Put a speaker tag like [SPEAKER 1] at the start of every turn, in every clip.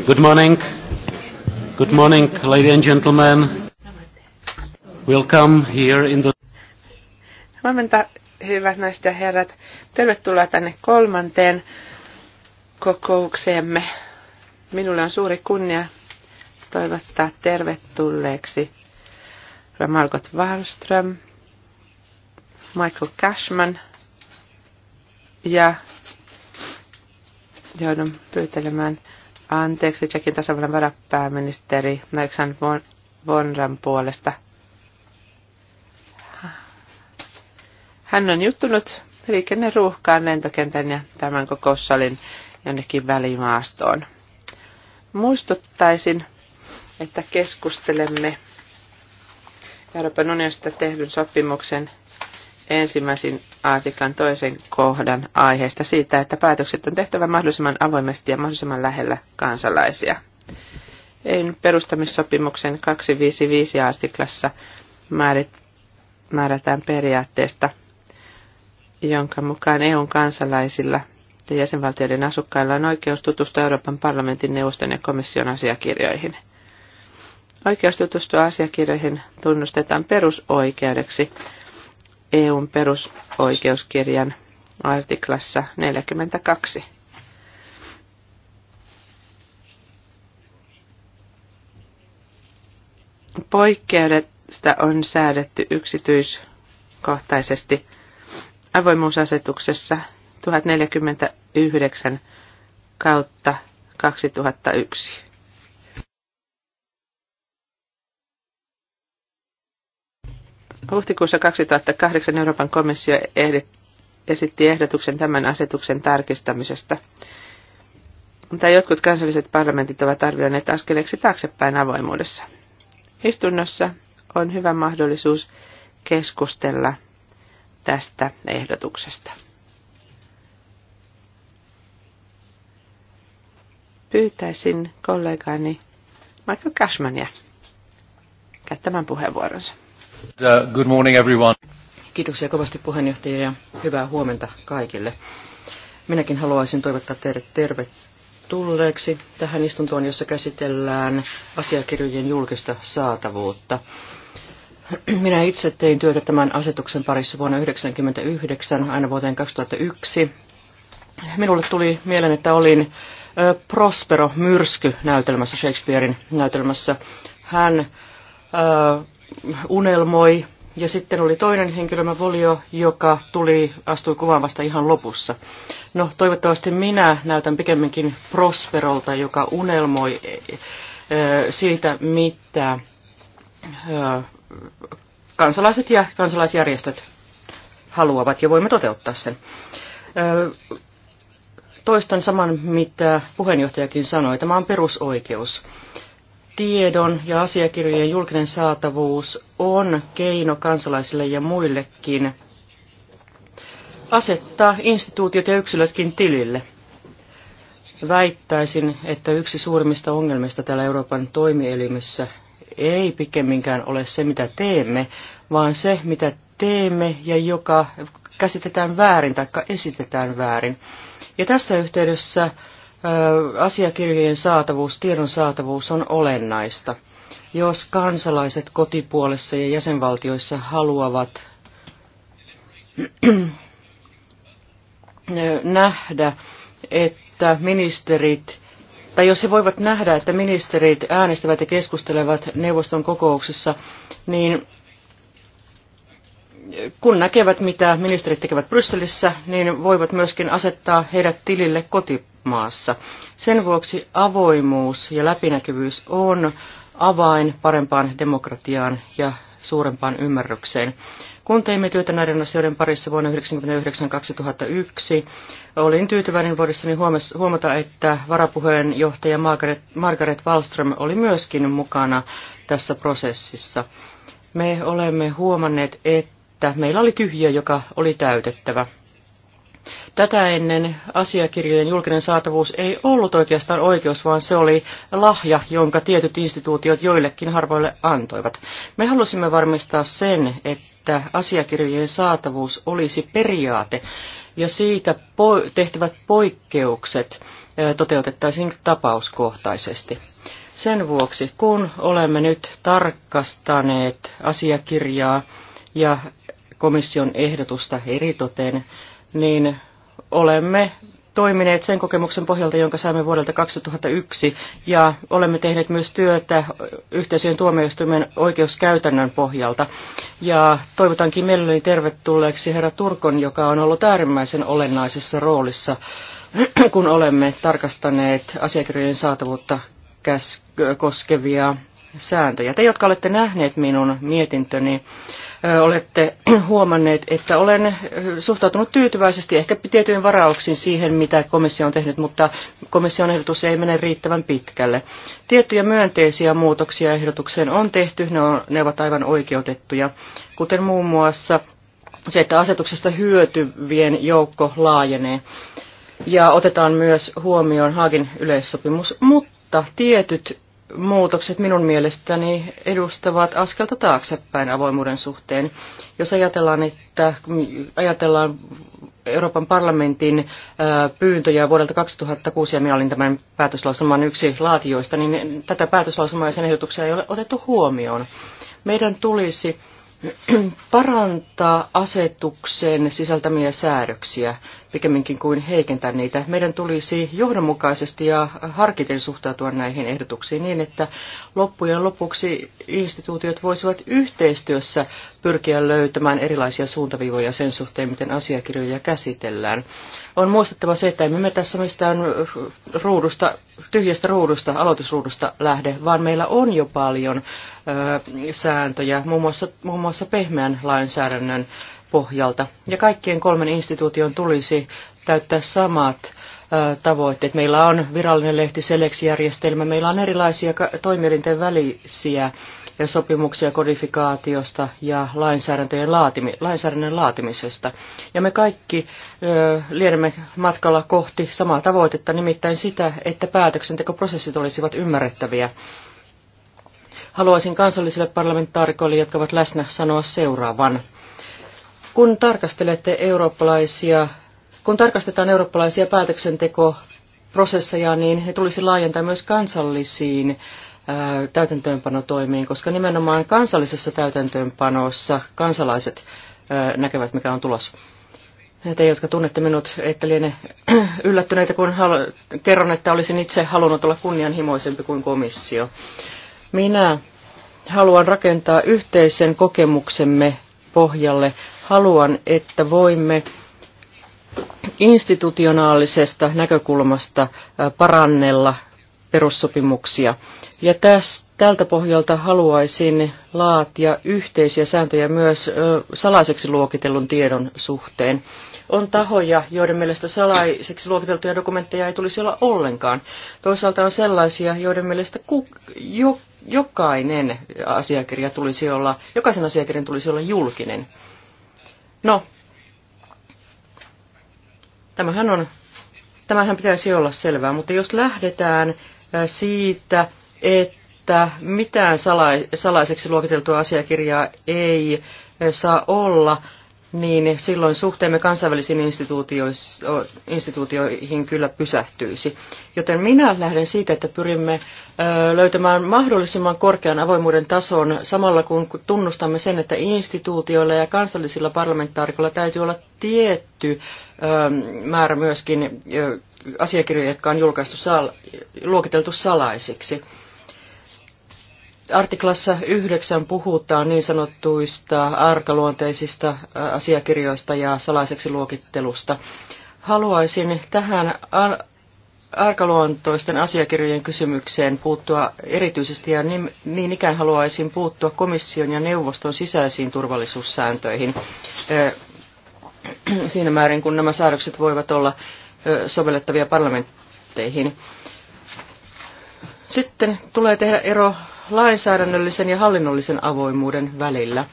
[SPEAKER 1] Good morning. Good morning, ladies and gentlemen. Welcome here in the...
[SPEAKER 2] Huomenta, hyvät naiset ja herrat. Tervetuloa tänne kolmanteen kokoukseemme. Minulle on suuri kunnia toivottaa tervetulleeksi Margot Wallström, Michael Cashman ja joudun pyytelemään anteeksi Tsekin tasavallan varapääministeri Aleksan Vonran puolesta. Hän on juttunut liikenneruuhkaan lentokentän ja tämän kokoussalin jonnekin välimaastoon. Muistuttaisin, että keskustelemme Euroopan unionista tehdyn sopimuksen ensimmäisen artiklan toisen kohdan aiheesta siitä, että päätökset on tehtävä mahdollisimman avoimesti ja mahdollisimman lähellä kansalaisia. EUn perustamissopimuksen 255 artiklassa määrätään periaatteesta, jonka mukaan EUn kansalaisilla ja jäsenvaltioiden asukkailla on oikeus tutustua Euroopan parlamentin neuvoston ja komission asiakirjoihin. Oikeus tutustua asiakirjoihin tunnustetaan perusoikeudeksi, EUn perusoikeuskirjan artiklassa 42. Poikkeudesta on säädetty yksityiskohtaisesti avoimuusasetuksessa 1049 kautta 2001. Huhtikuussa 2008 Euroopan komissio esitti ehdotuksen tämän asetuksen tarkistamisesta. Mutta jotkut kansalliset parlamentit ovat arvioineet askeleeksi taaksepäin avoimuudessa. Istunnossa on hyvä mahdollisuus keskustella tästä ehdotuksesta. Pyytäisin kollegaani Michael Cashmania käyttämään puheenvuoronsa.
[SPEAKER 1] Uh, good morning everyone.
[SPEAKER 3] Kiitoksia kovasti puheenjohtaja ja hyvää huomenta kaikille. Minäkin haluaisin toivottaa teidät tervetulleeksi tähän istuntoon, jossa käsitellään asiakirjojen julkista saatavuutta. Minä itse tein työtä tämän asetuksen parissa vuonna 1999 aina vuoteen 2001. Minulle tuli mieleen, että olin Prospero Myrsky näytelmässä, Shakespearein näytelmässä. Hän äh, unelmoi. Ja sitten oli toinen henkilö, Volio, joka tuli, astui kuvaan vasta ihan lopussa. No, toivottavasti minä näytän pikemminkin Prosperolta, joka unelmoi e, e, siitä, mitä e, kansalaiset ja kansalaisjärjestöt haluavat ja voimme toteuttaa sen. Toistan saman, mitä puheenjohtajakin sanoi. Tämä on perusoikeus tiedon ja asiakirjojen julkinen saatavuus on keino kansalaisille ja muillekin asettaa instituutiot ja yksilötkin tilille. Väittäisin, että yksi suurimmista ongelmista täällä Euroopan toimielimissä ei pikemminkään ole se, mitä teemme, vaan se, mitä teemme ja joka käsitetään väärin tai esitetään väärin. Ja tässä yhteydessä asiakirjojen saatavuus, tiedon saatavuus on olennaista. Jos kansalaiset kotipuolessa ja jäsenvaltioissa haluavat nähdä, että ministerit, tai jos he voivat nähdä, että ministerit äänestävät ja keskustelevat neuvoston kokouksessa, niin kun näkevät, mitä ministerit tekevät Brysselissä, niin voivat myöskin asettaa heidät tilille koti, maassa. Sen vuoksi avoimuus ja läpinäkyvyys on avain parempaan demokratiaan ja suurempaan ymmärrykseen. Kun teimme työtä näiden asioiden parissa vuonna 1999-2001, olin tyytyväinen vuodessani huomata, että varapuheenjohtaja Margaret, Margaret Wallström oli myöskin mukana tässä prosessissa. Me olemme huomanneet, että meillä oli tyhjiö, joka oli täytettävä. Tätä ennen asiakirjojen julkinen saatavuus ei ollut oikeastaan oikeus, vaan se oli lahja, jonka tietyt instituutiot joillekin harvoille antoivat. Me halusimme varmistaa sen, että asiakirjojen saatavuus olisi periaate, ja siitä tehtävät poikkeukset toteutettaisiin tapauskohtaisesti. Sen vuoksi, kun olemme nyt tarkastaneet asiakirjaa ja komission ehdotusta eritoten, niin olemme toimineet sen kokemuksen pohjalta, jonka saimme vuodelta 2001, ja olemme tehneet myös työtä yhteisöjen tuomioistuimen oikeuskäytännön pohjalta. Ja toivotankin mielelläni tervetulleeksi herra Turkon, joka on ollut äärimmäisen olennaisessa roolissa, kun olemme tarkastaneet asiakirjojen saatavuutta koskevia sääntöjä. Te, jotka olette nähneet minun mietintöni, olette huomanneet, että olen suhtautunut tyytyväisesti ehkä tietyin varauksiin siihen, mitä komissio on tehnyt, mutta komission ehdotus ei mene riittävän pitkälle. Tiettyjä myönteisiä muutoksia ehdotukseen on tehty, ne, on, ne ovat aivan oikeutettuja, kuten muun muassa se, että asetuksesta hyötyvien joukko laajenee ja otetaan myös huomioon Haagin yleissopimus, mutta tietyt muutokset minun mielestäni edustavat askelta taaksepäin avoimuuden suhteen. Jos ajatellaan, että ajatellaan Euroopan parlamentin pyyntöjä vuodelta 2006, ja minä olin tämän päätöslausuman yksi laatijoista, niin tätä päätöslausumaa ja sen ehdotuksia ei ole otettu huomioon. Meidän tulisi parantaa asetuksen sisältämiä säädöksiä pikemminkin kuin heikentää niitä. Meidän tulisi johdonmukaisesti ja harkiten suhtautua näihin ehdotuksiin niin, että loppujen lopuksi instituutiot voisivat yhteistyössä pyrkiä löytämään erilaisia suuntaviivoja sen suhteen, miten asiakirjoja käsitellään. On muistettava se, että emme me tässä mistään ruudusta, tyhjästä ruudusta, aloitusruudusta lähde, vaan meillä on jo paljon sääntöjä, muun muassa, muun muassa pehmeän lainsäädännön pohjalta. Ja kaikkien kolmen instituution tulisi täyttää samat tavoitteet. Meillä on virallinen lehti Selex-järjestelmä, meillä on erilaisia toimielinten välisiä ja sopimuksia kodifikaatiosta ja lainsäädäntöjen laatimi, lainsäädännön laatimisesta. Ja me kaikki ö, lienemme matkalla kohti samaa tavoitetta, nimittäin sitä, että päätöksentekoprosessit olisivat ymmärrettäviä haluaisin kansallisille parlamentaarikoille, jotka ovat läsnä, sanoa seuraavan. Kun tarkastelette eurooppalaisia, kun tarkastetaan eurooppalaisia päätöksentekoprosesseja, niin he tulisi laajentaa myös kansallisiin täytäntöönpanotoimiin, koska nimenomaan kansallisessa täytäntöönpanossa kansalaiset näkevät, mikä on tulos. Te, jotka tunnette minut, ette liene yllättyneitä, kun kerron, että olisin itse halunnut olla kunnianhimoisempi kuin komissio. Minä haluan rakentaa yhteisen kokemuksemme pohjalle. Haluan, että voimme institutionaalisesta näkökulmasta parannella perussopimuksia. Ja tästä, tältä pohjalta haluaisin laatia yhteisiä sääntöjä myös salaiseksi luokitellun tiedon suhteen. On tahoja, joiden mielestä salaiseksi luokiteltuja dokumentteja ei tulisi olla ollenkaan. Toisaalta on sellaisia, joiden mielestä ku, jo, jokainen asiakirja tulisi olla, jokaisen asiakirjan tulisi olla julkinen. No, tämähän, on, tämähän pitäisi olla selvää, mutta jos lähdetään äh, siitä, että mitään salaiseksi luokiteltua asiakirjaa ei äh, saa olla, niin silloin suhteemme kansainvälisiin instituutioihin kyllä pysähtyisi. Joten minä lähden siitä, että pyrimme löytämään mahdollisimman korkean avoimuuden tason samalla kun tunnustamme sen, että instituutioilla ja kansallisilla parlamentaarikoilla täytyy olla tietty määrä myöskin asiakirjoja, jotka on julkaistu luokiteltu salaisiksi. Artiklassa 9 puhutaan niin sanottuista arkaluonteisista asiakirjoista ja salaiseksi luokittelusta haluaisin tähän arkaluontoisten asiakirjojen kysymykseen puuttua erityisesti ja niin, niin ikään haluaisin puuttua komission ja neuvoston sisäisiin turvallisuussääntöihin siinä määrin, kun nämä säädökset voivat olla sovellettavia parlamentteihin. Sitten tulee tehdä ero lainsäädännöllisen ja hallinnollisen avoimuuden välillä.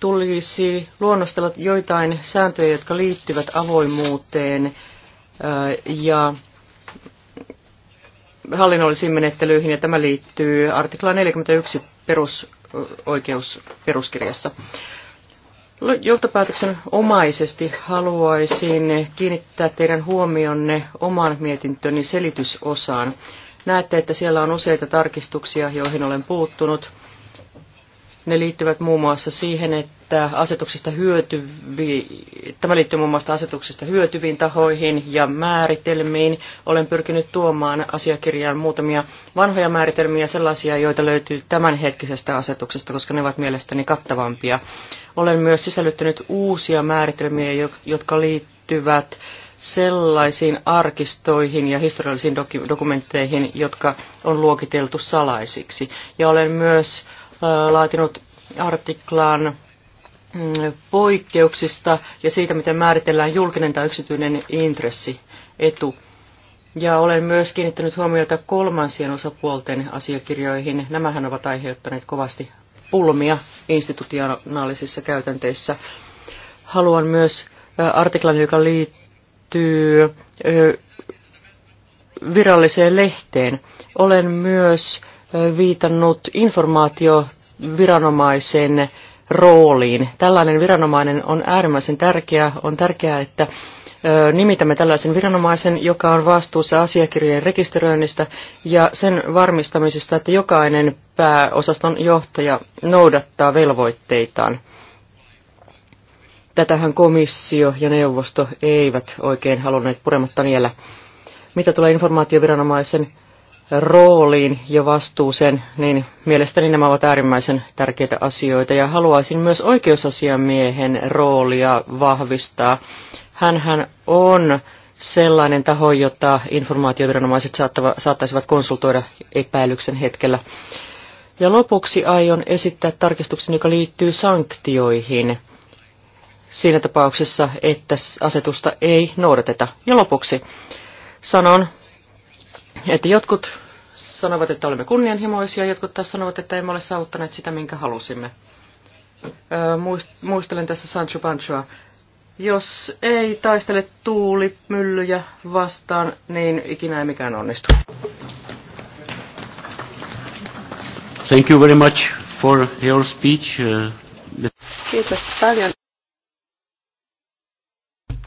[SPEAKER 3] Tulisi luonnostella joitain sääntöjä, jotka liittyvät avoimuuteen ja hallinnollisiin menettelyihin, ja tämä liittyy artikla 41 perusoikeusperuskirjassa. Johtopäätöksen omaisesti haluaisin kiinnittää teidän huomionne oman mietintöni selitysosaan. Näette, että siellä on useita tarkistuksia, joihin olen puuttunut. Ne liittyvät muun muassa siihen, että asetuksesta hyötyvi, tämä liittyy muun muassa asetuksesta hyötyviin tahoihin ja määritelmiin. Olen pyrkinyt tuomaan asiakirjaan muutamia vanhoja määritelmiä, sellaisia, joita löytyy tämänhetkisestä asetuksesta, koska ne ovat mielestäni kattavampia. Olen myös sisällyttänyt uusia määritelmiä, jotka liittyvät sellaisiin arkistoihin ja historiallisiin dokumentteihin, jotka on luokiteltu salaisiksi. Ja olen myös laatinut artiklan mm, poikkeuksista ja siitä, miten määritellään julkinen tai yksityinen intressi, etu. Ja olen myös kiinnittänyt huomiota kolmansien osapuolten asiakirjoihin. Nämähän ovat aiheuttaneet kovasti pulmia institutionaalisissa käytänteissä. Haluan myös artiklan, joka liittyy viralliseen lehteen. Olen myös viitannut informaatioviranomaisen rooliin. Tällainen viranomainen on äärimmäisen tärkeä. On tärkeää, että nimitämme tällaisen viranomaisen, joka on vastuussa asiakirjojen rekisteröinnistä ja sen varmistamisesta, että jokainen pääosaston johtaja noudattaa velvoitteitaan. Tätähän komissio ja neuvosto eivät oikein halunneet purematta niellä. Mitä tulee informaatioviranomaisen rooliin ja vastuuseen, niin mielestäni nämä ovat äärimmäisen tärkeitä asioita. Ja haluaisin myös oikeusasiamiehen roolia vahvistaa. Hänhän on sellainen taho, jota informaatioviranomaiset saattava, saattaisivat konsultoida epäilyksen hetkellä. Ja lopuksi aion esittää tarkistuksen, joka liittyy sanktioihin siinä tapauksessa, että asetusta ei noudateta. Ja lopuksi sanon että jotkut sanovat, että olemme kunnianhimoisia, jotkut taas sanovat, että emme ole saavuttaneet sitä, minkä halusimme. Muistelen tässä Sancho Panchoa. Jos ei taistele tuulimyllyjä vastaan, niin ikinä ei mikään onnistu.
[SPEAKER 1] Thank you very much for your speech. Uh,
[SPEAKER 2] Kiitos paljon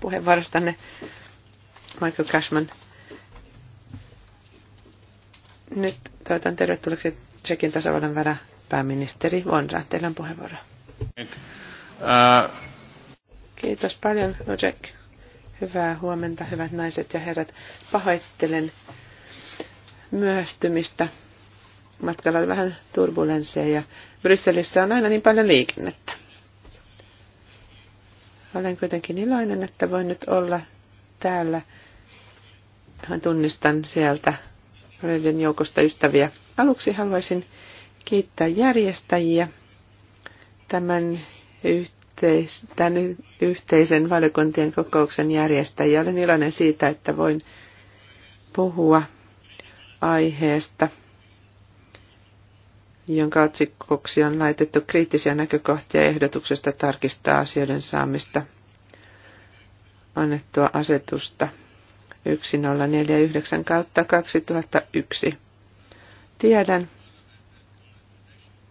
[SPEAKER 2] puheenvuorostanne, Michael Cashman. Nyt toivotan tervetulleeksi Tsekin tasavallan verran pääministeri Vondra. Teillä on puheenvuoro.
[SPEAKER 1] Äh.
[SPEAKER 2] Kiitos paljon, Nojek. Hyvää huomenta, hyvät naiset ja herrat. Pahoittelen myöhästymistä. Matkalla oli vähän turbulensseja ja Brysselissä on aina niin paljon liikennettä. Olen kuitenkin iloinen, että voin nyt olla täällä. Hän tunnistan sieltä Näiden joukosta ystäviä. Aluksi haluaisin kiittää järjestäjiä tämän yhteis- tämän yhteisen valiokuntien kokouksen järjestäjiä. Olen iloinen siitä, että voin puhua aiheesta, jonka otsikkoksi on laitettu kriittisiä näkökohtia ehdotuksesta tarkistaa asioiden saamista annettua asetusta 1049 kautta 2001. Tiedän,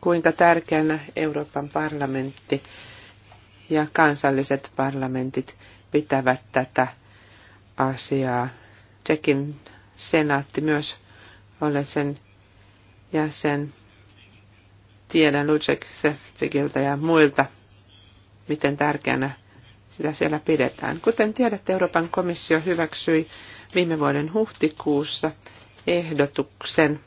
[SPEAKER 2] kuinka tärkeänä Euroopan parlamentti ja kansalliset parlamentit pitävät tätä asiaa. Tsekin senaatti myös ole sen jäsen. Tiedän Lucek Sefcikiltä ja muilta, miten tärkeänä sitä siellä pidetään. Kuten tiedätte, Euroopan komissio hyväksyi viime vuoden huhtikuussa ehdotuksen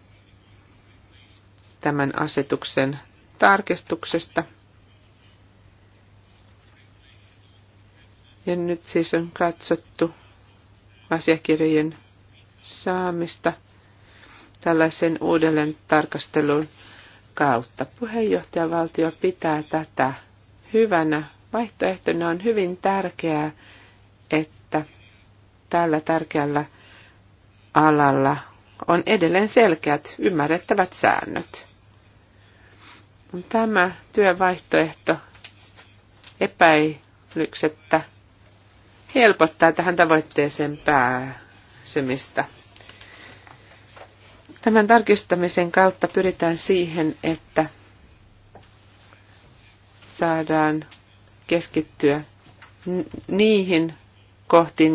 [SPEAKER 2] tämän asetuksen tarkistuksesta. Ja nyt siis on katsottu asiakirjojen saamista tällaisen uudelleen tarkastelun kautta. Puheenjohtajavaltio pitää tätä hyvänä Vaihtoehtona on hyvin tärkeää, että tällä tärkeällä alalla on edelleen selkeät, ymmärrettävät säännöt. Tämä työvaihtoehto epäilyksettä helpottaa tähän tavoitteeseen pääsemistä. Tämän tarkistamisen kautta pyritään siihen, että saadaan keskittyä niihin kohtiin,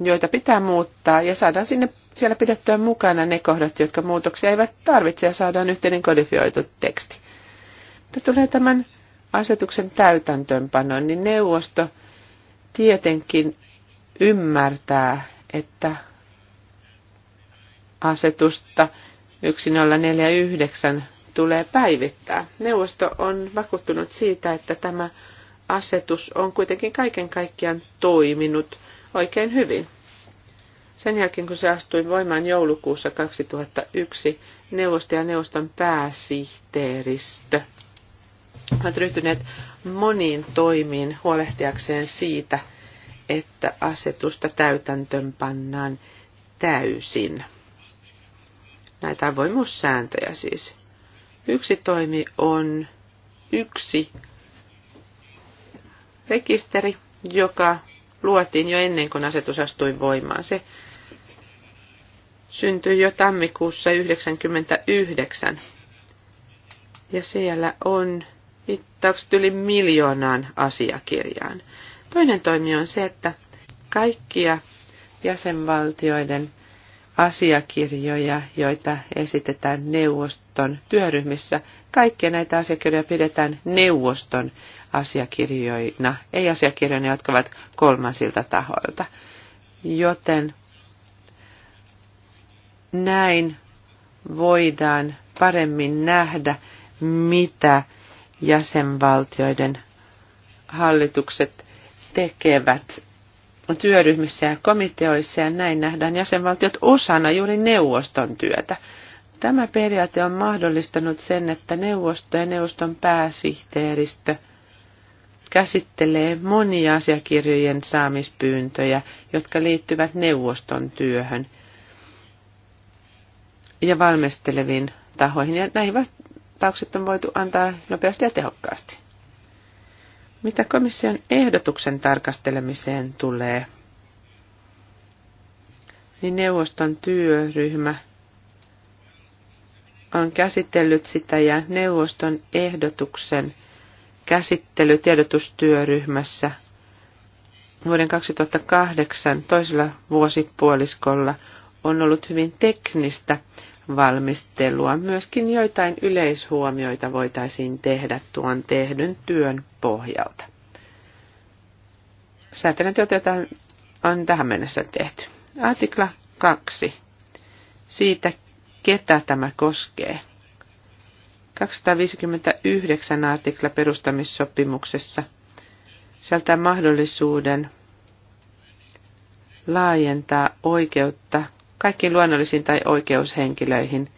[SPEAKER 2] joita pitää muuttaa ja saadaan sinne siellä pidettyä mukana ne kohdat, jotka muutoksia eivät tarvitse ja saadaan yhteinen kodifioitu teksti. Mutta tulee tämän asetuksen täytäntöönpanoon, niin neuvosto tietenkin ymmärtää, että asetusta 1049 tulee päivittää. Neuvosto on vakuuttunut siitä, että tämä asetus on kuitenkin kaiken kaikkiaan toiminut oikein hyvin. Sen jälkeen, kun se astui voimaan joulukuussa 2001, neuvosto ja neuvoston pääsihteeristö ovat ryhtyneet moniin toimiin huolehtiakseen siitä, että asetusta pannaan täysin. Näitä avoimuussääntöjä siis. Yksi toimi on yksi rekisteri, joka luotiin jo ennen kuin asetus astui voimaan. Se syntyi jo tammikuussa 1999. Ja siellä on mittaukset yli miljoonaan asiakirjaan. Toinen toimi on se, että kaikkia jäsenvaltioiden asiakirjoja, joita esitetään neuvoston työryhmissä. Kaikkia näitä asiakirjoja pidetään neuvoston asiakirjoina, ei asiakirjoina, jotka ovat kolmansilta tahoilta. Joten näin voidaan paremmin nähdä, mitä jäsenvaltioiden hallitukset tekevät työryhmissä ja komiteoissa ja näin nähdään jäsenvaltiot osana juuri neuvoston työtä. Tämä periaate on mahdollistanut sen, että neuvosto ja neuvoston pääsihteeristö käsittelee monia asiakirjojen saamispyyntöjä, jotka liittyvät neuvoston työhön ja valmisteleviin tahoihin. Ja näihin vastaukset on voitu antaa nopeasti ja tehokkaasti. Mitä komission ehdotuksen tarkastelemiseen tulee, niin neuvoston työryhmä on käsitellyt sitä ja neuvoston ehdotuksen käsittely tiedotustyöryhmässä vuoden 2008 toisella vuosipuoliskolla on ollut hyvin teknistä valmistelua. Myöskin joitain yleishuomioita voitaisiin tehdä tuon tehdyn työn pohjalta. Säätelytyöt, joita on tähän mennessä tehty. Artikla 2. Siitä, ketä tämä koskee. 259 artikla perustamissopimuksessa sieltä mahdollisuuden laajentaa oikeutta kaikkiin luonnollisiin tai oikeushenkilöihin,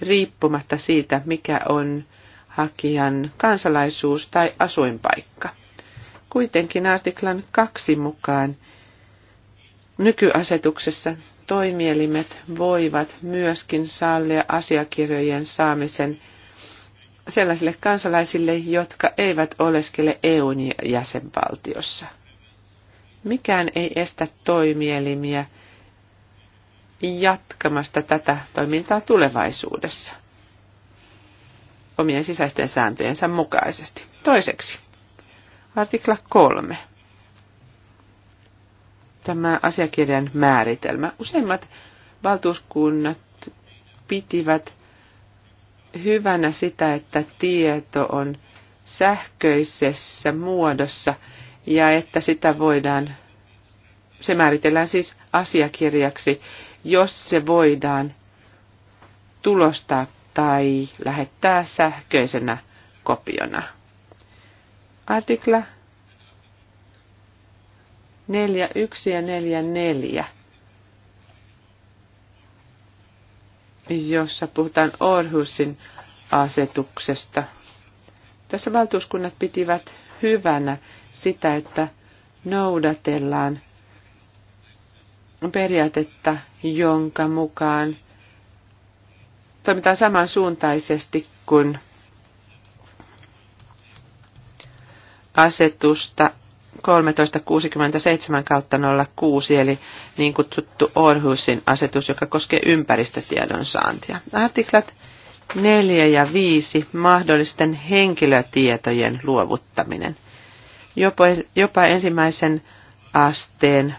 [SPEAKER 2] riippumatta siitä, mikä on hakijan kansalaisuus tai asuinpaikka. Kuitenkin artiklan kaksi mukaan nykyasetuksessa toimielimet voivat myöskin sallia asiakirjojen saamisen sellaisille kansalaisille, jotka eivät oleskele eu jäsenvaltiossa. Mikään ei estä toimielimiä jatkamasta tätä toimintaa tulevaisuudessa omien sisäisten sääntöjensä mukaisesti. Toiseksi, artikla 3. Tämä asiakirjan määritelmä. Useimmat valtuuskunnat pitivät hyvänä sitä, että tieto on sähköisessä muodossa ja että sitä voidaan, se määritellään siis asiakirjaksi, jos se voidaan tulostaa tai lähettää sähköisenä kopiona. Artikla 41 ja 44, jossa puhutaan Orhusin asetuksesta. Tässä valtuuskunnat pitivät hyvänä sitä, että noudatellaan periaatetta, jonka mukaan toimitaan samansuuntaisesti kuin asetusta 1367 kautta 06, eli niin kutsuttu Orhusin asetus, joka koskee ympäristötiedon saantia. Artiklat 4 ja 5, mahdollisten henkilötietojen luovuttaminen. Jopa, jopa ensimmäisen asteen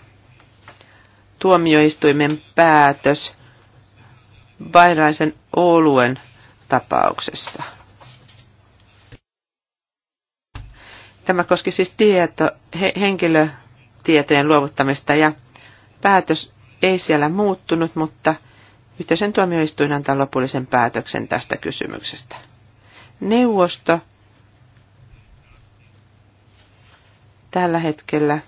[SPEAKER 2] tuomioistuimen päätös vainaisen oluen tapauksessa. Tämä koski siis tieto, he, henkilötietojen luovuttamista ja päätös ei siellä muuttunut, mutta yhteisen tuomioistuin antaa lopullisen päätöksen tästä kysymyksestä. Neuvosto tällä hetkellä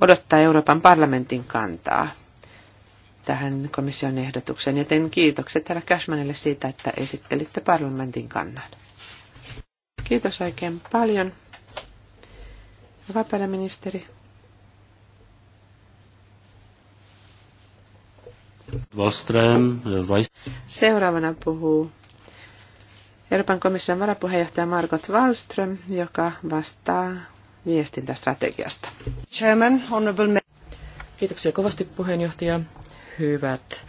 [SPEAKER 2] odottaa Euroopan parlamentin kantaa tähän komission ehdotukseen, joten kiitokset herra Cashmanille siitä, että esittelitte parlamentin kannan. Kiitos oikein paljon. Hyvä pääministeri. vai? Seuraavana puhuu Euroopan komission varapuheenjohtaja Margot Wallström, joka vastaa viestintästrategiasta.
[SPEAKER 3] Chairman, honorable... Kiitoksia kovasti puheenjohtaja. Hyvät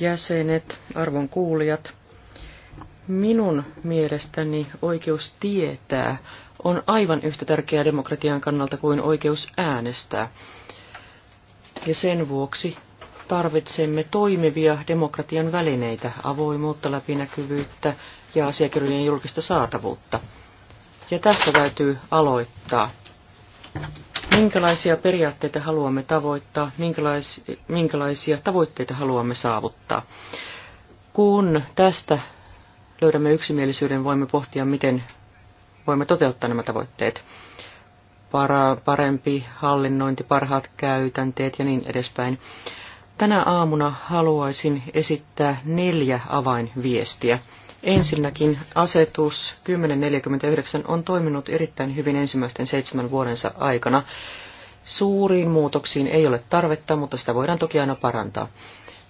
[SPEAKER 3] jäsenet, arvon kuulijat. Minun mielestäni oikeus tietää on aivan yhtä tärkeää demokratian kannalta kuin oikeus äänestää. Ja sen vuoksi tarvitsemme toimivia demokratian välineitä, avoimuutta, läpinäkyvyyttä ja asiakirjojen julkista saatavuutta. Ja tästä täytyy aloittaa minkälaisia periaatteita haluamme tavoittaa, minkälais, minkälaisia tavoitteita haluamme saavuttaa. Kun tästä löydämme yksimielisyyden, voimme pohtia, miten voimme toteuttaa nämä tavoitteet. Para, parempi hallinnointi, parhaat käytänteet ja niin edespäin. Tänä aamuna haluaisin esittää neljä avainviestiä Ensinnäkin asetus 1049 on toiminut erittäin hyvin ensimmäisten seitsemän vuodensa aikana. Suuriin muutoksiin ei ole tarvetta, mutta sitä voidaan toki aina parantaa.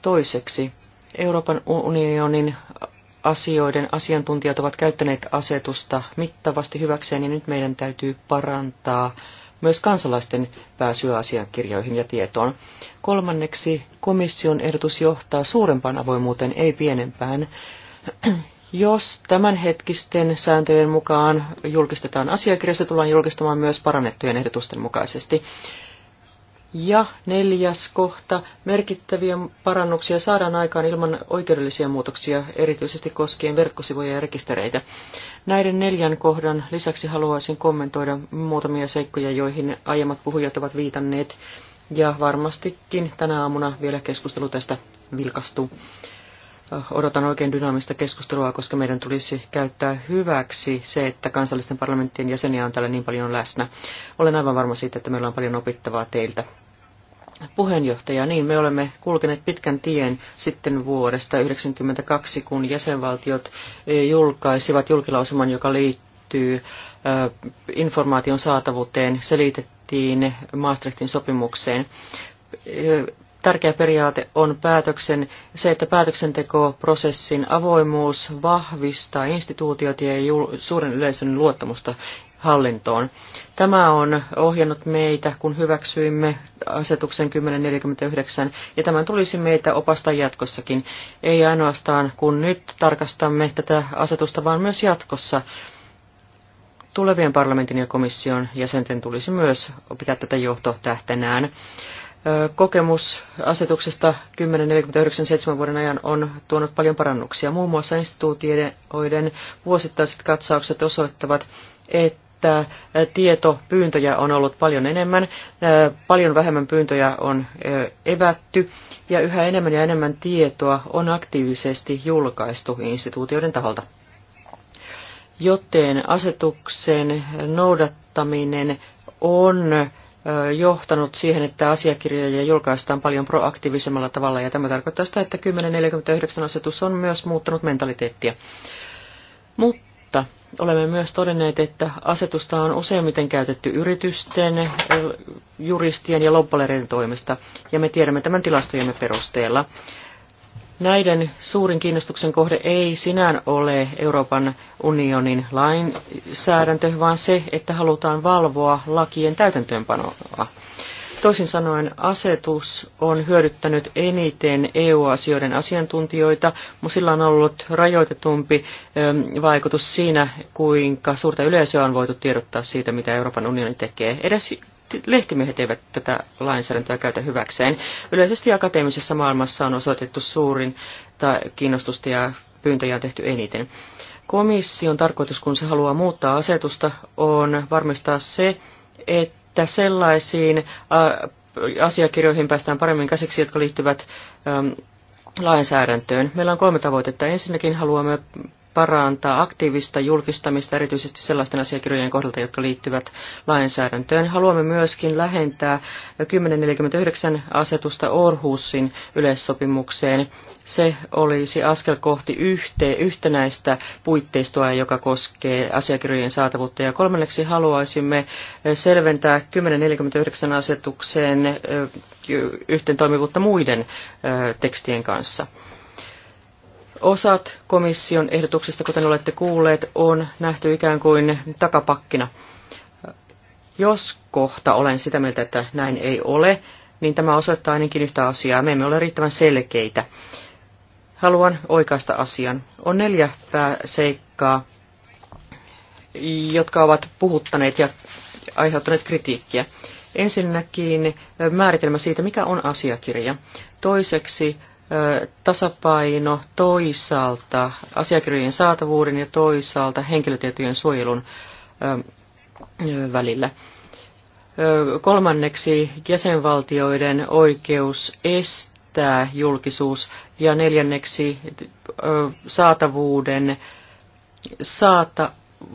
[SPEAKER 3] Toiseksi, Euroopan unionin asioiden asiantuntijat ovat käyttäneet asetusta mittavasti hyväkseen, niin nyt meidän täytyy parantaa myös kansalaisten pääsyä asiakirjoihin ja tietoon. Kolmanneksi komission ehdotus johtaa suurempaan avoimuuteen, ei pienempään. Jos tämänhetkisten sääntöjen mukaan julkistetaan asiakirjassa, tullaan julkistamaan myös parannettujen ehdotusten mukaisesti. Ja neljäs kohta. Merkittäviä parannuksia saadaan aikaan ilman oikeudellisia muutoksia, erityisesti koskien verkkosivuja ja rekistereitä. Näiden neljän kohdan lisäksi haluaisin kommentoida muutamia seikkoja, joihin aiemmat puhujat ovat viitanneet. Ja varmastikin tänä aamuna vielä keskustelu tästä vilkastuu odotan oikein dynaamista keskustelua, koska meidän tulisi käyttää hyväksi se, että kansallisten parlamenttien jäseniä on täällä niin paljon läsnä. Olen aivan varma siitä, että meillä on paljon opittavaa teiltä. Puheenjohtaja, niin me olemme kulkeneet pitkän tien sitten vuodesta 1992, kun jäsenvaltiot e, julkaisivat julkilausuman, joka liittyy e, informaation saatavuuteen. selitettiin Maastrichtin sopimukseen e, tärkeä periaate on päätöksen, se, että päätöksentekoprosessin avoimuus vahvistaa instituutiot ja suuren yleisön luottamusta hallintoon. Tämä on ohjannut meitä, kun hyväksyimme asetuksen 1049, ja tämän tulisi meitä opastaa jatkossakin. Ei ainoastaan, kun nyt tarkastamme tätä asetusta, vaan myös jatkossa. Tulevien parlamentin ja komission jäsenten tulisi myös pitää tätä johtotähtenään. Kokemus asetuksesta 10.49.7 vuoden ajan on tuonut paljon parannuksia. Muun muassa instituutioiden vuosittaiset katsaukset osoittavat, että tietopyyntöjä on ollut paljon enemmän, paljon vähemmän pyyntöjä on evätty ja yhä enemmän ja enemmän tietoa on aktiivisesti julkaistu instituutioiden taholta. Joten asetuksen noudattaminen on johtanut siihen, että asiakirjoja julkaistaan paljon proaktiivisemmalla tavalla, ja tämä tarkoittaa sitä, että 1049 asetus on myös muuttanut mentaliteettia. Mutta olemme myös todenneet, että asetusta on useimmiten käytetty yritysten, juristien ja lobbalereiden toimesta, ja me tiedämme tämän tilastojemme perusteella. Näiden suurin kiinnostuksen kohde ei sinään ole Euroopan unionin lainsäädäntö, vaan se, että halutaan valvoa lakien täytäntöönpanoa. Toisin sanoen asetus on hyödyttänyt eniten EU-asioiden asiantuntijoita, mutta sillä on ollut rajoitetumpi ähm, vaikutus siinä, kuinka suurta yleisöä on voitu tiedottaa siitä, mitä Euroopan unioni tekee. Edes lehtimiehet eivät tätä lainsäädäntöä käytä hyväkseen. Yleisesti akateemisessa maailmassa on osoitettu suurin tai kiinnostusta ja pyyntöjä on tehty eniten. Komission tarkoitus, kun se haluaa muuttaa asetusta, on varmistaa se, että sellaisiin asiakirjoihin päästään paremmin käsiksi, jotka liittyvät lainsäädäntöön. Meillä on kolme tavoitetta. Ensinnäkin haluamme parantaa aktiivista julkistamista erityisesti sellaisten asiakirjojen kohdalta, jotka liittyvät lainsäädäntöön. Haluamme myöskin lähentää 1049 asetusta Orhusin yleissopimukseen. Se olisi askel kohti yhteen, yhtenäistä puitteistoa, joka koskee asiakirjojen saatavuutta. Ja kolmanneksi haluaisimme selventää 1049 asetukseen toimivuutta muiden tekstien kanssa. Osat komission ehdotuksesta, kuten olette kuulleet, on nähty ikään kuin takapakkina. Jos kohta olen sitä mieltä, että näin ei ole, niin tämä osoittaa ainakin yhtä asiaa. Me emme ole riittävän selkeitä. Haluan oikaista asian. On neljä pääseikkaa, jotka ovat puhuttaneet ja aiheuttaneet kritiikkiä. Ensinnäkin määritelmä siitä, mikä on asiakirja. Toiseksi tasapaino toisaalta asiakirjojen saatavuuden ja toisaalta henkilötietojen suojelun välillä. Kolmanneksi jäsenvaltioiden oikeus estää julkisuus ja neljänneksi saatavuuden saata,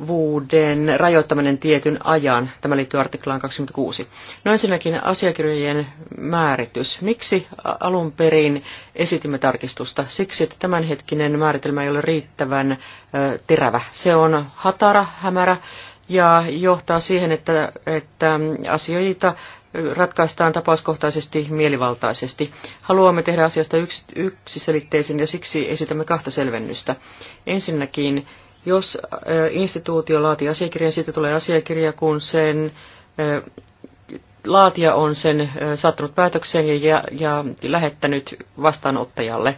[SPEAKER 3] vuoden rajoittaminen tietyn ajan. Tämä liittyy artiklaan 26. No ensinnäkin asiakirjojen määritys. Miksi alun perin esitimme tarkistusta? Siksi, että tämänhetkinen määritelmä ei ole riittävän terävä. Se on hatara, hämärä ja johtaa siihen, että, että asioita ratkaistaan tapauskohtaisesti mielivaltaisesti. Haluamme tehdä asiasta yks, yksiselitteisen ja siksi esitämme kahta selvennystä. Ensinnäkin jos instituutio laatii asiakirjan, siitä tulee asiakirja, kun sen laatija on sen saattanut päätökseen ja, ja, ja lähettänyt vastaanottajalle.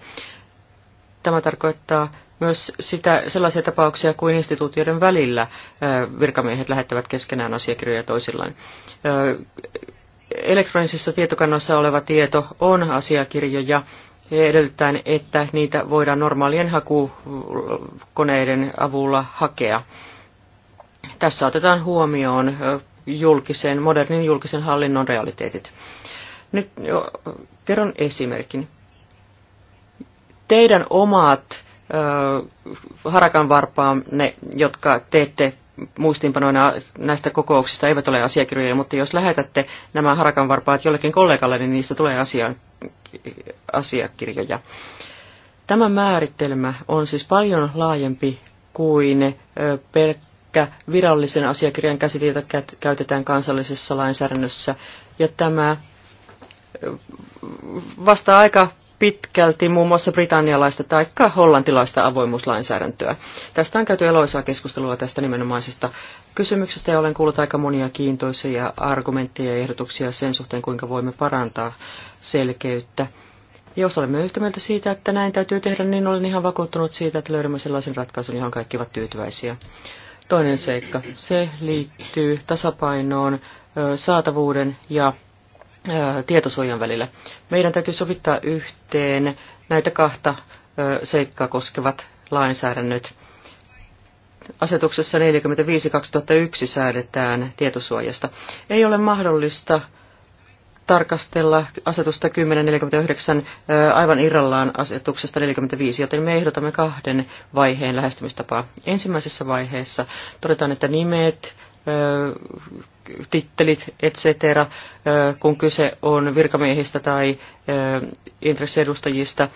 [SPEAKER 3] Tämä tarkoittaa myös sitä, sellaisia tapauksia kuin instituutioiden välillä virkamiehet lähettävät keskenään asiakirjoja toisillaan. Elektronisissa tietokannassa oleva tieto on asiakirjoja, edellyttäen, että niitä voidaan normaalien hakukoneiden avulla hakea. Tässä otetaan huomioon julkisen, modernin julkisen hallinnon realiteetit. Nyt jo, kerron esimerkin. Teidän omat harakanvarpaamme, jotka teette muistiinpanoina näistä kokouksista eivät ole asiakirjoja, mutta jos lähetätte nämä harakanvarpaat jollekin kollegalle, niin niistä tulee asia, asiakirjoja. Tämä määritelmä on siis paljon laajempi kuin pelkkä virallisen asiakirjan käsite, jota käytetään kansallisessa lainsäädännössä. Ja tämä vastaa aika pitkälti muun muassa britannialaista tai hollantilaista avoimuuslainsäädäntöä. Tästä on käyty eloisaa keskustelua tästä nimenomaisesta kysymyksestä ja olen kuullut aika monia kiintoisia argumentteja ja ehdotuksia sen suhteen, kuinka voimme parantaa selkeyttä. Jos olemme yhtä mieltä siitä, että näin täytyy tehdä, niin olen ihan vakuuttunut siitä, että löydämme sellaisen ratkaisun, johon kaikki ovat tyytyväisiä. Toinen seikka, se liittyy tasapainoon saatavuuden ja tietosuojan välillä. Meidän täytyy sovittaa yhteen näitä kahta seikkaa koskevat lainsäädännöt. Asetuksessa 45-2001 säädetään tietosuojasta. Ei ole mahdollista tarkastella asetusta 1049 aivan irrallaan asetuksesta 45, joten me ehdotamme kahden vaiheen lähestymistapaa. Ensimmäisessä vaiheessa todetaan, että nimet, tittelit, etc., kun kyse on virkamiehistä tai intressiedustajista.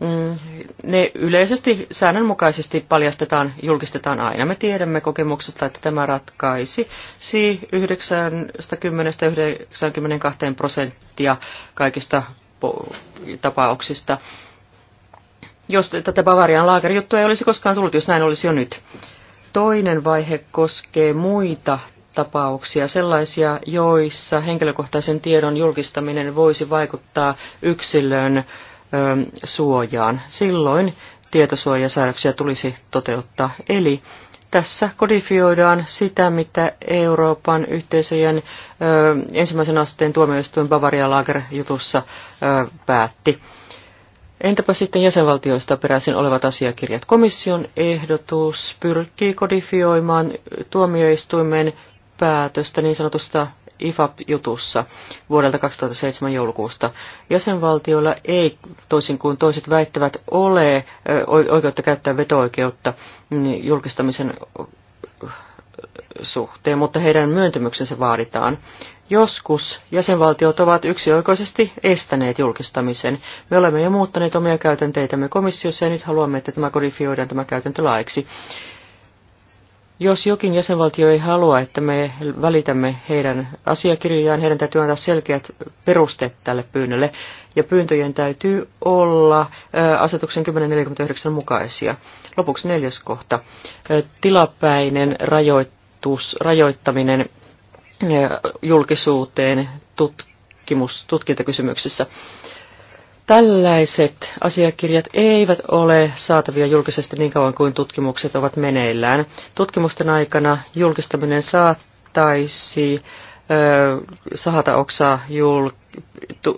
[SPEAKER 3] Mm, ne yleisesti säännönmukaisesti paljastetaan, julkistetaan aina. Me tiedämme kokemuksesta, että tämä ratkaisi 90-92 prosenttia kaikista tapauksista. Jos tätä Bavarian laakerijuttua ei olisi koskaan tullut, jos näin olisi jo nyt. Toinen vaihe koskee muita tapauksia, sellaisia, joissa henkilökohtaisen tiedon julkistaminen voisi vaikuttaa yksilön ö, suojaan. Silloin tietosuojasäädöksiä tulisi toteuttaa. Eli tässä kodifioidaan sitä, mitä Euroopan yhteisöjen ö, ensimmäisen asteen tuomioistuin Bavaria Lager jutussa ö, päätti. Entäpä sitten jäsenvaltioista peräisin olevat asiakirjat? Komission ehdotus pyrkii kodifioimaan tuomioistuimen päätöstä niin sanotusta IFAP-jutussa vuodelta 2007 joulukuusta. Jäsenvaltioilla ei, toisin kuin toiset väittävät, ole oikeutta käyttää veto-oikeutta mm, julkistamisen suhteen, mutta heidän myöntymyksensä vaaditaan. Joskus jäsenvaltiot ovat yksioikoisesti estäneet julkistamisen. Me olemme jo muuttaneet omia käytänteitämme komissiossa ja nyt haluamme, että tämä kodifioidaan tämä käytäntö laiksi. Jos jokin jäsenvaltio ei halua, että me välitämme heidän asiakirjojaan, heidän täytyy antaa selkeät perusteet tälle pyynnölle, ja pyyntöjen täytyy olla asetuksen 1049 mukaisia. Lopuksi neljäs kohta. Tilapäinen rajoitus, rajoittaminen julkisuuteen tutkimus, tutkintakysymyksissä. Tällaiset asiakirjat eivät ole saatavia julkisesti niin kauan kuin tutkimukset ovat meneillään. Tutkimusten aikana julkistaminen saattaisi ö, sahata oksaa julk, tu,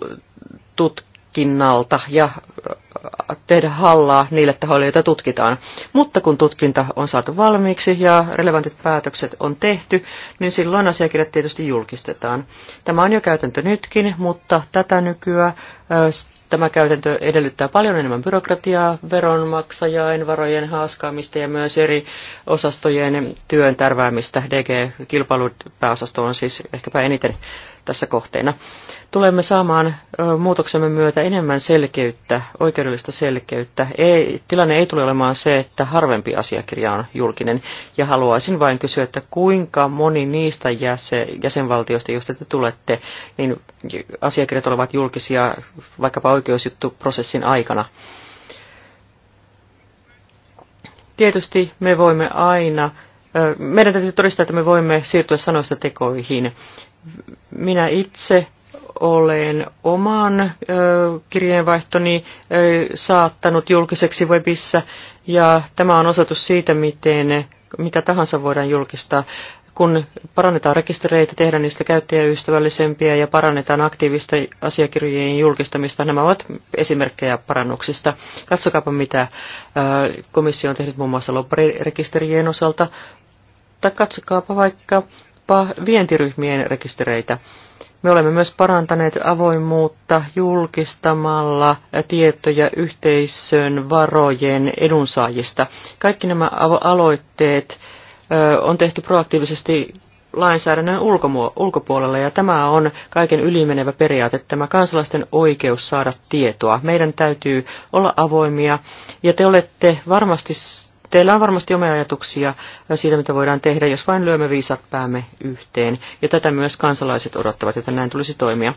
[SPEAKER 3] tut, tutkinnalta ja äh, tehdä hallaa niille tahoille, joita tutkitaan. Mutta kun tutkinta on saatu valmiiksi ja relevantit päätökset on tehty, niin silloin asiakirjat tietysti julkistetaan. Tämä on jo käytäntö nytkin, mutta tätä nykyä äh, tämä käytäntö edellyttää paljon enemmän byrokratiaa, veronmaksajien varojen haaskaamista ja myös eri osastojen työn tärväämistä. DG-kilpailupääosasto on siis ehkäpä eniten tässä kohteena. Tulemme saamaan muutoksemme myötä enemmän selkeyttä, oikeudellista selkeyttä. Ei, tilanne ei tule olemaan se, että harvempi asiakirja on julkinen. Ja haluaisin vain kysyä, että kuinka moni niistä jäsenvaltioista, joista te tulette, niin asiakirjat olevat julkisia vaikkapa oikeusjuttuprosessin aikana. Tietysti me voimme aina meidän täytyy todistaa, että me voimme siirtyä sanoista tekoihin. Minä itse olen oman kirjeenvaihtoni saattanut julkiseksi webissä, ja tämä on osoitus siitä, miten mitä tahansa voidaan julkistaa. Kun parannetaan rekistereitä, tehdään niistä käyttäjäystävällisempiä ja parannetaan aktiivista asiakirjojen julkistamista, nämä ovat esimerkkejä parannuksista. Katsokaapa, mitä komissio on tehnyt muun muassa lopparirekisterien osalta, tai katsokaapa vaikka vientiryhmien rekistereitä. Me olemme myös parantaneet avoimuutta julkistamalla tietoja yhteisön varojen edunsaajista. Kaikki nämä aloitteet on tehty proaktiivisesti lainsäädännön ulkopuolella ja tämä on kaiken ylimenevä periaate, tämä kansalaisten oikeus saada tietoa. Meidän täytyy olla avoimia ja te olette varmasti Teillä on varmasti omia ajatuksia siitä, mitä voidaan tehdä, jos vain lyömme viisat päämme yhteen. Ja tätä myös kansalaiset odottavat, joten näin tulisi toimia.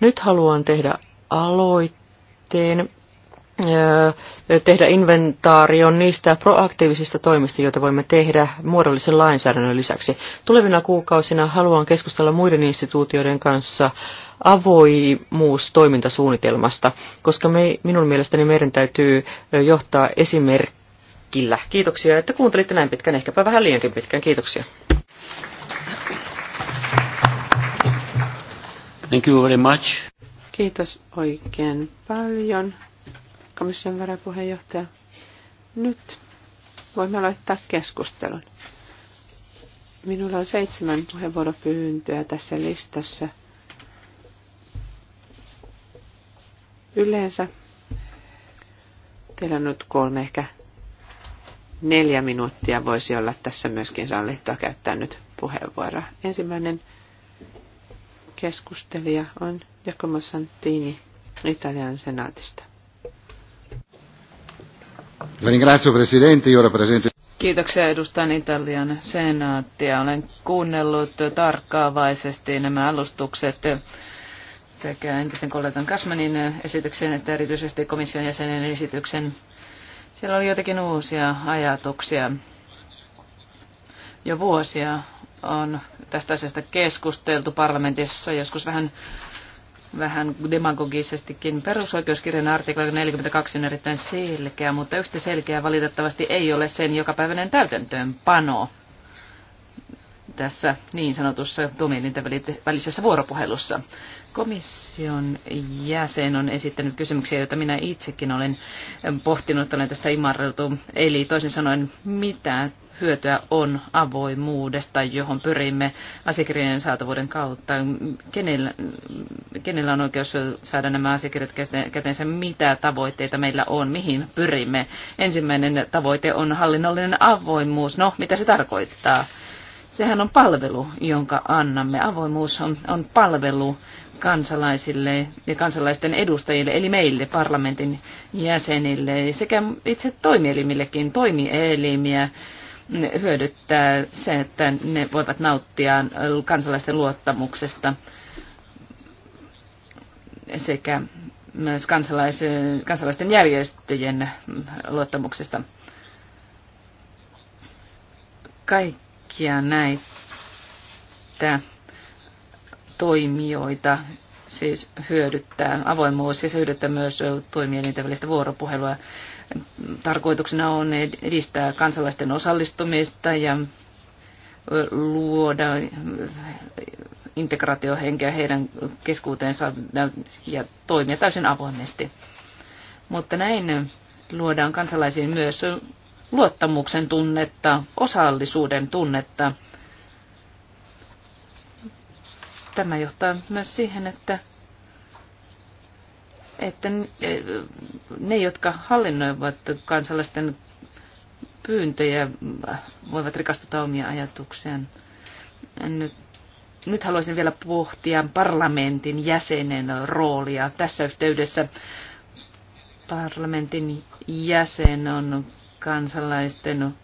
[SPEAKER 3] Nyt haluan tehdä aloitteen tehdä inventaarion niistä proaktiivisista toimista, joita voimme tehdä muodollisen lainsäädännön lisäksi. Tulevina kuukausina haluan keskustella muiden instituutioiden kanssa avoimuustoimintasuunnitelmasta, koska me, minun mielestäni meidän täytyy johtaa esimerkkiä Kyllä, kiitoksia, että kuuntelitte näin pitkän, ehkäpä vähän liiankin pitkän. Kiitoksia.
[SPEAKER 1] Thank you very much.
[SPEAKER 2] Kiitos oikein paljon, komission varapuheenjohtaja. Nyt voimme aloittaa keskustelun. Minulla on seitsemän puheenvuoropyyntöä tässä listassa. Yleensä teillä on nyt kolme, ehkä Neljä minuuttia voisi olla tässä myöskin sallittua käyttää nyt puheenvuoroa. Ensimmäinen keskustelija on Giacomo Santini Italian senaatista.
[SPEAKER 4] Kiitoksia edustan Italian senaattia. Olen kuunnellut tarkkaavaisesti nämä alustukset sekä entisen kollegan Kasmanin esityksen että erityisesti komission jäsenen esityksen siellä oli jotenkin uusia ajatuksia. Jo vuosia on tästä asiasta keskusteltu parlamentissa, joskus vähän, vähän demagogisestikin. Perusoikeuskirjan artikla 42 on erittäin selkeä, mutta yhtä selkeä valitettavasti ei ole sen jokapäiväinen täytäntöönpano tässä niin sanotussa toimielinten välisessä vuoropuhelussa. Komission jäsen on esittänyt kysymyksiä, joita minä itsekin olen pohtinut, olen tästä imarreltu. Eli toisin sanoen, mitä hyötyä on avoimuudesta, johon pyrimme asiakirjojen saatavuuden kautta. Kenellä, kenellä on oikeus saada nämä asiakirjat käteensä? Mitä tavoitteita meillä on? Mihin pyrimme? Ensimmäinen tavoite on hallinnollinen avoimuus. No, mitä se tarkoittaa? Sehän on palvelu, jonka annamme. Avoimuus on, on palvelu kansalaisille ja kansalaisten edustajille, eli meille, parlamentin jäsenille sekä itse toimielimillekin toimielimiä hyödyttää se, että ne voivat nauttia kansalaisten luottamuksesta sekä myös kansalaisten järjestöjen luottamuksesta. Kaikkia näitä toimijoita siis hyödyttää avoimuus ja se hyödyttää myös toimijoiden välistä vuoropuhelua. Tarkoituksena on edistää kansalaisten osallistumista ja luoda integraatiohenkeä heidän keskuuteensa ja toimia täysin avoimesti. Mutta näin luodaan kansalaisiin myös luottamuksen tunnetta, osallisuuden tunnetta Tämä johtaa myös siihen, että, että e, ne, jotka hallinnoivat kansalaisten pyyntöjä, voivat rikastuttaa omia ajatuksiaan. Nyt, nyt haluaisin vielä pohtia parlamentin jäsenen roolia. Tässä yhteydessä parlamentin jäsen on kansalaisten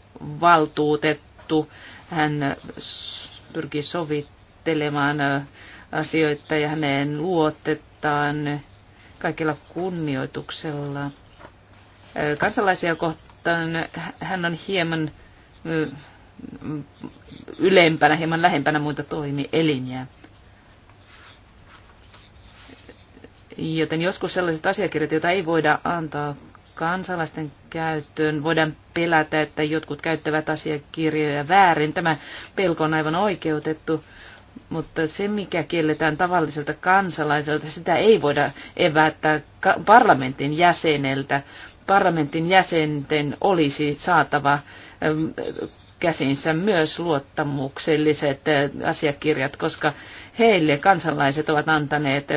[SPEAKER 4] valtuutettu. Hän pyrkii sovittamaan ajattelemaan asioita ja hänen luotetaan kaikilla kunnioituksella. Kansalaisia kohtaan hän on hieman ylempänä, hieman lähempänä muita toimielimiä. Joten joskus sellaiset asiakirjat, joita ei voida antaa kansalaisten käyttöön, voidaan pelätä, että jotkut käyttävät asiakirjoja väärin. Tämä pelko on aivan oikeutettu mutta se, mikä kielletään tavalliselta kansalaiselta, sitä ei voida evättää parlamentin jäseneltä. Parlamentin jäsenten olisi saatava käsinsä myös luottamukselliset asiakirjat, koska heille kansalaiset ovat antaneet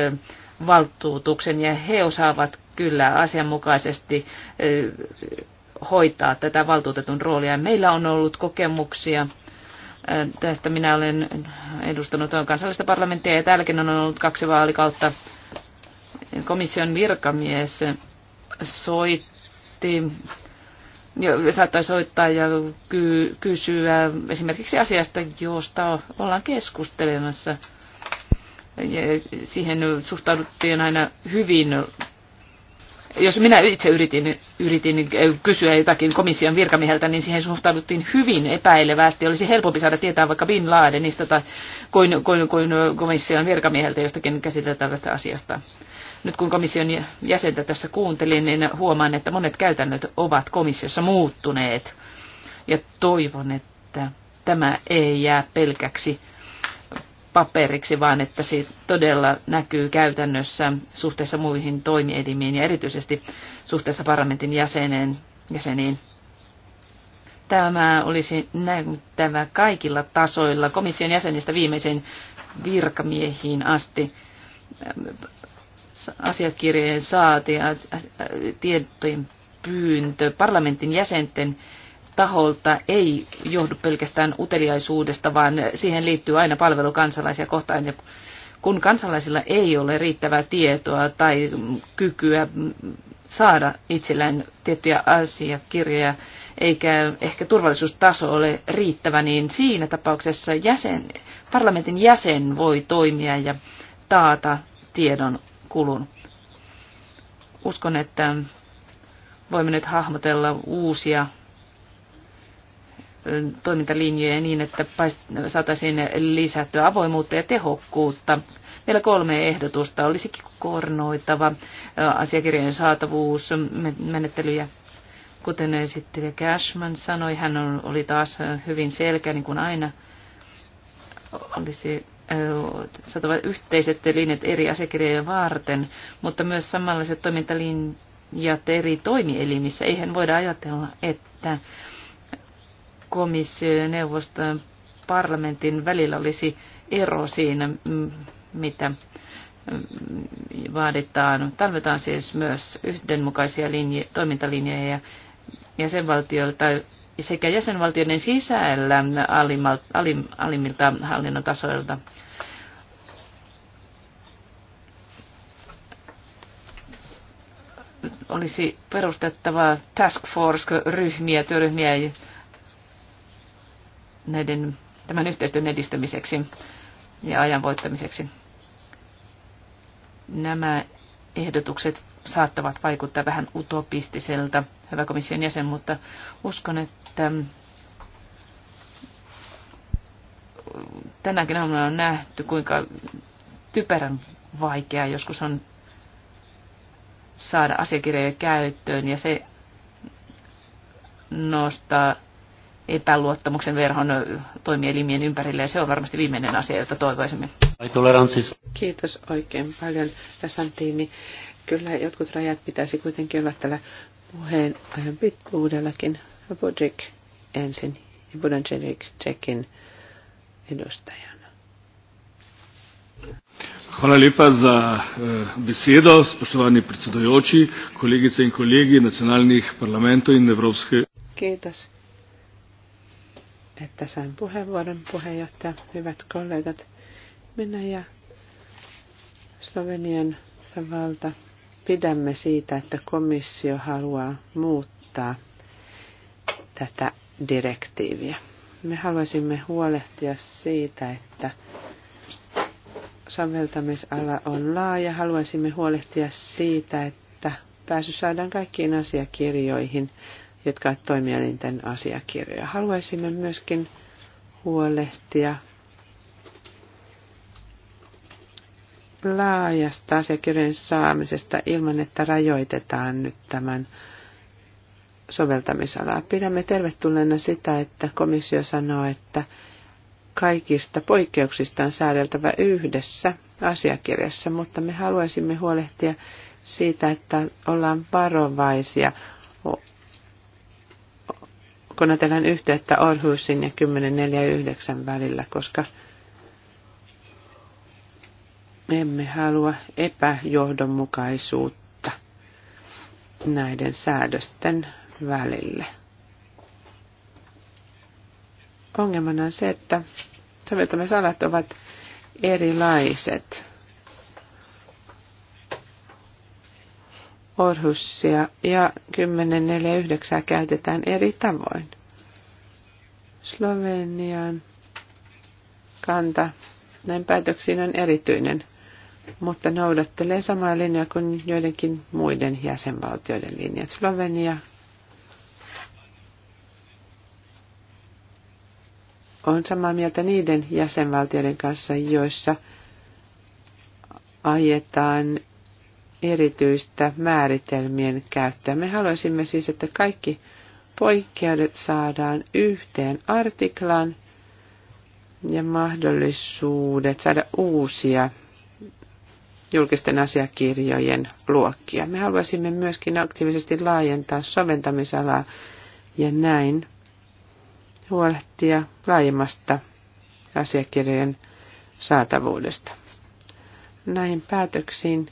[SPEAKER 4] valtuutuksen ja he osaavat kyllä asianmukaisesti hoitaa tätä valtuutetun roolia. Meillä on ollut kokemuksia Tästä minä olen edustanut on kansallista parlamenttia ja täälläkin on ollut kaksi vaalikautta. Komission virkamies soitti, saattoi soittaa ja ky- kysyä esimerkiksi asiasta, josta ollaan keskustelemassa. Ja siihen suhtauduttiin aina hyvin jos minä itse yritin, yritin kysyä jotakin komission virkamieheltä, niin siihen suhtauduttiin hyvin epäilevästi. Olisi helpompi saada tietää vaikka Bin Ladenista tai kuin, kuin, kuin komission virkamieheltä jostakin käsiteltävästä asiasta. Nyt kun komission jäsentä tässä kuuntelin, niin huomaan, että monet käytännöt ovat komissiossa muuttuneet. Ja toivon, että tämä ei jää pelkäksi paperiksi, vaan että se todella näkyy käytännössä suhteessa muihin toimielimiin ja erityisesti suhteessa parlamentin jäseneen, jäseniin. Tämä olisi näyttävä kaikilla tasoilla, komission jäsenistä viimeisen virkamiehiin asti ähm, asiakirjojen saati, tietojen pyyntö, parlamentin jäsenten taholta ei johdu pelkästään uteliaisuudesta, vaan siihen liittyy aina palvelu kansalaisia kohtaan. Ja kun kansalaisilla ei ole riittävää tietoa tai kykyä saada itsellään tiettyjä asiakirjoja, eikä ehkä turvallisuustaso ole riittävä, niin siinä tapauksessa jäsen, parlamentin jäsen voi toimia ja taata tiedon kulun. Uskon, että voimme nyt hahmotella uusia toimintalinjoja niin, että saataisiin lisättyä avoimuutta ja tehokkuutta. Vielä kolme ehdotusta olisikin koordinoitava asiakirjojen saatavuus, menettelyjä. Kuten sitten Cashman sanoi, hän oli taas hyvin selkeä, niin kuin aina olisi saatava yhteiset linjat eri asiakirjojen varten, mutta myös samanlaiset toimintalinjat eri toimielimissä. Eihän voida ajatella, että komission ja neuvoston parlamentin välillä olisi ero siinä, mitä vaaditaan. Tarvitaan siis myös yhdenmukaisia linje- toimintalinjoja ja jäsenvaltioilta sekä jäsenvaltioiden sisällä alimmilta, alim, alimmilta hallinnon tasoilta. Olisi perustettava task force-ryhmiä, työryhmiä, näiden, tämän yhteistyön edistämiseksi ja ajan voittamiseksi. Nämä ehdotukset saattavat vaikuttaa vähän utopistiselta, hyvä komission jäsen, mutta uskon, että tänäkin aamuna on nähty, kuinka typerän vaikeaa joskus on saada asiakirjoja käyttöön ja se nostaa epäluottamuksen verhon toimielimien ympärille ja se on varmasti viimeinen asia, jota toivoisimme. Kiitos oikein
[SPEAKER 2] paljon ja Santini. Kyllä jotkut rajat pitäisi kuitenkin olla tällä puheen ajan pitkuudellakin. Budrik ensin ja Budanjelik Tsekin edustajana.
[SPEAKER 1] Hvala lepa za eh, besedo, spoštovani predsedujoči, kolegice in kolegi nacionalnih parlamentov in Evropske.
[SPEAKER 2] Kiitos että sain puheenvuoron puheenjohtaja, hyvät kollegat. Minä ja Slovenian valta pidämme siitä, että komissio haluaa muuttaa tätä direktiiviä. Me haluaisimme huolehtia siitä, että soveltamisala on laaja. Haluaisimme huolehtia siitä, että pääsy saadaan kaikkiin asiakirjoihin jotka ovat toimielinten asiakirjoja. Haluaisimme myöskin huolehtia laajasta asiakirjojen saamisesta ilman, että rajoitetaan nyt tämän soveltamisalaa. Pidämme tervetulleena sitä, että komissio sanoo, että kaikista poikkeuksista on säädeltävä yhdessä asiakirjassa, mutta me haluaisimme huolehtia siitä, että ollaan varovaisia kun otetaan yhteyttä Orhusin ja 1049 välillä, koska emme halua epäjohdonmukaisuutta näiden säädösten välille. Ongelmana on se, että soveltamisalat ovat erilaiset Orhussia ja 10.49 käytetään eri tavoin. Slovenian kanta näin päätöksiin on erityinen, mutta noudattelee samaa linjaa kuin joidenkin muiden jäsenvaltioiden linjat. Slovenia on samaa mieltä niiden jäsenvaltioiden kanssa, joissa ajetaan erityistä määritelmien käyttöä. Me haluaisimme siis, että kaikki poikkeudet saadaan yhteen artiklaan ja mahdollisuudet saada uusia julkisten asiakirjojen luokkia. Me haluaisimme myöskin aktiivisesti laajentaa soventamisalaa ja näin huolehtia laajemmasta asiakirjojen saatavuudesta. Näihin päätöksiin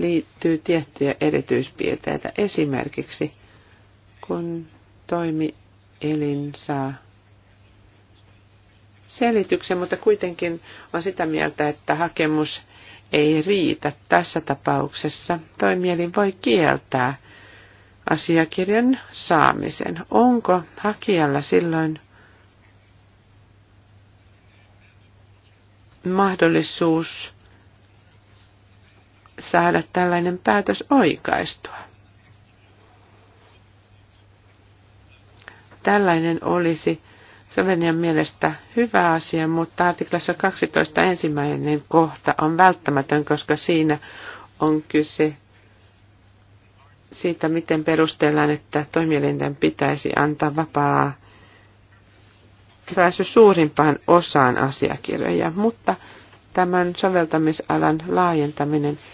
[SPEAKER 2] liittyy tiettyjä erityispiirteitä. Esimerkiksi kun toimielin saa selityksen, mutta kuitenkin on sitä mieltä, että hakemus ei riitä tässä tapauksessa. Toimielin voi kieltää asiakirjan saamisen. Onko hakijalla silloin mahdollisuus saada tällainen päätös oikaistua. Tällainen olisi Slovenian mielestä hyvä asia, mutta artiklassa 12 ensimmäinen kohta on välttämätön, koska siinä on kyse siitä, miten perustellaan, että toimielinten pitäisi antaa vapaa pääsy suurimpaan osaan asiakirjoja, mutta tämän soveltamisalan laajentaminen –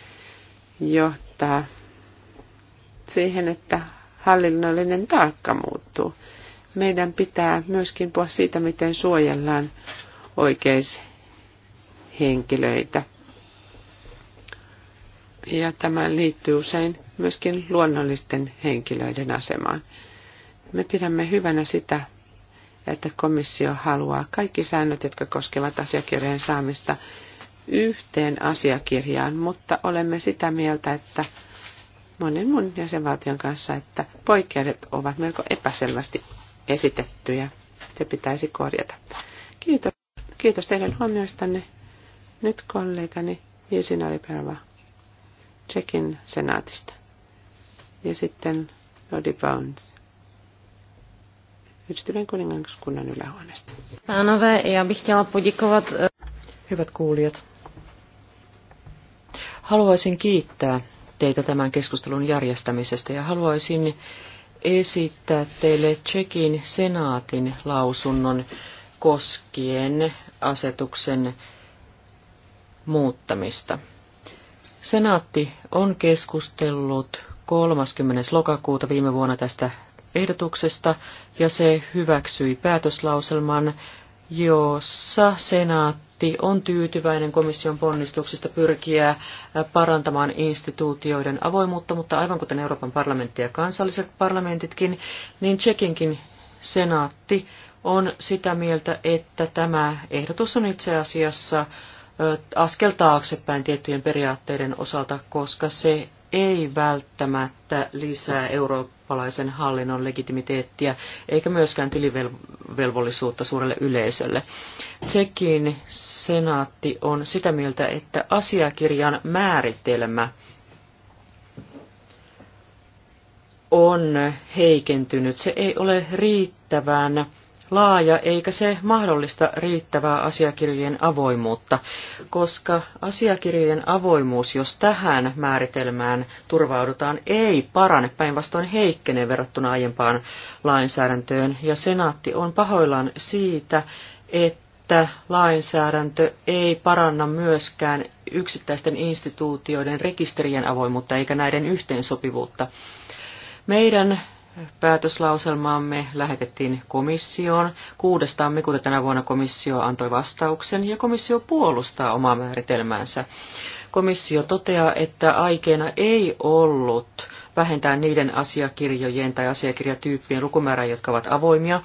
[SPEAKER 2] johtaa siihen, että hallinnollinen taakka muuttuu. Meidän pitää myöskin puhua siitä, miten suojellaan oikeishenkilöitä. Ja tämä liittyy usein myöskin luonnollisten henkilöiden asemaan. Me pidämme hyvänä sitä, että komissio haluaa kaikki säännöt, jotka koskevat asiakirjojen saamista yhteen asiakirjaan, mutta olemme sitä mieltä, että monen mun jäsenvaltion kanssa, että poikkeudet ovat melko epäselvästi esitettyjä. Se pitäisi korjata. Kiitos, Kiitos teidän huomioistanne. Nyt kollegani Jesinari Perva Tsekin senaatista. Ja sitten Lodi Bones. Yhdistyneen kuningaskunnan ylähuoneesta.
[SPEAKER 3] Eh, Hyvät kuulijat, Haluaisin kiittää teitä tämän keskustelun järjestämisestä ja haluaisin esittää teille Tsekin senaatin lausunnon koskien asetuksen muuttamista. Senaatti on keskustellut 30. lokakuuta viime vuonna tästä ehdotuksesta ja se hyväksyi päätöslauselman jossa senaatti on tyytyväinen komission ponnistuksista pyrkiä parantamaan instituutioiden avoimuutta, mutta aivan kuten Euroopan parlamentti ja kansalliset parlamentitkin, niin Tsekinkin senaatti on sitä mieltä, että tämä ehdotus on itse asiassa askel taaksepäin tiettyjen periaatteiden osalta, koska se ei välttämättä lisää eurooppalaisen hallinnon legitimiteettiä eikä myöskään tilivelvollisuutta suurelle yleisölle. Tsekin senaatti on sitä mieltä, että asiakirjan määritelmä on heikentynyt. Se ei ole riittävän laaja eikä se mahdollista riittävää asiakirjojen avoimuutta, koska asiakirjojen avoimuus, jos tähän määritelmään turvaudutaan, ei parane päinvastoin heikkenee verrattuna aiempaan lainsäädäntöön, ja senaatti on pahoillaan siitä, että lainsäädäntö ei paranna myöskään yksittäisten instituutioiden rekisterien avoimuutta eikä näiden yhteensopivuutta. Meidän Päätöslauselmaamme lähetettiin komissioon. 6. tammikuuta tänä vuonna komissio antoi vastauksen ja komissio puolustaa omaa määritelmäänsä. Komissio toteaa, että aikeena ei ollut vähentää niiden asiakirjojen tai asiakirjatyyppien lukumäärää, jotka ovat avoimia,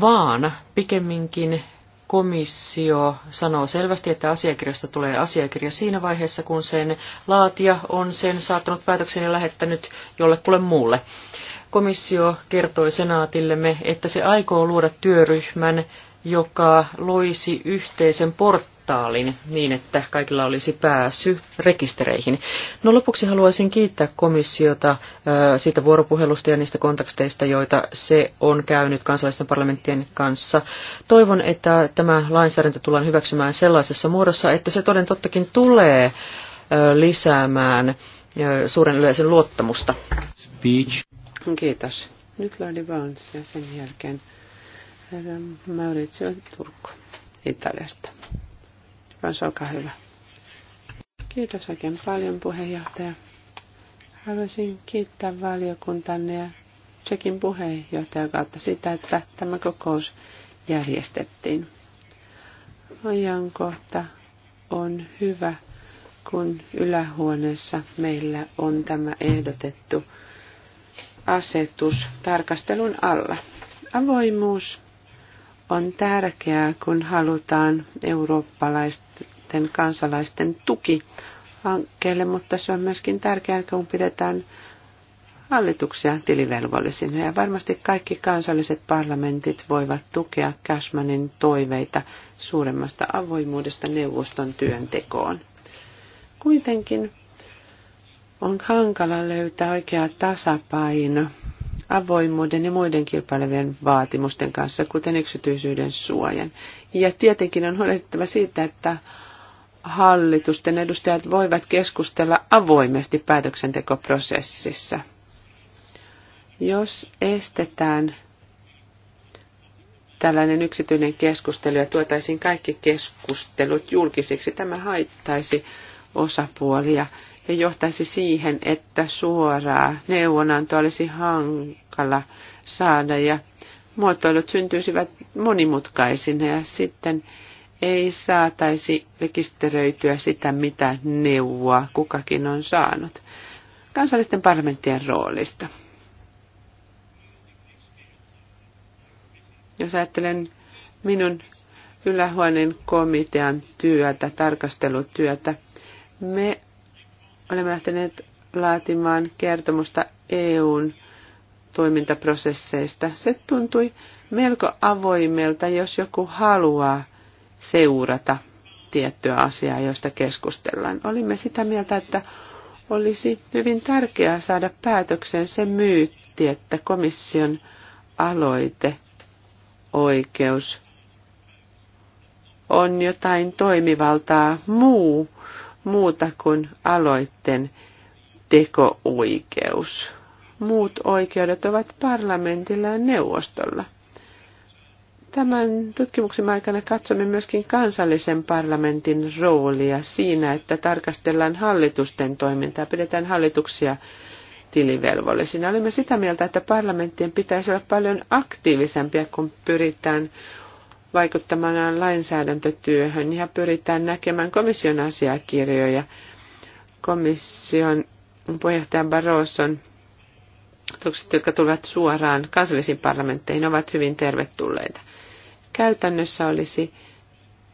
[SPEAKER 3] vaan pikemminkin komissio sanoo selvästi, että asiakirjasta tulee asiakirja siinä vaiheessa, kun sen laatija on sen saattanut päätöksen ja lähettänyt jollekulle muulle. Komissio kertoi senaatillemme, että se aikoo luoda työryhmän, joka loisi yhteisen portaalin niin, että kaikilla olisi pääsy rekistereihin. No lopuksi haluaisin kiittää komissiota siitä vuoropuhelusta ja niistä kontakteista, joita se on käynyt kansalaisten parlamenttien kanssa. Toivon, että tämä lainsäädäntö tullaan hyväksymään sellaisessa muodossa, että se toden tottakin tulee lisäämään suuren yleisen luottamusta. Speech. Kiitos.
[SPEAKER 2] Nyt Lordi Bones ja sen jälkeen herra Maurizio Turku Italiasta. Vans, olkaa hyvä. Kiitos oikein paljon puheenjohtaja. Haluaisin kiittää valiokuntanne ja Tsekin puheenjohtajan kautta sitä, että tämä kokous järjestettiin. Ajankohta on hyvä, kun ylähuoneessa meillä on tämä ehdotettu asetus tarkastelun alla. Avoimuus on tärkeää, kun halutaan eurooppalaisten kansalaisten tuki hankkeelle, mutta se on myöskin tärkeää, kun pidetään hallituksia tilivelvollisina. Ja varmasti kaikki kansalliset parlamentit voivat tukea Cashmanin toiveita suuremmasta avoimuudesta neuvoston työntekoon. Kuitenkin on hankala löytää oikea tasapaino avoimuuden ja muiden kilpailevien vaatimusten kanssa, kuten yksityisyyden suojan. Ja tietenkin on huolehdittava siitä, että hallitusten edustajat voivat keskustella avoimesti päätöksentekoprosessissa. Jos estetään tällainen yksityinen keskustelu ja tuotaisiin kaikki keskustelut julkisiksi, tämä haittaisi osapuolia ja johtaisi siihen, että suoraa neuvonantoa olisi hankala saada ja muotoilut syntyisivät monimutkaisina ja sitten ei saataisi rekisteröityä sitä, mitä neuvoa kukakin on saanut. Kansallisten parlamenttien roolista. Jos ajattelen minun ylähuoneen komitean työtä, tarkastelutyötä, me Olemme lähteneet laatimaan kertomusta EUn toimintaprosesseista. Se tuntui melko avoimelta, jos joku haluaa seurata tiettyä asiaa, josta keskustellaan. Olimme sitä mieltä, että olisi hyvin tärkeää saada päätökseen se myytti, että komission aloite oikeus on jotain toimivaltaa muu muuta kuin aloitteen teko-oikeus. Muut oikeudet ovat parlamentilla ja neuvostolla. Tämän tutkimuksen aikana katsomme myöskin kansallisen parlamentin roolia siinä, että tarkastellaan hallitusten toimintaa, pidetään hallituksia tilivelvollisina. Olimme sitä mieltä, että parlamenttien pitäisi olla paljon aktiivisempia, kun pyritään vaikuttamaan lainsäädäntötyöhön ja pyritään näkemään komission asiakirjoja. Komission puheenjohtaja Barroson ehdotukset, jotka tulevat suoraan kansallisiin parlamentteihin, ovat hyvin tervetulleita. Käytännössä olisi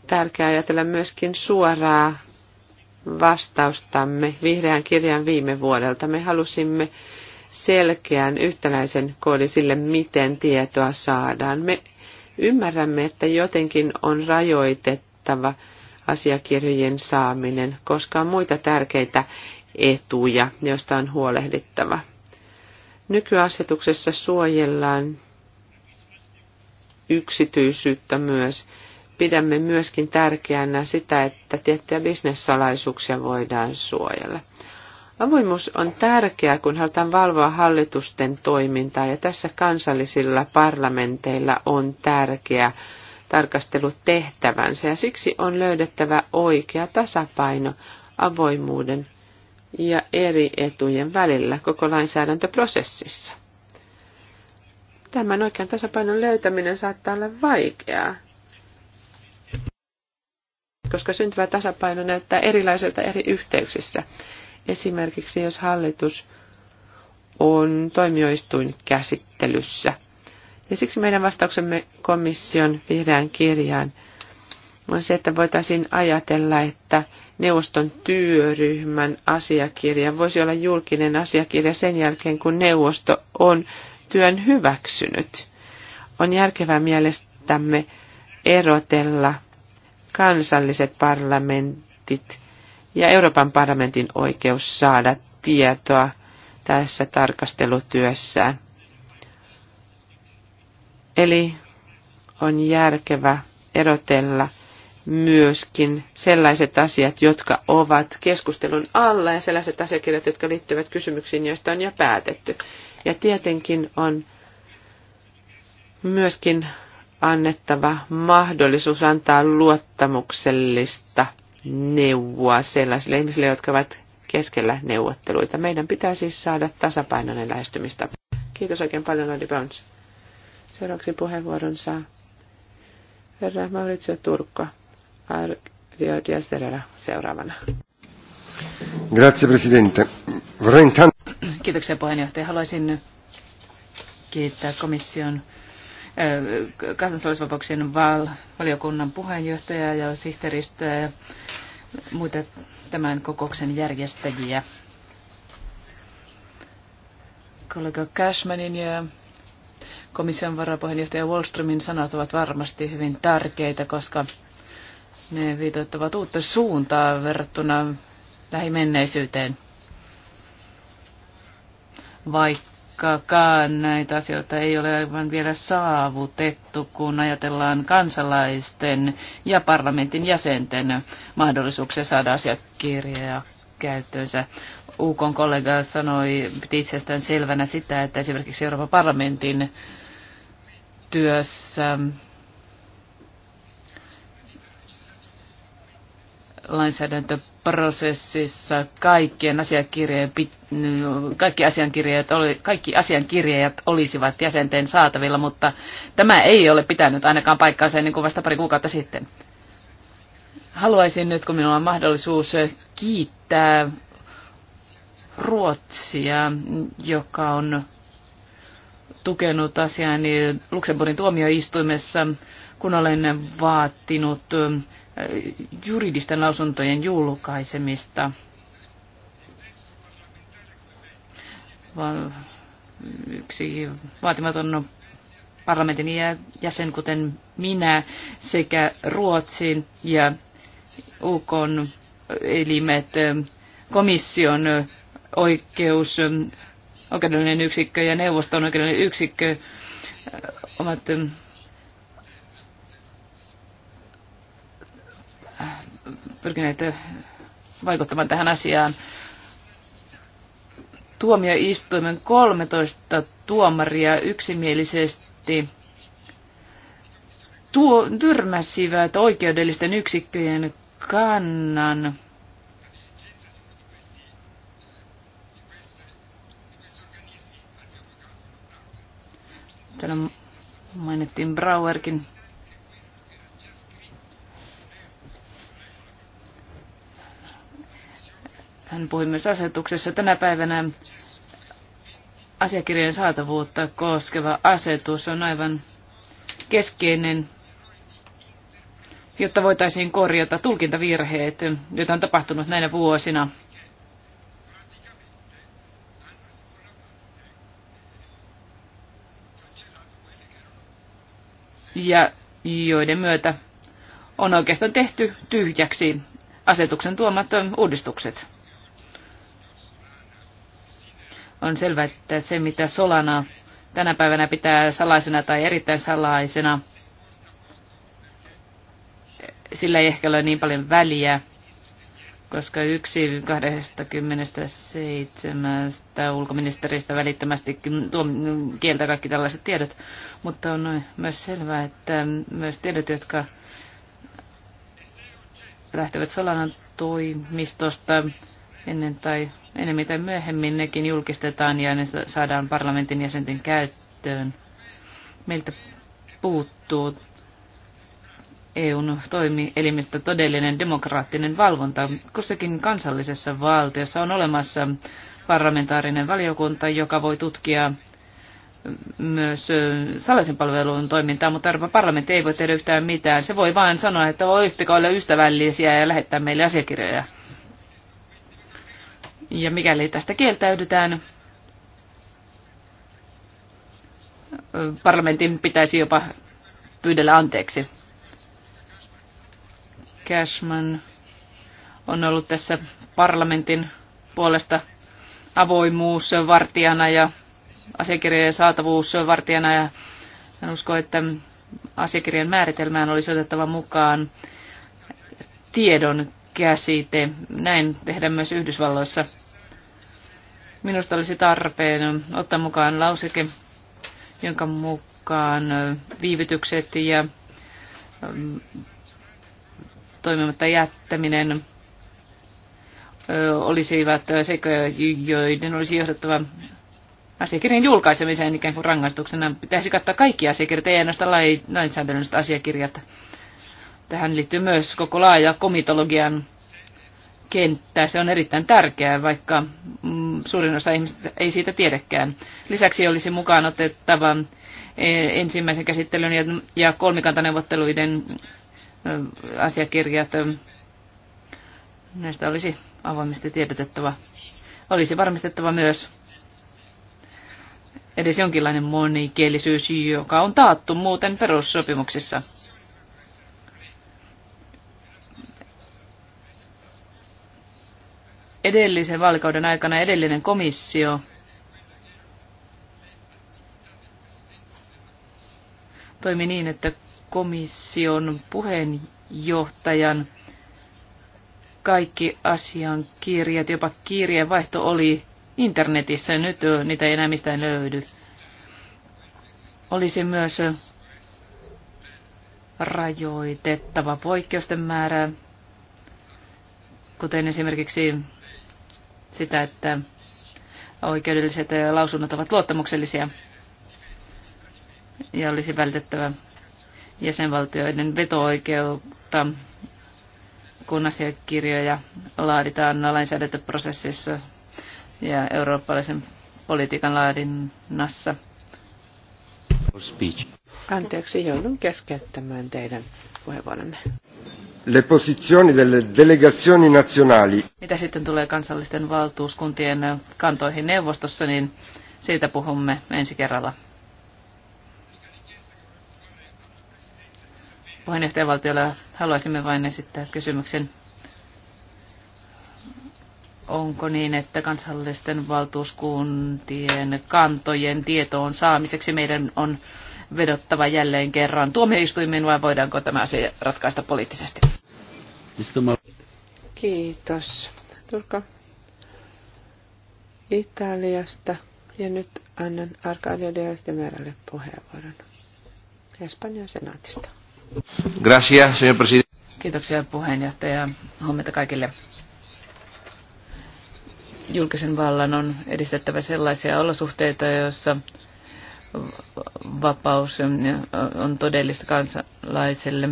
[SPEAKER 2] tärkeää ajatella myöskin suoraa vastaustamme vihreän kirjan viime vuodelta. Me halusimme selkeän yhtäläisen koodin sille, miten tietoa saadaan. Me Ymmärrämme, että jotenkin on rajoitettava asiakirjojen saaminen, koska on muita tärkeitä etuja, joista on huolehdittava. Nykyasetuksessa suojellaan yksityisyyttä myös. Pidämme myöskin tärkeänä sitä, että tiettyjä bisnessalaisuuksia voidaan suojella. Avoimuus on tärkeää, kun halutaan valvoa hallitusten toimintaa ja tässä kansallisilla parlamenteilla on tärkeä tarkastelutehtävänsä ja siksi on löydettävä oikea tasapaino avoimuuden ja eri etujen välillä koko lainsäädäntöprosessissa. Tämän oikean tasapainon löytäminen saattaa olla vaikeaa, koska syntyvä tasapaino näyttää erilaiselta eri yhteyksissä. Esimerkiksi jos hallitus on toimioistuin käsittelyssä. Ja siksi meidän vastauksemme komission vihreään kirjaan on se, että voitaisiin ajatella, että neuvoston työryhmän asiakirja voisi olla julkinen asiakirja sen jälkeen, kun neuvosto on työn hyväksynyt. On järkevää mielestämme erotella kansalliset parlamentit ja Euroopan parlamentin oikeus saada tietoa tässä tarkastelutyössään. Eli on järkevä erotella myöskin sellaiset asiat, jotka ovat keskustelun alla ja sellaiset asiakirjat, jotka liittyvät kysymyksiin, joista on jo päätetty. Ja tietenkin on myöskin annettava mahdollisuus antaa luottamuksellista neuvoa sellaisille ihmisille, jotka ovat keskellä neuvotteluita. Meidän pitää siis saada tasapainoinen lähestymistä. Kiitos oikein paljon, Lodi Bones. Seuraavaksi puheenvuoron saa herra Mauritsio Turkka. Arvio Diasterera seuraavana.
[SPEAKER 1] Grazie, Presidente. Vorrei
[SPEAKER 4] Kiitoksia puheenjohtaja. Haluaisin kiittää komission kansallisvapauksien valiokunnan puheenjohtajaa ja sihteeristöä ja muita tämän kokouksen järjestäjiä. Kollega Cashmanin ja komission varapuheenjohtaja Wallströmin sanat ovat varmasti hyvin tärkeitä, koska ne viitoittavat uutta suuntaa verrattuna lähimenneisyyteen. Vaikka vaikkakaan näitä asioita ei ole aivan vielä saavutettu, kun ajatellaan kansalaisten ja parlamentin jäsenten mahdollisuuksia saada asiakirjaa käyttöönsä. UKon kollega sanoi, piti itsestään selvänä sitä, että esimerkiksi Euroopan parlamentin työssä lainsäädäntöprosessissa kaikkien asiakirjojen, kaikki, asiankirjat oli, kaikki asiankirjat olisivat jäsenten saatavilla, mutta tämä ei ole pitänyt ainakaan paikkaansa ennen kuin vasta pari kuukautta sitten. Haluaisin nyt, kun minulla on mahdollisuus kiittää Ruotsia, joka on tukenut asiaani Luxemburgin tuomioistuimessa, kun olen vaatinut juridisten lausuntojen julkaisemista. Vaan yksi vaatimaton parlamentin jäsen, kuten minä, sekä Ruotsin ja UK elimet, komission oikeus, oikeudellinen yksikkö ja neuvoston oikeudellinen yksikkö ovat pyrkineet vaikuttamaan tähän asiaan. Tuomioistuimen 13 tuomaria yksimielisesti tuo, tyrmäsivät oikeudellisten yksikköjen kannan. Täällä mainittiin Brauerkin Hän puhui myös asetuksessa tänä päivänä asiakirjojen saatavuutta koskeva asetus on aivan keskeinen, jotta voitaisiin korjata tulkintavirheet, joita on tapahtunut näinä vuosina. Ja joiden myötä on oikeastaan tehty tyhjäksi asetuksen tuomat uudistukset. On selvää, että se mitä Solana tänä päivänä pitää salaisena tai erittäin salaisena, sillä ei ehkä ole niin paljon väliä, koska yksi 27 ulkoministeristä välittömästi kieltää kaikki tällaiset tiedot. Mutta on myös selvää, että myös tiedot, jotka lähtevät Solanan toimistosta, ennen tai enemmän tai myöhemmin nekin julkistetaan ja ne saadaan parlamentin jäsenten käyttöön. Meiltä puuttuu EUn toimielimistä todellinen demokraattinen valvonta. Kussakin kansallisessa valtiossa on olemassa parlamentaarinen valiokunta, joka voi tutkia myös salaisen palvelun toimintaa, mutta Euroopan parlamentti ei voi tehdä yhtään mitään. Se voi vain sanoa, että olisitteko olla ystävällisiä ja lähettää meille asiakirjoja. Ja mikäli tästä kieltäydytään, parlamentin pitäisi jopa pyydellä anteeksi. Cashman on ollut tässä parlamentin puolesta avoimuus vartijana ja asiakirjojen saatavuus vartijana ja en usko, että asiakirjan määritelmään olisi otettava mukaan tiedon käsite. Näin tehdään myös Yhdysvalloissa. Minusta olisi tarpeen ottaa mukaan lauseke, jonka mukaan viivytykset ja toimimatta jättäminen olisivat sekä joiden olisi johdattava asiakirjan julkaisemiseen ikään kuin rangaistuksena. Pitäisi katsoa kaikki asiakirjat, ei ainoastaan lainsäädännölliset asiakirjat. Tähän liittyy myös koko laaja komitologian kenttää. Se on erittäin tärkeää, vaikka mm, suurin osa ihmistä ei siitä tiedäkään. Lisäksi olisi mukaan otettava e, ensimmäisen käsittelyn ja kolmikantaneuvotteluiden asiakirjat. Näistä olisi avoimesti tiedotettava. Olisi varmistettava myös edes jonkinlainen monikielisyys, joka on taattu muuten perussopimuksissa. Edellisen vaalikauden aikana edellinen komissio toimi niin, että komission puheenjohtajan kaikki asiankirjat, jopa kirjeenvaihto oli internetissä. Nyt niitä ei enää mistään löydy. Olisi myös rajoitettava poikkeusten määrää, kuten esimerkiksi sitä, että oikeudelliset lausunnot ovat luottamuksellisia ja olisi vältettävä jäsenvaltioiden veto-oikeutta, kun asiakirjoja laaditaan lainsäädäntöprosessissa ja eurooppalaisen politiikan laadinnassa. Speech. Anteeksi, joudun keskeyttämään teidän puheenvuoronne
[SPEAKER 1] le posizioni delle delegazioni nazionali.
[SPEAKER 4] Mitä sitten tulee kansallisten valtuuskuntien kantoihin neuvostossa, niin siitä puhumme ensi kerralla. Puheenjohtajavaltiolla haluaisimme vain esittää kysymyksen, onko niin, että kansallisten valtuuskuntien kantojen tietoon saamiseksi meidän on vedottava jälleen kerran tuomioistuimiin vai voidaanko tämä asia ratkaista poliittisesti? Kiitos.
[SPEAKER 2] Turka Italiasta. Ja nyt annan Arcadio de Altemeralle
[SPEAKER 4] puheenvuoron. Espanjan senaatista.
[SPEAKER 1] Gracias, señor presidente.
[SPEAKER 4] Kiitoksia puheenjohtaja. Huomenta kaikille. Julkisen vallan on edistettävä sellaisia olosuhteita, joissa vapaus on todellista kansalaiselle.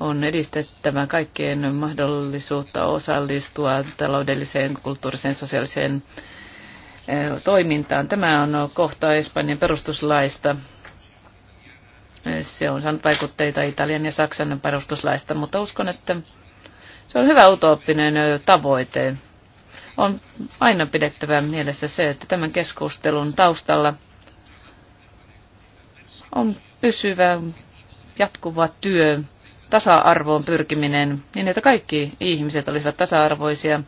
[SPEAKER 4] On edistettävä kaikkien mahdollisuutta osallistua taloudelliseen, kulttuuriseen, sosiaaliseen eh, toimintaan. Tämä on kohta Espanjan perustuslaista. Se on saanut vaikutteita Italian ja Saksan perustuslaista, mutta uskon, että se on hyvä utooppinen tavoite. On aina pidettävä mielessä se, että tämän keskustelun taustalla – on pysyvä, jatkuva työ, tasa-arvoon pyrkiminen, niin että kaikki ihmiset olisivat tasa-arvoisia,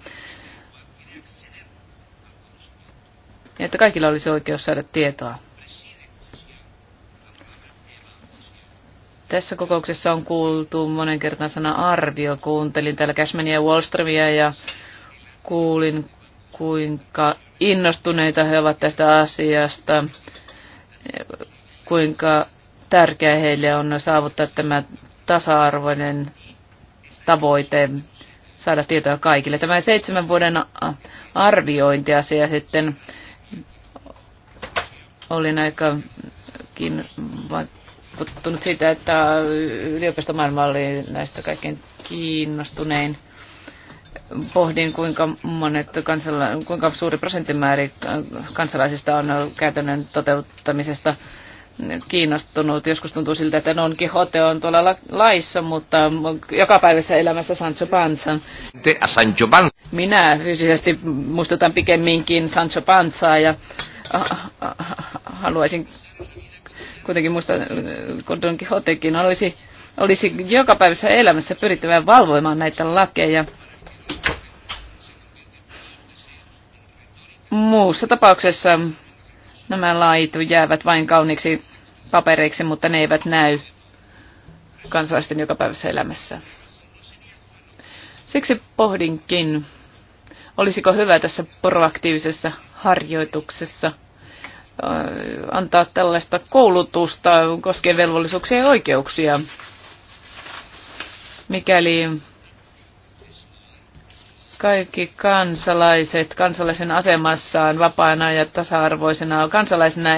[SPEAKER 4] ja että kaikilla olisi oikeus saada tietoa. Tässä kokouksessa on kuultu monen kertaan sana arvio. Kuuntelin täällä Cashmania ja Wallströmiä ja kuulin, kuinka innostuneita he ovat tästä asiasta kuinka tärkeää heille on saavuttaa tämä tasa-arvoinen tavoite saada tietoa kaikille. Tämä seitsemän vuoden arviointiasia sitten oli aikakin vaikuttunut siitä, että yliopistomaailma oli näistä kaikkein kiinnostunein. Pohdin, kuinka, monet kansala- kuinka suuri prosenttimäärä kansalaisista on käytännön toteuttamisesta kiinnostunut. Joskus tuntuu siltä, että Don Quixote on tuolla la- laissa, mutta päivässä elämässä Sancho Panza.
[SPEAKER 1] Sancho Panza.
[SPEAKER 4] Minä fyysisesti muistutan pikemminkin Sancho Panzaa ja ah, ah, ah, haluaisin kuitenkin muista, kun Don Quixotekin olisi, olisi päivässä elämässä pyrittävä valvoimaan näitä lakeja. Muussa tapauksessa Nämä lait jäävät vain kauniiksi papereiksi, mutta ne eivät näy kansalaisten jokapäiväisessä elämässä. Siksi pohdinkin, olisiko hyvä tässä proaktiivisessa harjoituksessa äh, antaa tällaista koulutusta koskien velvollisuuksia ja oikeuksia, mikäli kaikki kansalaiset kansalaisen asemassaan vapaana ja tasa-arvoisena kansalaisena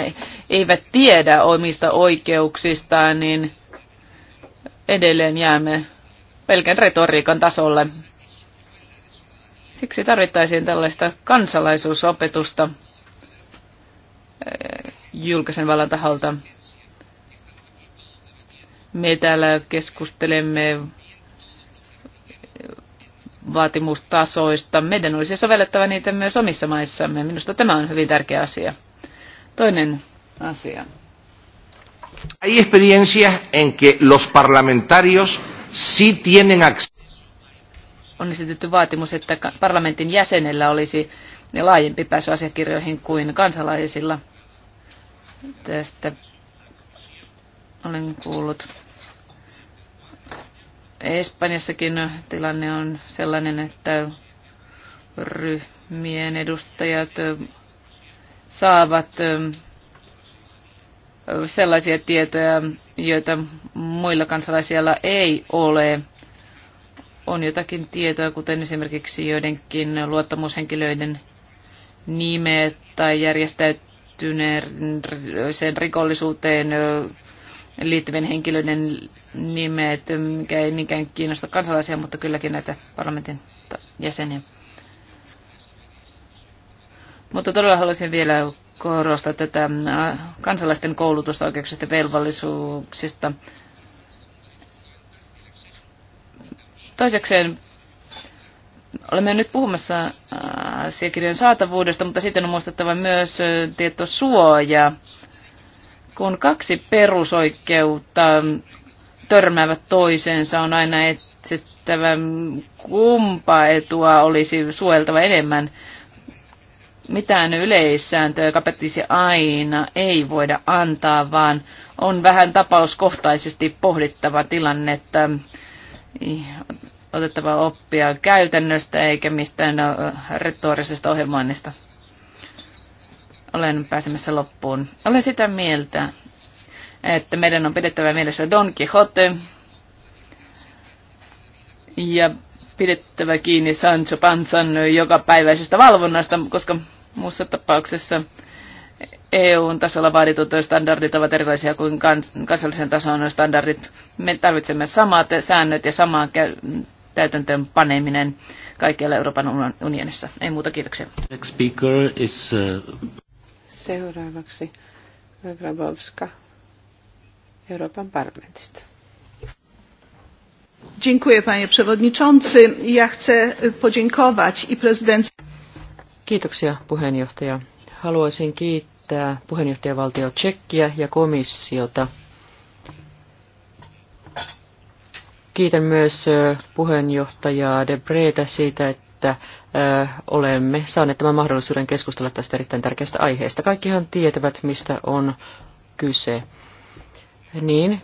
[SPEAKER 4] eivät tiedä omista oikeuksistaan, niin edelleen jäämme pelkän retoriikan tasolle. Siksi tarvittaisiin tällaista kansalaisuusopetusta eh, julkisen vallan taholta. Me täällä keskustelemme vaatimustasoista. Meidän olisi sovellettava niitä myös omissa maissamme. Minusta tämä on hyvin tärkeä asia. Toinen asia.
[SPEAKER 1] Hay experiencias en que los parlamentarios sí tienen acceso.
[SPEAKER 4] On esitetty vaatimus, että parlamentin jäsenellä olisi laajempi pääsy asiakirjoihin kuin kansalaisilla. Tästä olen kuullut Espanjassakin tilanne on sellainen, että ryhmien edustajat saavat ähm, sellaisia tietoja, joita muilla kansalaisilla ei ole. On jotakin tietoa, kuten esimerkiksi joidenkin luottamushenkilöiden nimet tai järjestäytyneen rikollisuuteen äh, liittyvien henkilöiden nimet, mikä ei niinkään kiinnosta kansalaisia, mutta kylläkin näitä parlamentin jäseniä. Mutta todella haluaisin vielä korostaa tätä kansalaisten koulutusta oikeuksista ja velvollisuuksista. Toisekseen olemme nyt puhumassa asiakirjojen saatavuudesta, mutta sitten on muistettava myös tietosuoja kun kaksi perusoikeutta törmäävät toiseensa, on aina etsittävä kumpa etua olisi suojeltava enemmän. Mitään yleissääntöä, joka pätisi aina, ei voida antaa, vaan on vähän tapauskohtaisesti pohdittava tilannetta, otettava oppia käytännöstä eikä mistään retorisesta ohjelmoinnista. Olen pääsemässä loppuun. Olen sitä mieltä, että meidän on pidettävä mielessä Don Quixote ja pidettävä kiinni Sancho Panzan jokapäiväisestä valvonnasta, koska muussa tapauksessa eu tasolla vaaditut standardit ovat erilaisia kuin kans- kansallisen tason standardit. Me tarvitsemme samat säännöt ja samaa kä- täytäntöön paneminen kaikkialla Euroopan unionissa. Ei muuta, kiitoksia.
[SPEAKER 1] Next speaker is, uh...
[SPEAKER 2] Seuraavaksi Grabowska Euroopan parlamentista. Dziękuję
[SPEAKER 4] panie przewodniczący. Ja chcę podziękować i prezydencji.
[SPEAKER 3] Kiitoksia puheenjohtaja. Haluaisin kiittää puheenjohtajavaltio Tsekkiä ja komissiota. Kiitän myös puheenjohtajaa Debreitä siitä, että että olemme saaneet tämän mahdollisuuden keskustella tästä erittäin tärkeästä aiheesta. Kaikkihan tietävät, mistä on kyse. Niin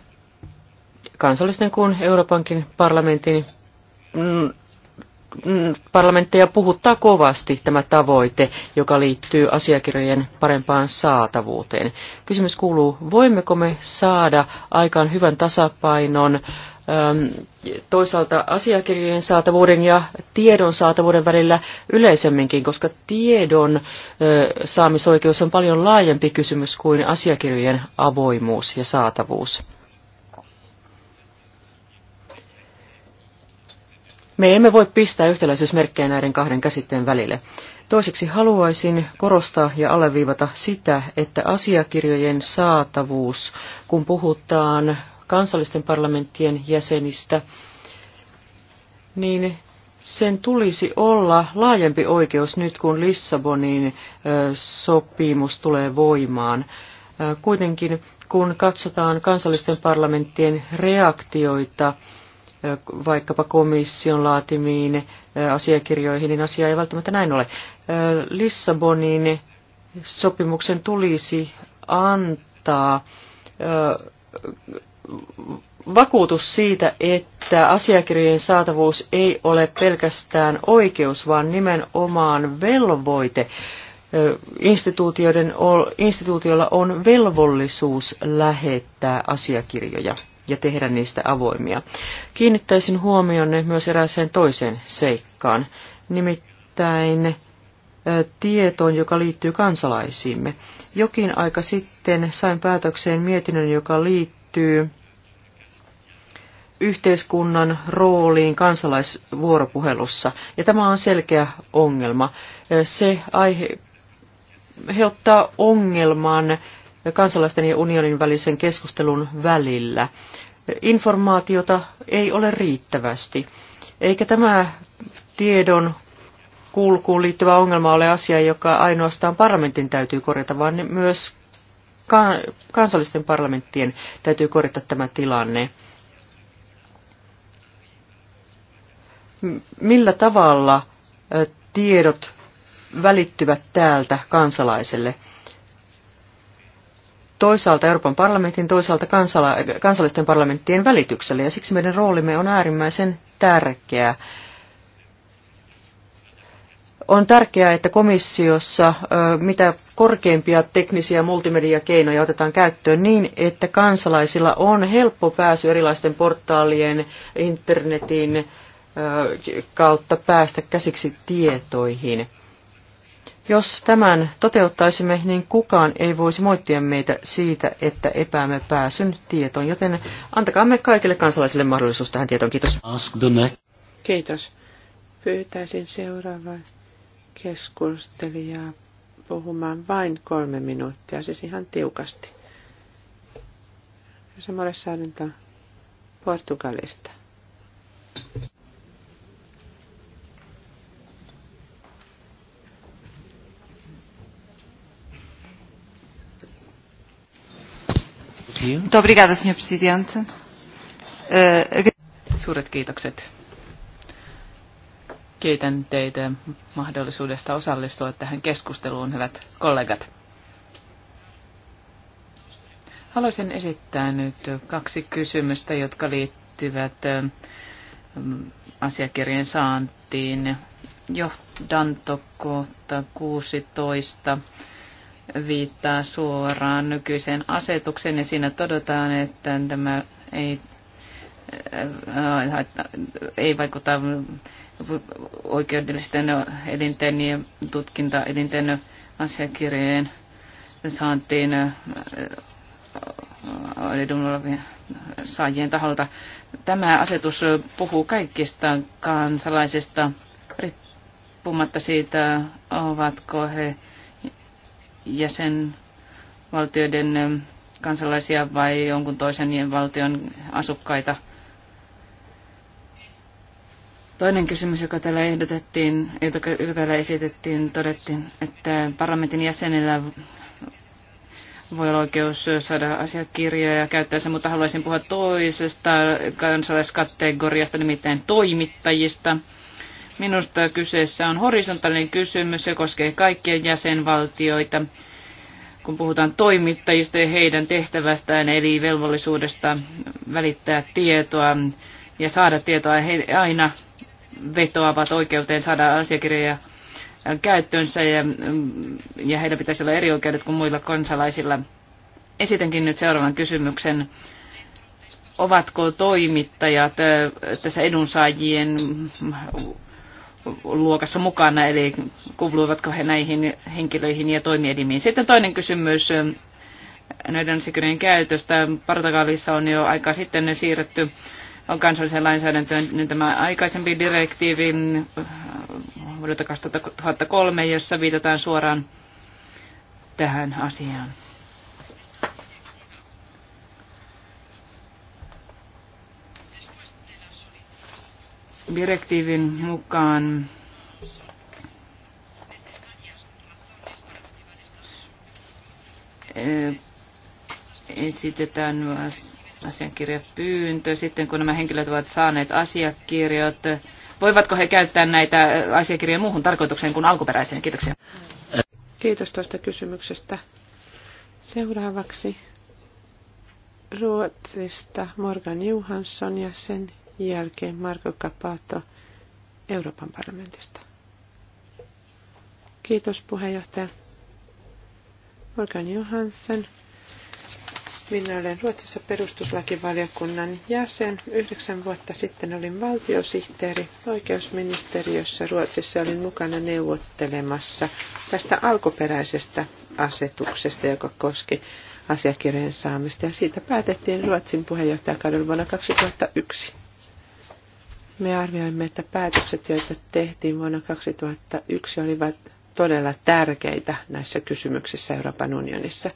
[SPEAKER 3] kansallisten kuin Euroopankin parlamentin mm, mm, parlamentteja puhuttaa kovasti tämä tavoite, joka liittyy asiakirjojen parempaan saatavuuteen. Kysymys kuuluu, voimmeko me saada aikaan hyvän tasapainon toisaalta asiakirjojen saatavuuden ja tiedon saatavuuden välillä yleisemminkin, koska tiedon saamisoikeus on paljon laajempi kysymys kuin asiakirjojen avoimuus ja saatavuus. Me emme voi pistää yhtäläisyysmerkkejä näiden kahden käsitteen välille. Toiseksi haluaisin korostaa ja alleviivata sitä, että asiakirjojen saatavuus, kun puhutaan kansallisten parlamenttien jäsenistä, niin sen tulisi olla laajempi oikeus nyt, kun Lissabonin sopimus tulee voimaan. Kuitenkin kun katsotaan kansallisten parlamenttien reaktioita vaikkapa komission laatimiin asiakirjoihin, niin asia ei välttämättä näin ole. Lissabonin sopimuksen tulisi antaa vakuutus siitä, että asiakirjojen saatavuus ei ole pelkästään oikeus, vaan nimenomaan velvoite. Instituutioiden, instituutioilla on velvollisuus lähettää asiakirjoja ja tehdä niistä avoimia. Kiinnittäisin huomionne myös erääseen toiseen seikkaan, nimittäin tietoon, joka liittyy kansalaisiimme. Jokin aika sitten sain päätökseen mietinnön, joka liittyy liittyy yhteiskunnan rooliin kansalaisvuoropuhelussa. Ja tämä on selkeä ongelma. Se aihe, he ottaa ongelman kansalaisten ja unionin välisen keskustelun välillä. Informaatiota ei ole riittävästi, eikä tämä tiedon kulkuun liittyvä ongelma ole asia, joka ainoastaan parlamentin täytyy korjata, vaan myös kansallisten parlamenttien täytyy korjata tämä tilanne. Millä tavalla tiedot välittyvät täältä kansalaiselle? toisaalta Euroopan parlamentin, toisaalta kansala, kansallisten parlamenttien välityksellä, ja siksi meidän roolimme on äärimmäisen tärkeä. On tärkeää, että komissiossa mitä korkeimpia teknisiä multimediakeinoja otetaan käyttöön niin, että kansalaisilla on helppo pääsy erilaisten portaalien, internetin kautta päästä käsiksi tietoihin. Jos tämän toteuttaisimme, niin kukaan ei voisi moittia meitä siitä, että epäämme pääsyn tietoon, joten antakaamme kaikille kansalaisille mahdollisuus tähän tietoon. Kiitos.
[SPEAKER 2] Kiitos. Pyytäisin seuraavaa keskustelijaa puhumaan vain kolme minuuttia, siis ihan tiukasti. Samalla saadinta Portugalista.
[SPEAKER 3] Muito obrigada, Sr.
[SPEAKER 4] Presidente. Uh, Suuret kiitokset, Kiitän teitä mahdollisuudesta osallistua tähän keskusteluun, hyvät kollegat. Haluaisin esittää nyt kaksi kysymystä, jotka liittyvät ähm, asiakirjan saantiin. Johdantokohta 16 viittaa suoraan nykyiseen asetukseen ja siinä todetaan, että tämä ei, äh, äh, äh, ei vaikuta oikeudellisten elinten ja tutkintaelinten asiakirjeen saantiin saajien taholta. Tämä asetus puhuu kaikista kansalaisista riippumatta siitä, ovatko he jäsenvaltioiden kansalaisia vai jonkun toisen valtion asukkaita – Toinen kysymys, joka täällä ehdotettiin, joka täällä esitettiin, todettiin, että parlamentin jäsenillä voi olla oikeus saada asiakirjoja ja sen, mutta haluaisin puhua toisesta kansalaiskategoriasta, nimittäin toimittajista. Minusta kyseessä on horisontaalinen kysymys, se koskee kaikkia jäsenvaltioita, kun puhutaan toimittajista ja heidän tehtävästään, eli velvollisuudesta välittää tietoa ja saada tietoa aina vetoavat oikeuteen saada asiakirjoja käyttöönsä ja, ja heillä pitäisi olla eri oikeudet kuin muilla kansalaisilla. Esitänkin nyt seuraavan kysymyksen. Ovatko toimittajat tässä edunsaajien luokassa mukana, eli kuuluvatko he näihin henkilöihin ja toimielimiin. Sitten toinen kysymys näiden asiakirjojen käytöstä. Portugalissa on jo aika sitten siirretty kansalliseen lainsäädäntöön, niin tämä aikaisempi direktiivi äh, vuodelta 2003, jossa viitataan suoraan tähän asiaan. Direktiivin mukaan äh, esitetään asiakirjapyyntö. Sitten kun nämä henkilöt ovat saaneet asiakirjat, voivatko he käyttää näitä asiakirjoja muuhun tarkoitukseen kuin alkuperäiseen? Kiitoksia. Kiitos tuosta kysymyksestä. Seuraavaksi
[SPEAKER 2] Ruotsista Morgan Johansson ja sen jälkeen Marko Capato Euroopan parlamentista. Kiitos puheenjohtaja. Morgan Johansson. Minä olen Ruotsissa perustuslakivaliokunnan jäsen. Yhdeksän vuotta sitten olin valtiosihteeri oikeusministeriössä Ruotsissa. Olin mukana neuvottelemassa tästä alkuperäisestä asetuksesta, joka koski asiakirjojen saamista. Ja siitä päätettiin Ruotsin puheenjohtajakaudella vuonna 2001. Me arvioimme, että päätökset, joita tehtiin vuonna 2001, olivat todella tärkeitä näissä kysymyksissä Euroopan unionissa.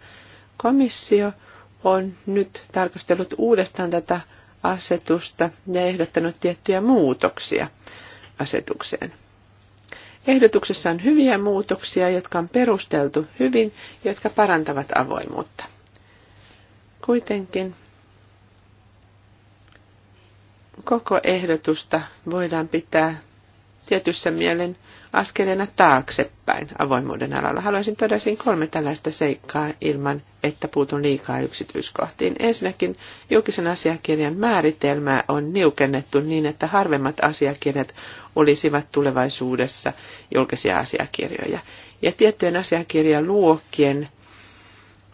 [SPEAKER 2] Komissio on nyt tarkastellut uudestaan tätä asetusta ja ehdottanut tiettyjä muutoksia asetukseen. Ehdotuksessa on hyviä muutoksia, jotka on perusteltu hyvin, jotka parantavat avoimuutta. Kuitenkin koko ehdotusta voidaan pitää tietyssä mielen askeleena taaksepäin avoimuuden alalla. Haluaisin todellakin kolme tällaista seikkaa ilman, että puutun liikaa yksityiskohtiin. Ensinnäkin julkisen asiakirjan määritelmää on niukennettu niin, että harvemmat asiakirjat olisivat tulevaisuudessa julkisia asiakirjoja. Ja tiettyjen asiakirjaluokkien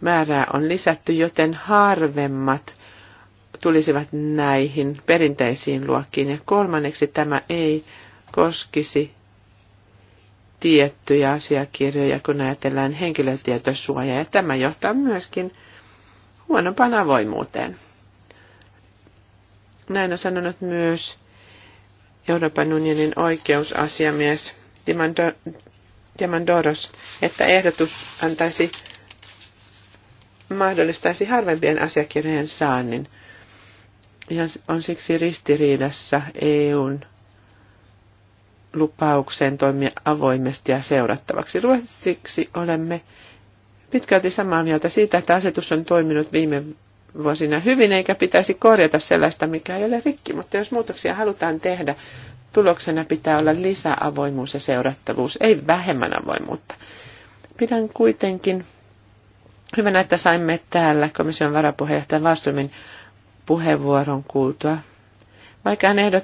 [SPEAKER 2] määrää on lisätty, joten harvemmat tulisivat näihin perinteisiin luokkiin. Ja kolmanneksi tämä ei koskisi tiettyjä asiakirjoja, kun ajatellaan henkilötietosuojaa, ja tämä johtaa myöskin huonompaan avoimuuteen. Näin on sanonut myös Euroopan unionin oikeusasiamies Diamandoros, että ehdotus antaisi mahdollistaisi harvempien asiakirjojen saannin. Ja on siksi ristiriidassa EUn lupaukseen toimia avoimesti ja seurattavaksi. Ruotsiksi olemme pitkälti samaa mieltä siitä, että asetus on toiminut viime vuosina hyvin, eikä pitäisi korjata sellaista, mikä ei ole rikki. Mutta jos muutoksia halutaan tehdä, tuloksena pitää olla lisäavoimuus ja seurattavuus, ei vähemmän avoimuutta. Pidän kuitenkin hyvänä, että saimme täällä komission varapuheenjohtajan Vastumin puheenvuoron kuultua. Vaikka hän ehdot,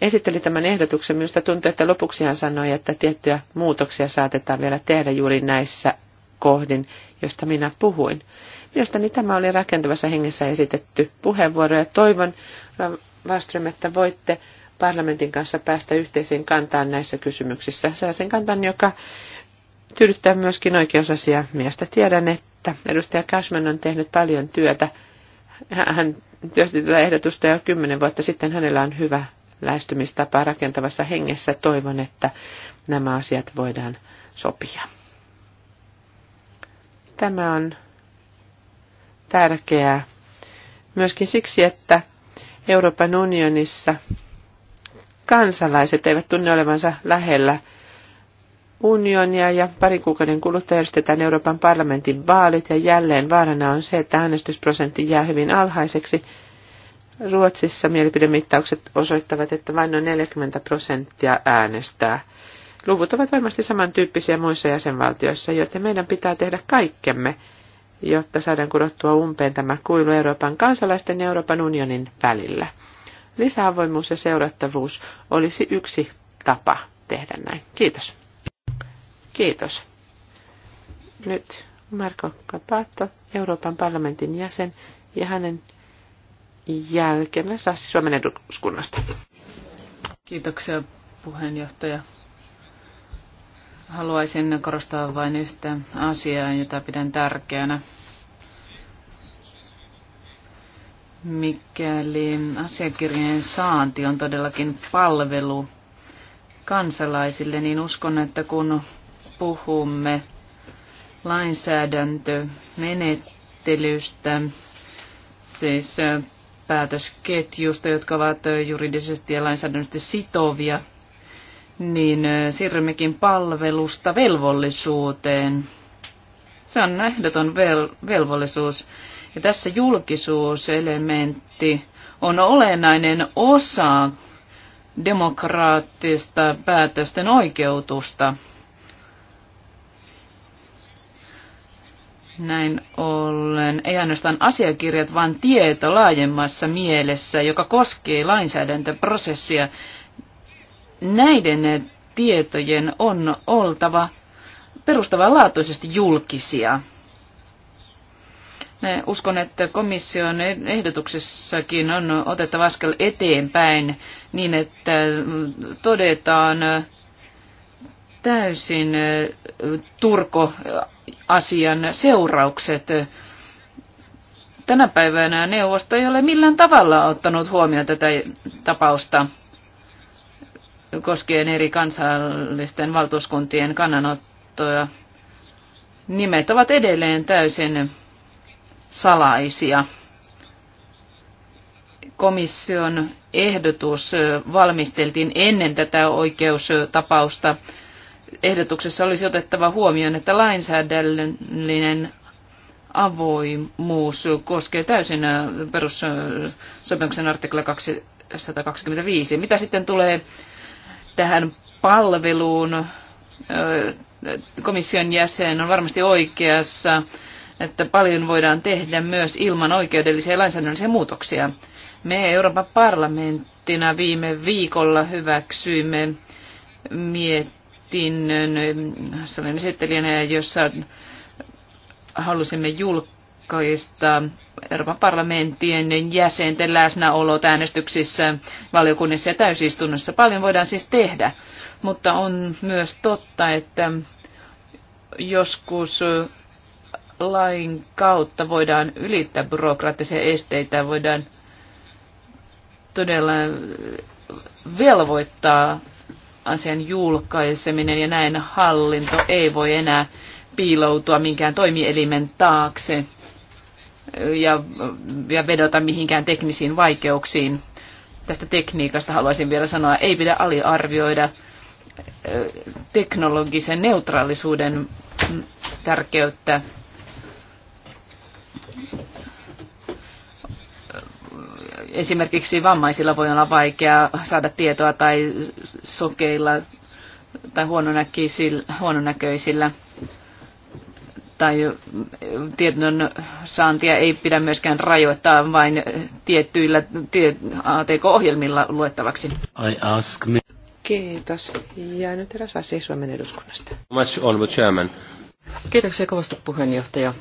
[SPEAKER 2] esitteli tämän ehdotuksen, minusta tuntui, että lopuksi hän sanoi, että tiettyjä muutoksia saatetaan vielä tehdä juuri näissä kohdin, josta minä puhuin. Mielestäni tämä oli rakentavassa hengessä esitetty puheenvuoro ja toivon, Vaström, että voitte parlamentin kanssa päästä yhteiseen kantaan näissä kysymyksissä. Sellaisen kantan, joka tyydyttää myöskin oikeusasia miestä. Tiedän, että edustaja Cashman on tehnyt paljon työtä. Hän työsti tätä ehdotusta jo kymmenen vuotta sitten. Hänellä on hyvä lähestymistapaa rakentavassa hengessä. Toivon, että nämä asiat voidaan sopia. Tämä on tärkeää myöskin siksi, että Euroopan unionissa kansalaiset eivät tunne olevansa lähellä unionia ja parin kuukauden kuluttua järjestetään Euroopan parlamentin vaalit ja jälleen vaarana on se, että äänestysprosentti jää hyvin alhaiseksi – Ruotsissa mielipidemittaukset osoittavat, että vain noin 40 prosenttia äänestää. Luvut ovat varmasti samantyyppisiä muissa jäsenvaltioissa, joten meidän pitää tehdä kaikkemme, jotta saadaan kudottua umpeen tämä kuilu Euroopan kansalaisten ja Euroopan unionin välillä. Lisäavoimuus ja seurattavuus olisi yksi tapa tehdä näin. Kiitos. Kiitos. Nyt Marko Capato, Euroopan parlamentin jäsen,
[SPEAKER 4] ja hänen jälkeen Sassi siis Suomen
[SPEAKER 2] eduskunnasta.
[SPEAKER 4] Kiitoksia puheenjohtaja. Haluaisin korostaa vain yhtä asiaa, jota pidän tärkeänä. Mikäli asiakirjeen saanti on todellakin palvelu kansalaisille, niin uskon, että kun puhumme lainsäädäntömenettelystä, siis päätösketjusta, jotka ovat juridisesti ja lainsäädännöllisesti sitovia, niin siirrymmekin palvelusta velvollisuuteen. Se on ehdoton vel- velvollisuus. Ja tässä julkisuuselementti on olennainen osa demokraattista päätösten oikeutusta. Näin ollen ei ainoastaan asiakirjat, vaan tieto laajemmassa mielessä, joka koskee lainsäädäntöprosessia. Näiden tietojen on oltava perustavanlaatuisesti julkisia. Ne uskon, että komission ehdotuksessakin on otettava askel eteenpäin niin, että todetaan täysin Turko-asian seuraukset. Tänä päivänä neuvosto ei ole millään tavalla ottanut huomioon tätä tapausta koskien eri kansallisten valtuuskuntien kannanottoja. Nimet ovat edelleen täysin salaisia. Komission ehdotus valmisteltiin ennen tätä oikeustapausta ehdotuksessa olisi otettava huomioon, että lainsäädännöllinen avoimuus koskee täysin äh, perussopimuksen artikla 225. Mitä sitten tulee tähän palveluun, äh, komission jäsen on varmasti oikeassa, että paljon voidaan tehdä myös ilman oikeudellisia ja lainsäädännöllisiä muutoksia. Me Euroopan parlamenttina viime viikolla hyväksyimme miet mietinnön, sellainen esittelijänä, jossa halusimme julkaista Euroopan parlamenttien jäsenten läsnäolot äänestyksissä, valiokunnissa ja täysistunnossa. Paljon voidaan siis tehdä, mutta on myös totta, että joskus lain kautta voidaan ylittää byrokraattisia esteitä, voidaan todella velvoittaa asian julkaiseminen ja näin hallinto ei voi enää piiloutua minkään toimielimen taakse ja, ja vedota mihinkään teknisiin vaikeuksiin. Tästä tekniikasta haluaisin vielä sanoa, ei pidä aliarvioida teknologisen neutraalisuuden tärkeyttä esimerkiksi vammaisilla voi olla vaikea saada tietoa tai sokeilla tai huononäköisillä tai tiedon saantia ei pidä myöskään rajoittaa vain tiettyillä tie, ATK-ohjelmilla luettavaksi.
[SPEAKER 1] I ask me.
[SPEAKER 3] Kiitos. Ja nyt eräs asia Suomen eduskunnasta.
[SPEAKER 1] Much on the chairman.
[SPEAKER 3] Kiitoksia kovasti puheenjohtaja.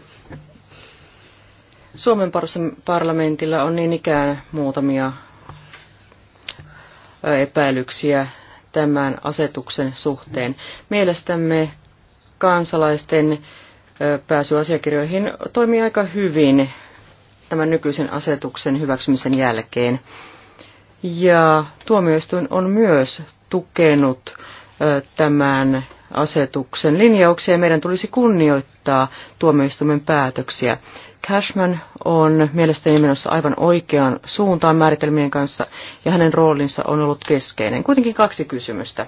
[SPEAKER 3] Suomen parlamentilla on niin ikään muutamia epäilyksiä tämän asetuksen suhteen. Mielestämme kansalaisten pääsy asiakirjoihin toimii aika hyvin tämän nykyisen asetuksen hyväksymisen jälkeen. Ja tuomioistuin on myös tukenut tämän asetuksen linjauksia ja meidän tulisi kunnioittaa tuomioistuimen päätöksiä. Cashman on mielestäni menossa aivan oikeaan suuntaan määritelmien kanssa ja hänen roolinsa on ollut keskeinen. Kuitenkin kaksi kysymystä.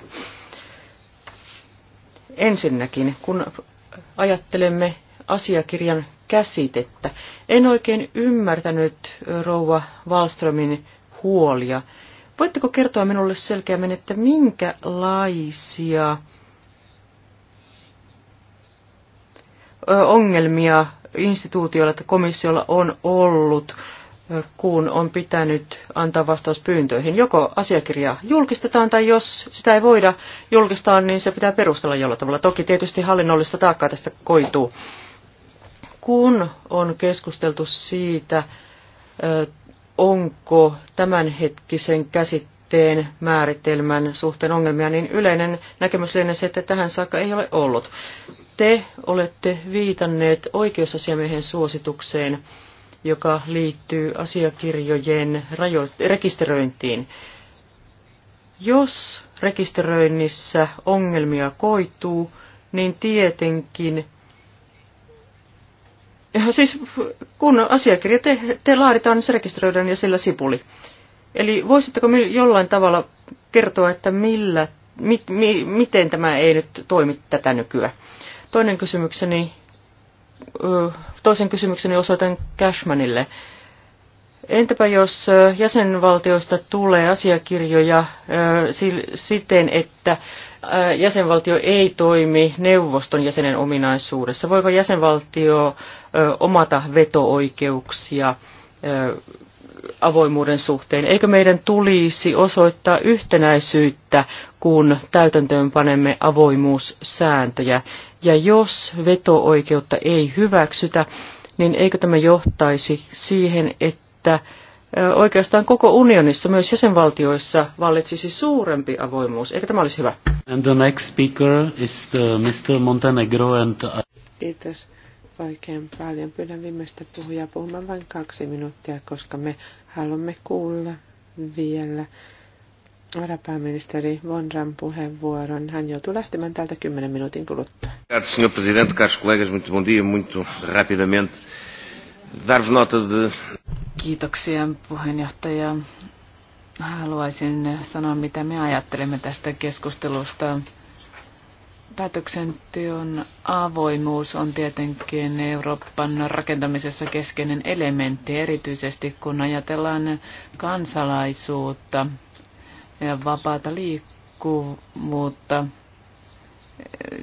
[SPEAKER 3] Ensinnäkin, kun ajattelemme asiakirjan käsitettä, en oikein ymmärtänyt rouva Wallströmin huolia. Voitteko kertoa minulle selkeämmin, että minkälaisia ongelmia instituutioilla että komissiolla on ollut, kun on pitänyt antaa vastaus pyyntöihin. Joko asiakirja julkistetaan tai jos sitä ei voida julkistaa, niin se pitää perustella jollain tavalla. Toki tietysti hallinnollista taakkaa tästä koituu. Kun on keskusteltu siitä, onko tämänhetkisen käsitteen määritelmän suhteen ongelmia, niin yleinen näkemys lienee se, että tähän saakka ei ole ollut. Te olette viitanneet oikeusasiamiehen suositukseen, joka liittyy asiakirjojen rajo- rekisteröintiin. Jos rekisteröinnissä ongelmia koituu, niin tietenkin Siis kun asiakirja te, te laaditaan, niin se rekisteröidään ja sillä sipuli. Eli voisitteko jollain tavalla kertoa, että millä, mit, mi, miten tämä ei nyt toimi tätä nykyä? Toinen kysymykseni, toisen kysymykseni osoitan Cashmanille. Entäpä jos jäsenvaltioista tulee asiakirjoja siten, että jäsenvaltio ei toimi neuvoston jäsenen ominaisuudessa? Voiko jäsenvaltio omata veto-oikeuksia avoimuuden suhteen. Eikö meidän tulisi osoittaa yhtenäisyyttä, kun täytäntöön panemme avoimuussääntöjä? Ja jos veto-oikeutta ei hyväksytä, niin eikö tämä johtaisi siihen, että oikeastaan koko unionissa, myös jäsenvaltioissa, vallitsisi suurempi avoimuus? Eikö tämä olisi hyvä?
[SPEAKER 1] And the next speaker is the uh, Mr. Montenegro and...
[SPEAKER 2] Kiitos oikein paljon. Pyydän viimeistä puhujaa puhumaan vain kaksi minuuttia, koska me haluamme kuulla vielä varapääministeri Vonran puheenvuoron. Hän joutuu lähtemään täältä kymmenen minuutin kuluttua.
[SPEAKER 1] Senhor Presidente, caros colegas, muito bom dia, muito rapidamente. Dar nota de...
[SPEAKER 4] Kiitoksia puheenjohtaja. Haluaisin sanoa, mitä me ajattelemme tästä keskustelusta päätöksenteon avoimuus on tietenkin Euroopan rakentamisessa keskeinen elementti, erityisesti kun ajatellaan kansalaisuutta ja vapaata liikkuvuutta.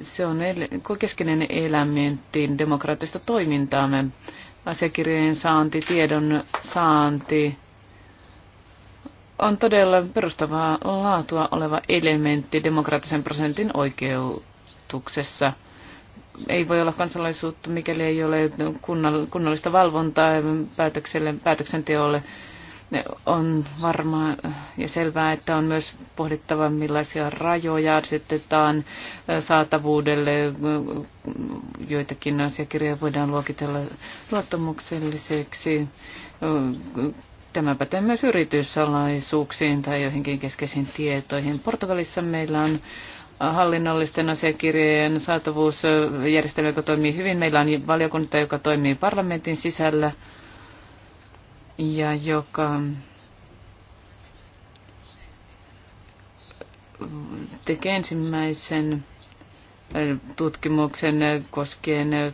[SPEAKER 4] Se on keskeinen elementti demokraattista toimintaamme. Asiakirjojen saanti, tiedon saanti on todella perustavaa laatua oleva elementti demokraattisen prosentin oikeu verotuksessa. Ei voi olla kansalaisuutta, mikäli ei ole kunnallista valvontaa päätökselle, päätöksenteolle. On varmaa ja selvää, että on myös pohdittava, millaisia rajoja asetetaan saatavuudelle. Joitakin asiakirjoja voidaan luokitella luottamukselliseksi. Tämä pätee myös yrityssalaisuuksiin tai joihinkin keskeisiin tietoihin. Portugalissa meillä on hallinnollisten asiakirjojen saatavuusjärjestelmä, joka toimii hyvin. Meillä on valiokunta, joka toimii parlamentin sisällä ja joka tekee ensimmäisen äh, tutkimuksen koskien äh,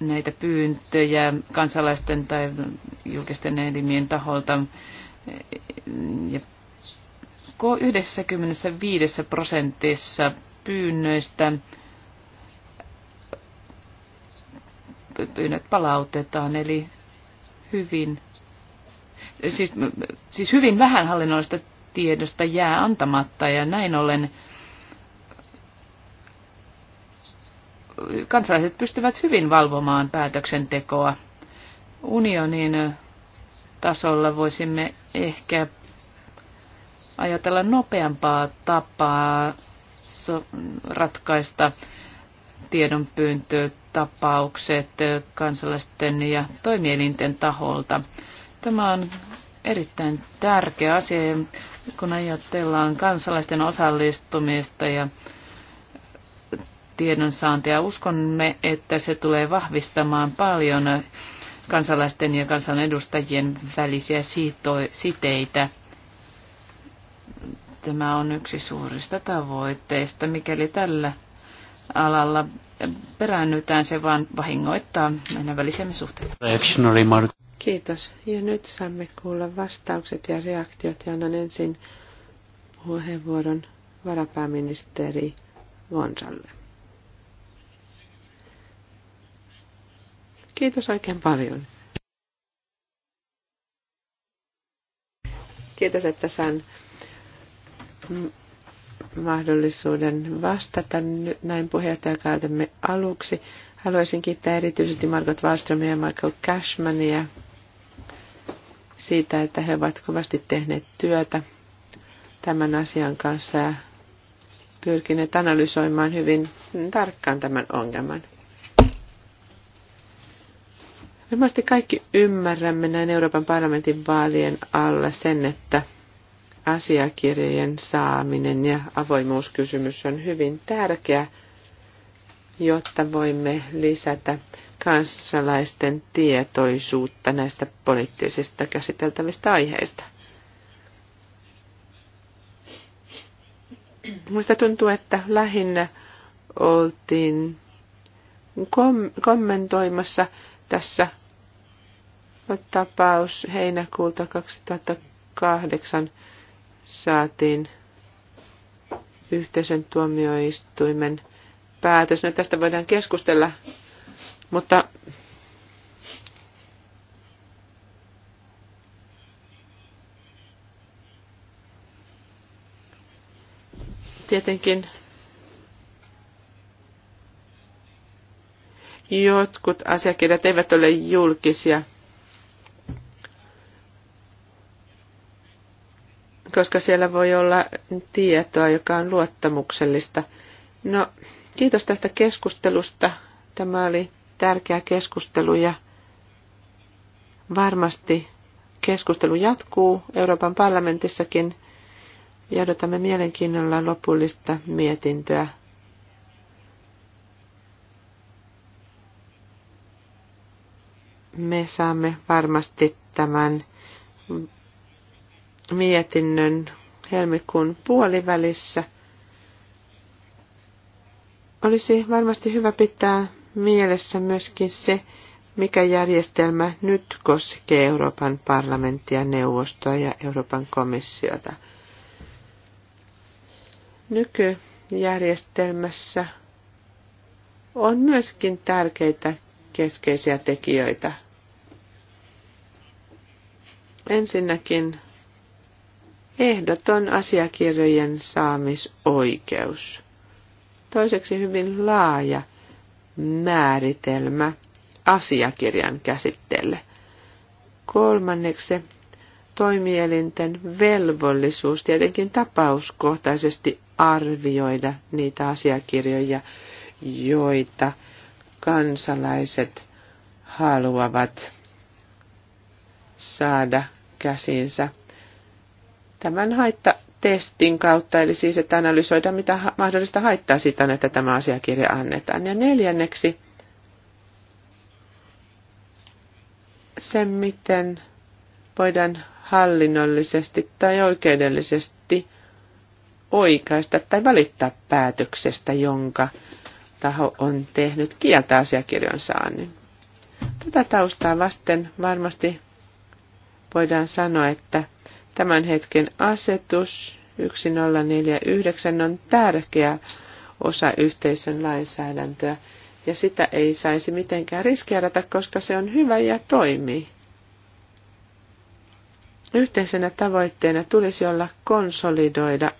[SPEAKER 4] näitä pyyntöjä kansalaisten tai julkisten elimien taholta ja 95 prosentissa pyynnöistä pyynnöt palautetaan, eli hyvin, siis, siis hyvin vähän hallinnollista tiedosta jää antamatta ja näin ollen kansalaiset pystyvät hyvin valvomaan päätöksentekoa. Unionin tasolla voisimme ehkä ajatella nopeampaa tapaa so- ratkaista tiedonpyyntötapaukset kansalaisten ja toimielinten taholta. Tämä on erittäin tärkeä asia, kun ajatellaan kansalaisten osallistumista ja tiedonsaantia. Uskomme, että se tulee vahvistamaan paljon kansalaisten ja kansanedustajien välisiä siteitä Tämä on yksi suurista tavoitteista. Mikäli tällä alalla peräännytään, se vaan vahingoittaa meidän välisemme suhteita. Kiitos.
[SPEAKER 2] Ja nyt saamme kuulla vastaukset ja reaktiot. Ja annan ensin puheenvuoron varapääministeri Vonsalle. Kiitos oikein paljon. Kiitos, että sain mahdollisuuden vastata nyt näin puheenjohtajakautemme aluksi. Haluaisin kiittää erityisesti Margot Wallströmiä ja Michael Cashmania siitä, että he ovat kovasti tehneet työtä tämän asian kanssa ja pyrkineet analysoimaan hyvin tarkkaan tämän ongelman. Varmasti kaikki ymmärrämme näin Euroopan parlamentin vaalien alla sen, että – asiakirjojen saaminen ja avoimuuskysymys on hyvin tärkeä, jotta voimme lisätä kansalaisten tietoisuutta näistä poliittisista käsiteltävistä aiheista. Muista tuntuu, että lähinnä oltiin kom- kommentoimassa tässä tapaus heinäkuulta 2008 saatiin yhteisen tuomioistuimen päätös. No tästä voidaan keskustella, mutta tietenkin jotkut asiakirjat eivät ole julkisia. koska siellä voi olla tietoa, joka on luottamuksellista. No, kiitos tästä keskustelusta. Tämä oli tärkeä keskustelu ja varmasti keskustelu jatkuu Euroopan parlamentissakin ja odotamme mielenkiinnolla lopullista mietintöä. Me saamme varmasti tämän mietinnön helmikuun puolivälissä. Olisi varmasti hyvä pitää mielessä myöskin se, mikä järjestelmä nyt koskee Euroopan parlamenttia, neuvostoa ja Euroopan komissiota. Nykyjärjestelmässä on myöskin tärkeitä keskeisiä tekijöitä. Ensinnäkin ehdoton asiakirjojen saamisoikeus. Toiseksi hyvin laaja määritelmä asiakirjan käsitteelle. Kolmanneksi toimielinten velvollisuus tietenkin tapauskohtaisesti arvioida niitä asiakirjoja, joita kansalaiset haluavat saada käsinsä tämän haittatestin kautta, eli siis, että analysoidaan mitä mahdollista haittaa siitä että tämä asiakirja annetaan. Ja neljänneksi se, miten voidaan hallinnollisesti tai oikeudellisesti oikaista tai valittaa päätöksestä, jonka taho on tehnyt kieltä asiakirjan saannin. Tätä taustaa vasten varmasti voidaan sanoa, että Tämän hetken asetus 1049 on tärkeä osa yhteisön lainsäädäntöä ja sitä ei saisi mitenkään riskeerata, koska se on hyvä ja toimii. Yhteisenä tavoitteena tulisi olla konsolidoida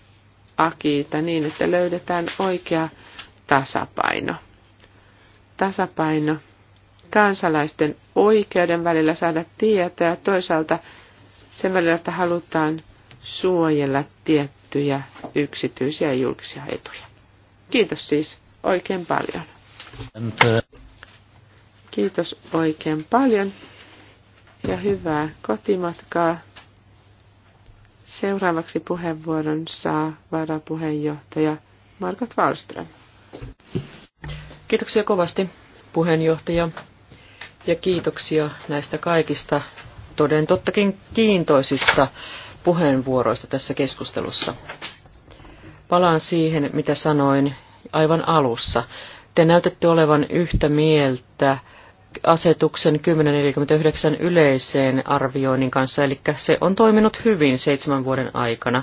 [SPEAKER 2] akiita niin, että löydetään oikea tasapaino. Tasapaino kansalaisten oikeuden välillä saada tietoa ja toisaalta sen välillä, että halutaan suojella tiettyjä yksityisiä ja julkisia etuja. Kiitos siis oikein paljon.
[SPEAKER 1] Uh,
[SPEAKER 2] Kiitos oikein paljon ja hyvää kotimatkaa. Seuraavaksi puheenvuoron saa varapuheenjohtaja Margot Wallström.
[SPEAKER 3] Kiitoksia kovasti puheenjohtaja ja kiitoksia näistä kaikista toden tottakin kiintoisista puheenvuoroista tässä keskustelussa. Palaan siihen, mitä sanoin aivan alussa. Te näytätte olevan yhtä mieltä asetuksen 1049 yleiseen arvioinnin kanssa, eli se on toiminut hyvin seitsemän vuoden aikana.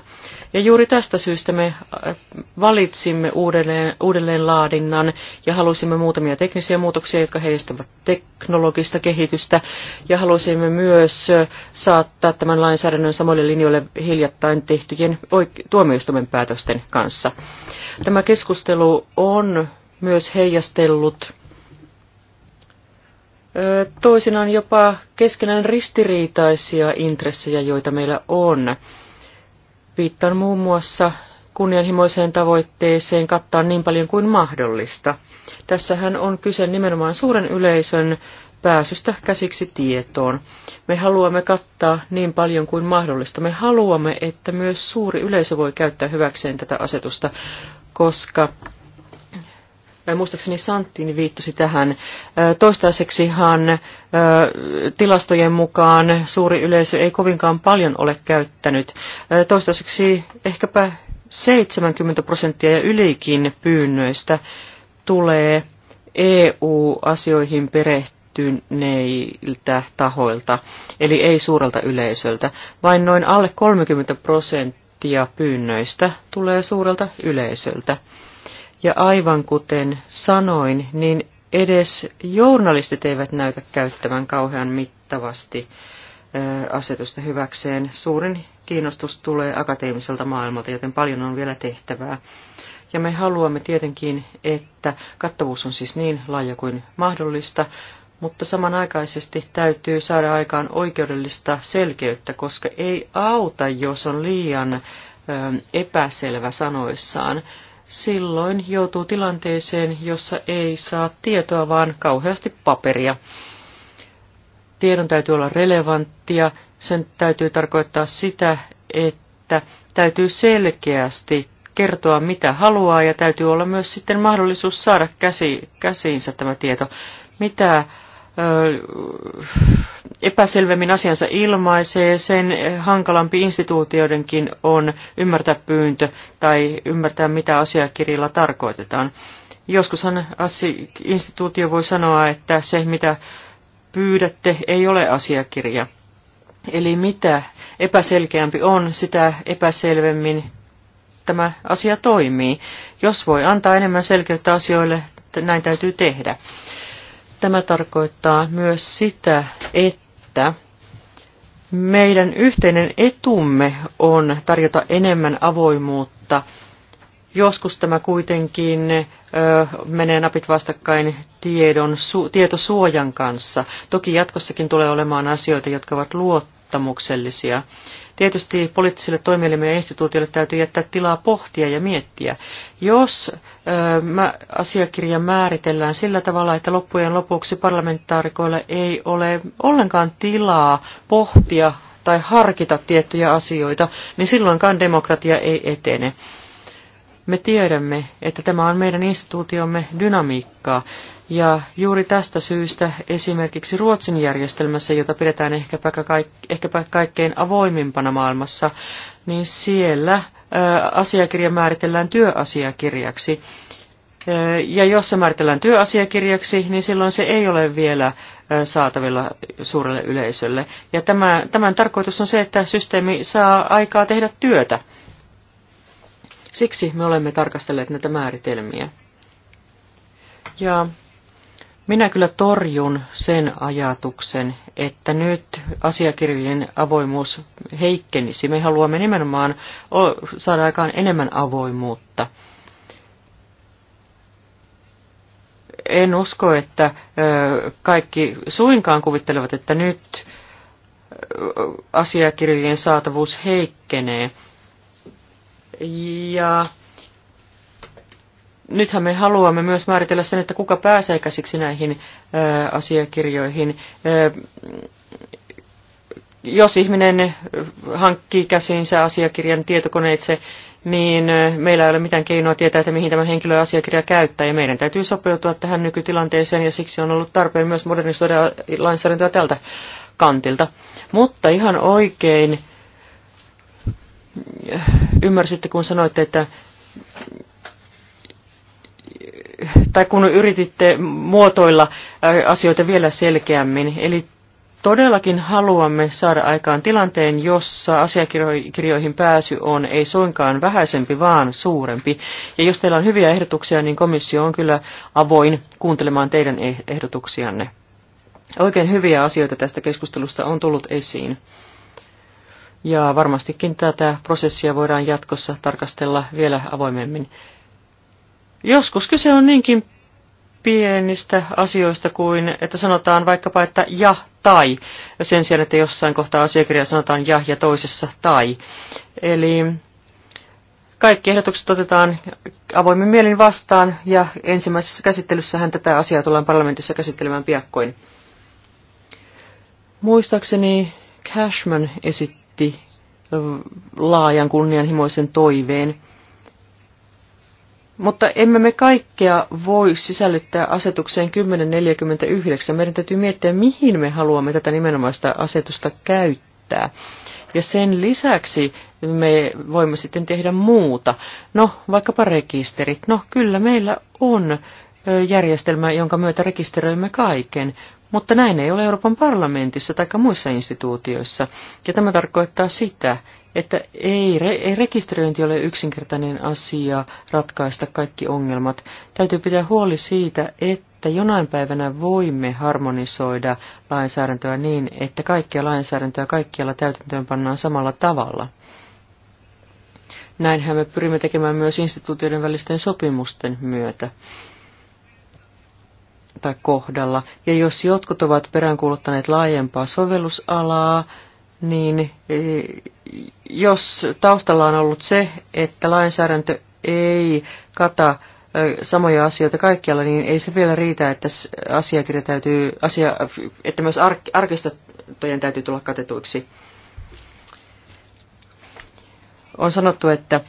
[SPEAKER 3] Ja juuri tästä syystä me äh, valitsimme uudelleen, uudelleen laadinnan ja halusimme muutamia teknisiä muutoksia, jotka heijastavat teknologista kehitystä, ja halusimme myös äh, saattaa tämän lainsäädännön samoille linjoille hiljattain tehtyjen tuomioistuimen päätösten kanssa. Tämä keskustelu on myös heijastellut toisinaan jopa keskenään ristiriitaisia intressejä, joita meillä on. Viittaan muun muassa kunnianhimoiseen tavoitteeseen kattaa niin paljon kuin mahdollista. Tässähän on kyse nimenomaan suuren yleisön pääsystä käsiksi tietoon. Me haluamme kattaa niin paljon kuin mahdollista. Me haluamme, että myös suuri yleisö voi käyttää hyväkseen tätä asetusta, koska muistaakseni Santtiin viittasi tähän. Toistaiseksihan tilastojen mukaan suuri yleisö ei kovinkaan paljon ole käyttänyt. Toistaiseksi ehkäpä 70 prosenttia ja ylikin pyynnöistä tulee EU-asioihin perehtyneiltä tahoilta, eli ei suurelta yleisöltä. Vain noin alle 30 prosenttia pyynnöistä tulee suurelta yleisöltä. Ja aivan kuten sanoin, niin edes journalistit eivät näytä käyttävän kauhean mittavasti asetusta hyväkseen. Suurin kiinnostus tulee akateemiselta maailmalta, joten paljon on vielä tehtävää. Ja me haluamme tietenkin, että kattavuus on siis niin laaja kuin mahdollista, mutta samanaikaisesti täytyy saada aikaan oikeudellista selkeyttä, koska ei auta, jos on liian epäselvä sanoissaan silloin joutuu tilanteeseen, jossa ei saa tietoa, vaan kauheasti paperia. Tiedon täytyy olla relevanttia, sen täytyy tarkoittaa sitä, että täytyy selkeästi kertoa, mitä haluaa, ja täytyy olla myös sitten mahdollisuus saada käsi, käsiinsä tämä tieto. Mitä epäselvemmin asiansa ilmaisee, sen hankalampi instituutioidenkin on ymmärtää pyyntö tai ymmärtää, mitä asiakirjalla tarkoitetaan. Joskushan instituutio voi sanoa, että se, mitä pyydätte, ei ole asiakirja. Eli mitä epäselkeämpi on, sitä epäselvemmin tämä asia toimii. Jos voi antaa enemmän selkeyttä asioille, näin täytyy tehdä. Tämä tarkoittaa myös sitä, että meidän yhteinen etumme on tarjota enemmän avoimuutta. Joskus tämä kuitenkin ö, menee napit vastakkain tiedon, su, tietosuojan kanssa. Toki jatkossakin tulee olemaan asioita, jotka ovat luottamuksellisia. Tietysti poliittisille toimielimille ja instituutioille täytyy jättää tilaa pohtia ja miettiä. Jos asiakirja määritellään sillä tavalla, että loppujen lopuksi parlamentaarikoilla ei ole ollenkaan tilaa pohtia tai harkita tiettyjä asioita, niin silloinkaan demokratia ei etene. Me tiedämme, että tämä on meidän instituutiomme dynamiikkaa. Ja juuri tästä syystä esimerkiksi Ruotsin järjestelmässä, jota pidetään ehkäpä, kaik- ehkäpä kaikkein avoimimpana maailmassa, niin siellä ää, asiakirja määritellään työasiakirjaksi. Ja jos se määritellään työasiakirjaksi, niin silloin se ei ole vielä saatavilla suurelle yleisölle. Ja tämän, tämän tarkoitus on se, että systeemi saa aikaa tehdä työtä. Siksi me olemme tarkastelleet näitä määritelmiä. Ja minä kyllä torjun sen ajatuksen, että nyt asiakirjojen avoimuus heikkenisi. Me haluamme nimenomaan saada aikaan enemmän avoimuutta. En usko, että kaikki suinkaan kuvittelevat, että nyt asiakirjojen saatavuus heikkenee. Ja nythän me haluamme myös määritellä sen, että kuka pääsee käsiksi näihin asiakirjoihin. jos ihminen hankkii käsinsä asiakirjan tietokoneitse, niin meillä ei ole mitään keinoa tietää, että mihin tämä henkilö asiakirja käyttää, ja meidän täytyy sopeutua tähän nykytilanteeseen, ja siksi on ollut tarpeen myös modernisoida lainsäädäntöä tältä kantilta. Mutta ihan oikein ymmärsitte, kun sanoitte, että tai kun yrititte muotoilla äh, asioita vielä selkeämmin. Eli todellakin haluamme saada aikaan tilanteen, jossa asiakirjoihin pääsy on ei suinkaan vähäisempi, vaan suurempi. Ja jos teillä on hyviä ehdotuksia, niin komissio on kyllä avoin kuuntelemaan teidän eh- ehdotuksianne. Oikein hyviä asioita tästä keskustelusta on tullut esiin. Ja varmastikin tätä prosessia voidaan jatkossa tarkastella vielä avoimemmin. Joskus kyse on niinkin pienistä asioista kuin, että sanotaan vaikkapa, että ja tai, sen sijaan, että jossain kohtaa asiakirjaa sanotaan ja ja toisessa tai. Eli kaikki ehdotukset otetaan avoimin mielin vastaan ja ensimmäisessä käsittelyssähän tätä asiaa tullaan parlamentissa käsittelemään piakkoin. Muistaakseni Cashman esitti laajan kunnianhimoisen toiveen – mutta emme me kaikkea voi sisällyttää asetukseen 1049. Meidän täytyy miettiä, mihin me haluamme tätä nimenomaista asetusta käyttää. Ja sen lisäksi me voimme sitten tehdä muuta. No, vaikkapa rekisterit. No, kyllä meillä on järjestelmä, jonka myötä rekisteröimme kaiken, mutta näin ei ole Euroopan parlamentissa tai muissa instituutioissa. Ja tämä tarkoittaa sitä, että ei, re, rekisteröinti ole yksinkertainen asia ratkaista kaikki ongelmat. Täytyy pitää huoli siitä, että jonain päivänä voimme harmonisoida lainsäädäntöä niin, että kaikkia lainsäädäntöä kaikkialla täytäntöön pannaan samalla tavalla. Näinhän me pyrimme tekemään myös instituutioiden välisten sopimusten myötä tai kohdalla. Ja jos jotkut ovat peräänkuuluttaneet laajempaa sovellusalaa, niin e, jos taustalla on ollut se, että lainsäädäntö ei kata e, samoja asioita kaikkialla, niin ei se vielä riitä, että asiakirja täytyy, asia, että myös ar- arkistotojen täytyy tulla katetuiksi. On sanottu, että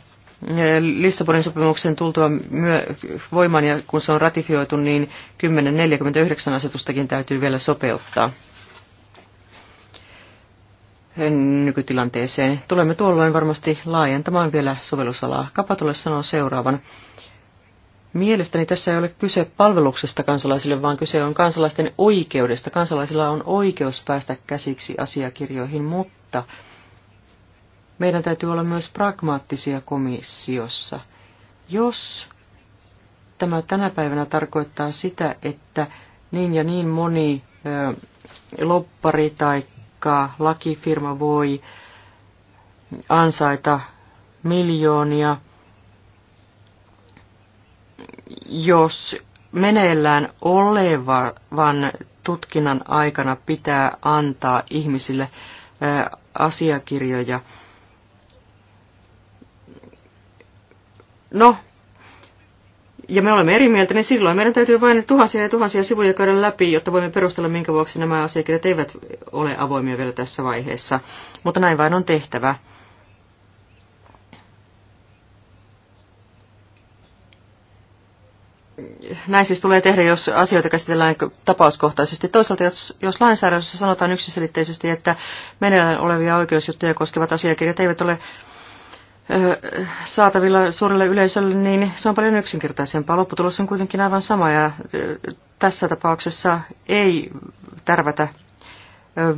[SPEAKER 3] e, Lissabonin sopimuksen tultua myö- voimaan ja kun se on ratifioitu, niin 1049 asetustakin täytyy vielä sopeuttaa nykytilanteeseen. Tulemme tuolloin varmasti laajentamaan vielä sovellusalaa. Kapatulle sanoo seuraavan. Mielestäni tässä ei ole kyse palveluksesta kansalaisille, vaan kyse on kansalaisten oikeudesta. Kansalaisilla on oikeus päästä käsiksi asiakirjoihin, mutta meidän täytyy olla myös pragmaattisia komissiossa. Jos tämä tänä päivänä tarkoittaa sitä, että niin ja niin moni loppari tai aikaa lakifirma voi ansaita miljoonia, jos meneillään olevan tutkinnan aikana pitää antaa ihmisille asiakirjoja. No, ja me olemme eri mieltä, niin silloin meidän täytyy vain tuhansia ja tuhansia sivuja käydä läpi, jotta voimme perustella, minkä vuoksi nämä asiakirjat eivät ole avoimia vielä tässä vaiheessa. Mutta näin vain on tehtävä. Näin siis tulee tehdä, jos asioita käsitellään tapauskohtaisesti. Toisaalta, jos, jos lainsäädännössä sanotaan yksiselitteisesti, että meneillään olevia oikeusjuttuja koskevat asiakirjat eivät ole saatavilla suurelle yleisölle, niin se on paljon yksinkertaisempaa. Lopputulos on kuitenkin aivan sama ja tässä tapauksessa ei tärvätä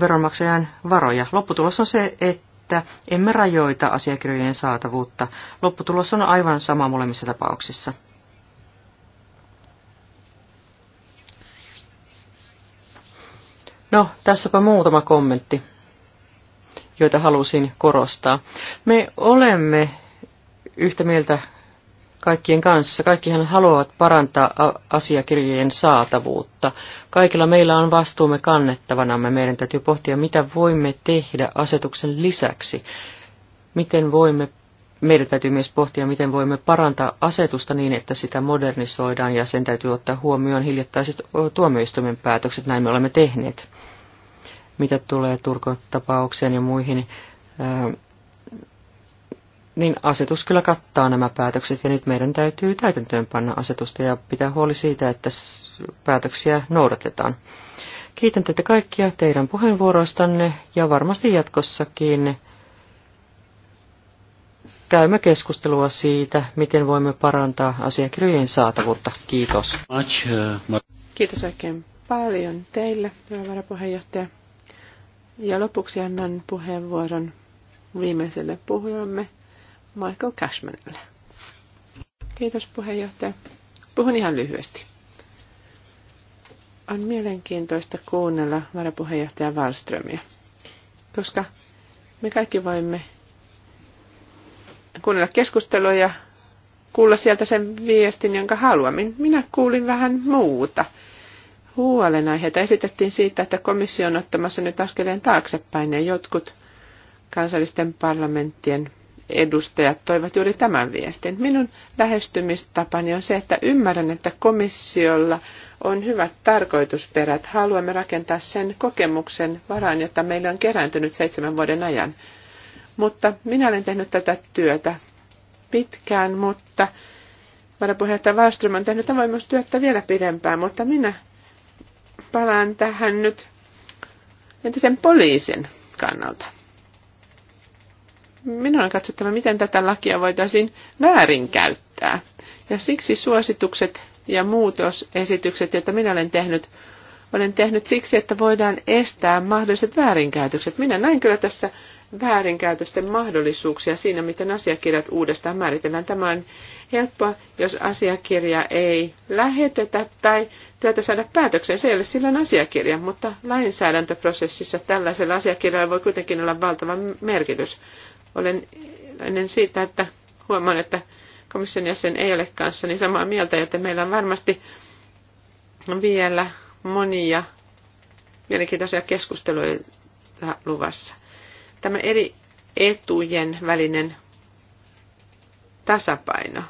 [SPEAKER 3] veronmaksajan varoja. Lopputulos on se, että emme rajoita asiakirjojen saatavuutta. Lopputulos on aivan sama molemmissa tapauksissa. No, tässäpä muutama kommentti joita halusin korostaa. Me olemme yhtä mieltä kaikkien kanssa. Kaikkihan haluavat parantaa asiakirjojen saatavuutta. Kaikilla meillä on vastuumme kannettavana, Meidän täytyy pohtia, mitä voimme tehdä asetuksen lisäksi. Miten voimme, meidän täytyy myös pohtia, miten voimme parantaa asetusta niin, että sitä modernisoidaan ja sen täytyy ottaa huomioon hiljattaiset tuomioistuimen päätökset. Näin me olemme tehneet mitä tulee turkotapaukseen ja muihin, niin asetus kyllä kattaa nämä päätökset ja nyt meidän täytyy täytäntöönpanna asetusta ja pitää huoli siitä, että päätöksiä noudatetaan. Kiitän teitä kaikkia teidän puheenvuoroistanne ja varmasti jatkossakin käymme keskustelua siitä, miten voimme parantaa asiakirjojen saatavuutta. Kiitos. Uh,
[SPEAKER 2] Kiitos oikein paljon teille, varapuheenjohtaja. Ja lopuksi annan puheenvuoron viimeiselle puhujamme Michael Cashmanille. Kiitos puheenjohtaja. Puhun ihan lyhyesti. On mielenkiintoista kuunnella varapuheenjohtaja Wallströmiä, koska me kaikki voimme kuunnella keskustelua ja kuulla sieltä sen viestin, jonka haluamme. Minä kuulin vähän muuta – huolenaiheita esitettiin siitä, että komissio on ottamassa nyt askeleen taaksepäin ja jotkut kansallisten parlamenttien edustajat toivat juuri tämän viestin. Minun lähestymistapani on se, että ymmärrän, että komissiolla on hyvät tarkoitusperät. Haluamme rakentaa sen kokemuksen varaan, jota meillä on kerääntynyt seitsemän vuoden ajan. Mutta minä olen tehnyt tätä työtä pitkään, mutta varapuheenjohtaja Wallström on tehnyt avoimuustyötä vielä pidempään, mutta minä palaan tähän nyt entisen poliisin kannalta. Minun on katsottava, miten tätä lakia voitaisiin väärinkäyttää. Ja siksi suositukset ja muutosesitykset, joita minä olen tehnyt, olen tehnyt siksi, että voidaan estää mahdolliset väärinkäytökset. Minä näin kyllä tässä väärinkäytösten mahdollisuuksia siinä, miten asiakirjat uudestaan määritellään. Tämä on helppoa, jos asiakirja ei lähetetä tai työtä saada päätökseen. Se ei ole silloin asiakirja, mutta lainsäädäntöprosessissa tällaisella asiakirjalla voi kuitenkin olla valtava merkitys. Olen ennen siitä, että huomaan, että komission jäsen ei ole niin samaa mieltä, joten meillä on varmasti vielä monia mielenkiintoisia keskusteluja luvassa tämä eri etujen välinen tasapaino.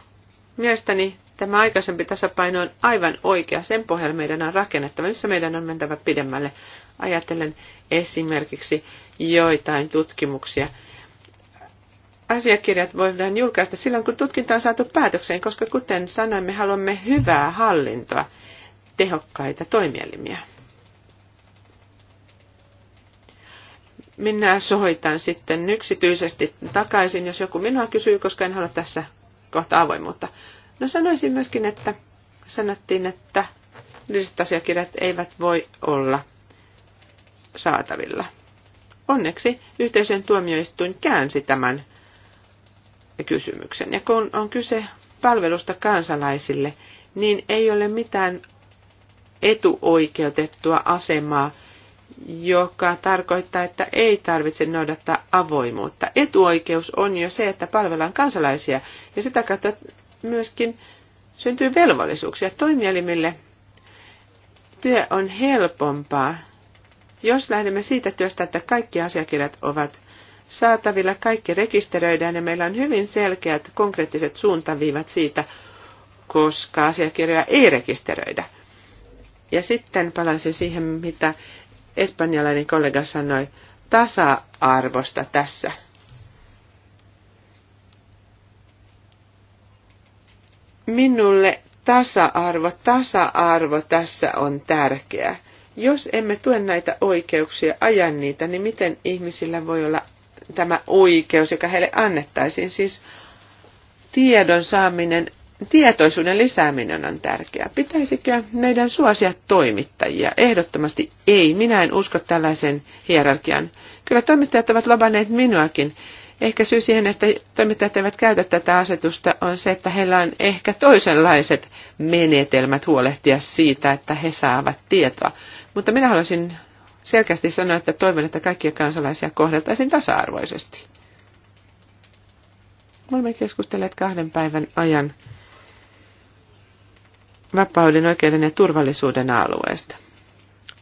[SPEAKER 2] Mielestäni tämä aikaisempi tasapaino on aivan oikea. Sen pohjalla meidän on rakennettava, missä meidän on mentävä pidemmälle. Ajatellen esimerkiksi joitain tutkimuksia. Asiakirjat voidaan julkaista silloin, kun tutkinta on saatu päätökseen, koska kuten sanoin, me haluamme hyvää hallintoa, tehokkaita toimielimiä. Minä soitan sitten yksityisesti takaisin, jos joku minua kysyy, koska en halua tässä kohta avoimuutta. No sanoisin myöskin, että sanottiin, että yleiset asiakirjat eivät voi olla saatavilla. Onneksi yhteisön tuomioistuin käänsi tämän kysymyksen. Ja kun on kyse palvelusta kansalaisille, niin ei ole mitään etuoikeutettua asemaa joka tarkoittaa, että ei tarvitse noudattaa avoimuutta. Etuoikeus on jo se, että palvellaan kansalaisia ja sitä kautta myöskin syntyy velvollisuuksia toimielimille. Työ on helpompaa, jos lähdemme siitä työstä, että kaikki asiakirjat ovat saatavilla, kaikki rekisteröidään ja meillä on hyvin selkeät konkreettiset suuntaviivat siitä, koska asiakirjoja ei rekisteröidä. Ja sitten palaisin siihen, mitä espanjalainen kollega sanoi tasa-arvosta tässä. Minulle tasa-arvo, tasa-arvo tässä on tärkeää. Jos emme tue näitä oikeuksia, aja niitä, niin miten ihmisillä voi olla tämä oikeus, joka heille annettaisiin? Siis tiedon saaminen tietoisuuden lisääminen on tärkeää. Pitäisikö meidän suosia toimittajia? Ehdottomasti ei. Minä en usko tällaisen hierarkian. Kyllä toimittajat ovat lobanneet minuakin. Ehkä syy siihen, että toimittajat eivät käytä tätä asetusta, on se, että heillä on ehkä toisenlaiset menetelmät huolehtia siitä, että he saavat tietoa. Mutta minä haluaisin selkeästi sanoa, että toivon, että kaikkia kansalaisia kohdeltaisiin tasa-arvoisesti. Me olemme keskustelleet kahden päivän ajan vapauden, oikeuden ja turvallisuuden alueesta.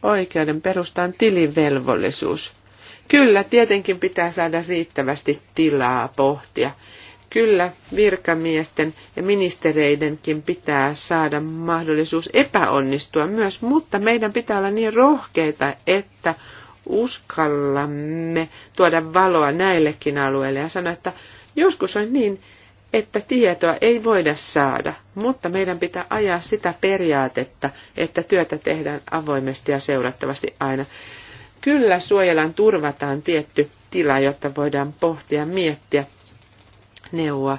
[SPEAKER 2] Oikeuden perustaan tilivelvollisuus. Kyllä, tietenkin pitää saada riittävästi tilaa pohtia. Kyllä, virkamiesten ja ministereidenkin pitää saada mahdollisuus epäonnistua myös, mutta meidän pitää olla niin rohkeita, että uskallamme tuoda valoa näillekin alueille ja sanoa, että joskus on niin, että tietoa ei voida saada, mutta meidän pitää ajaa sitä periaatetta, että työtä tehdään avoimesti ja seurattavasti aina. Kyllä suojellaan, turvataan tietty tila, jotta voidaan pohtia, miettiä, neuvoa.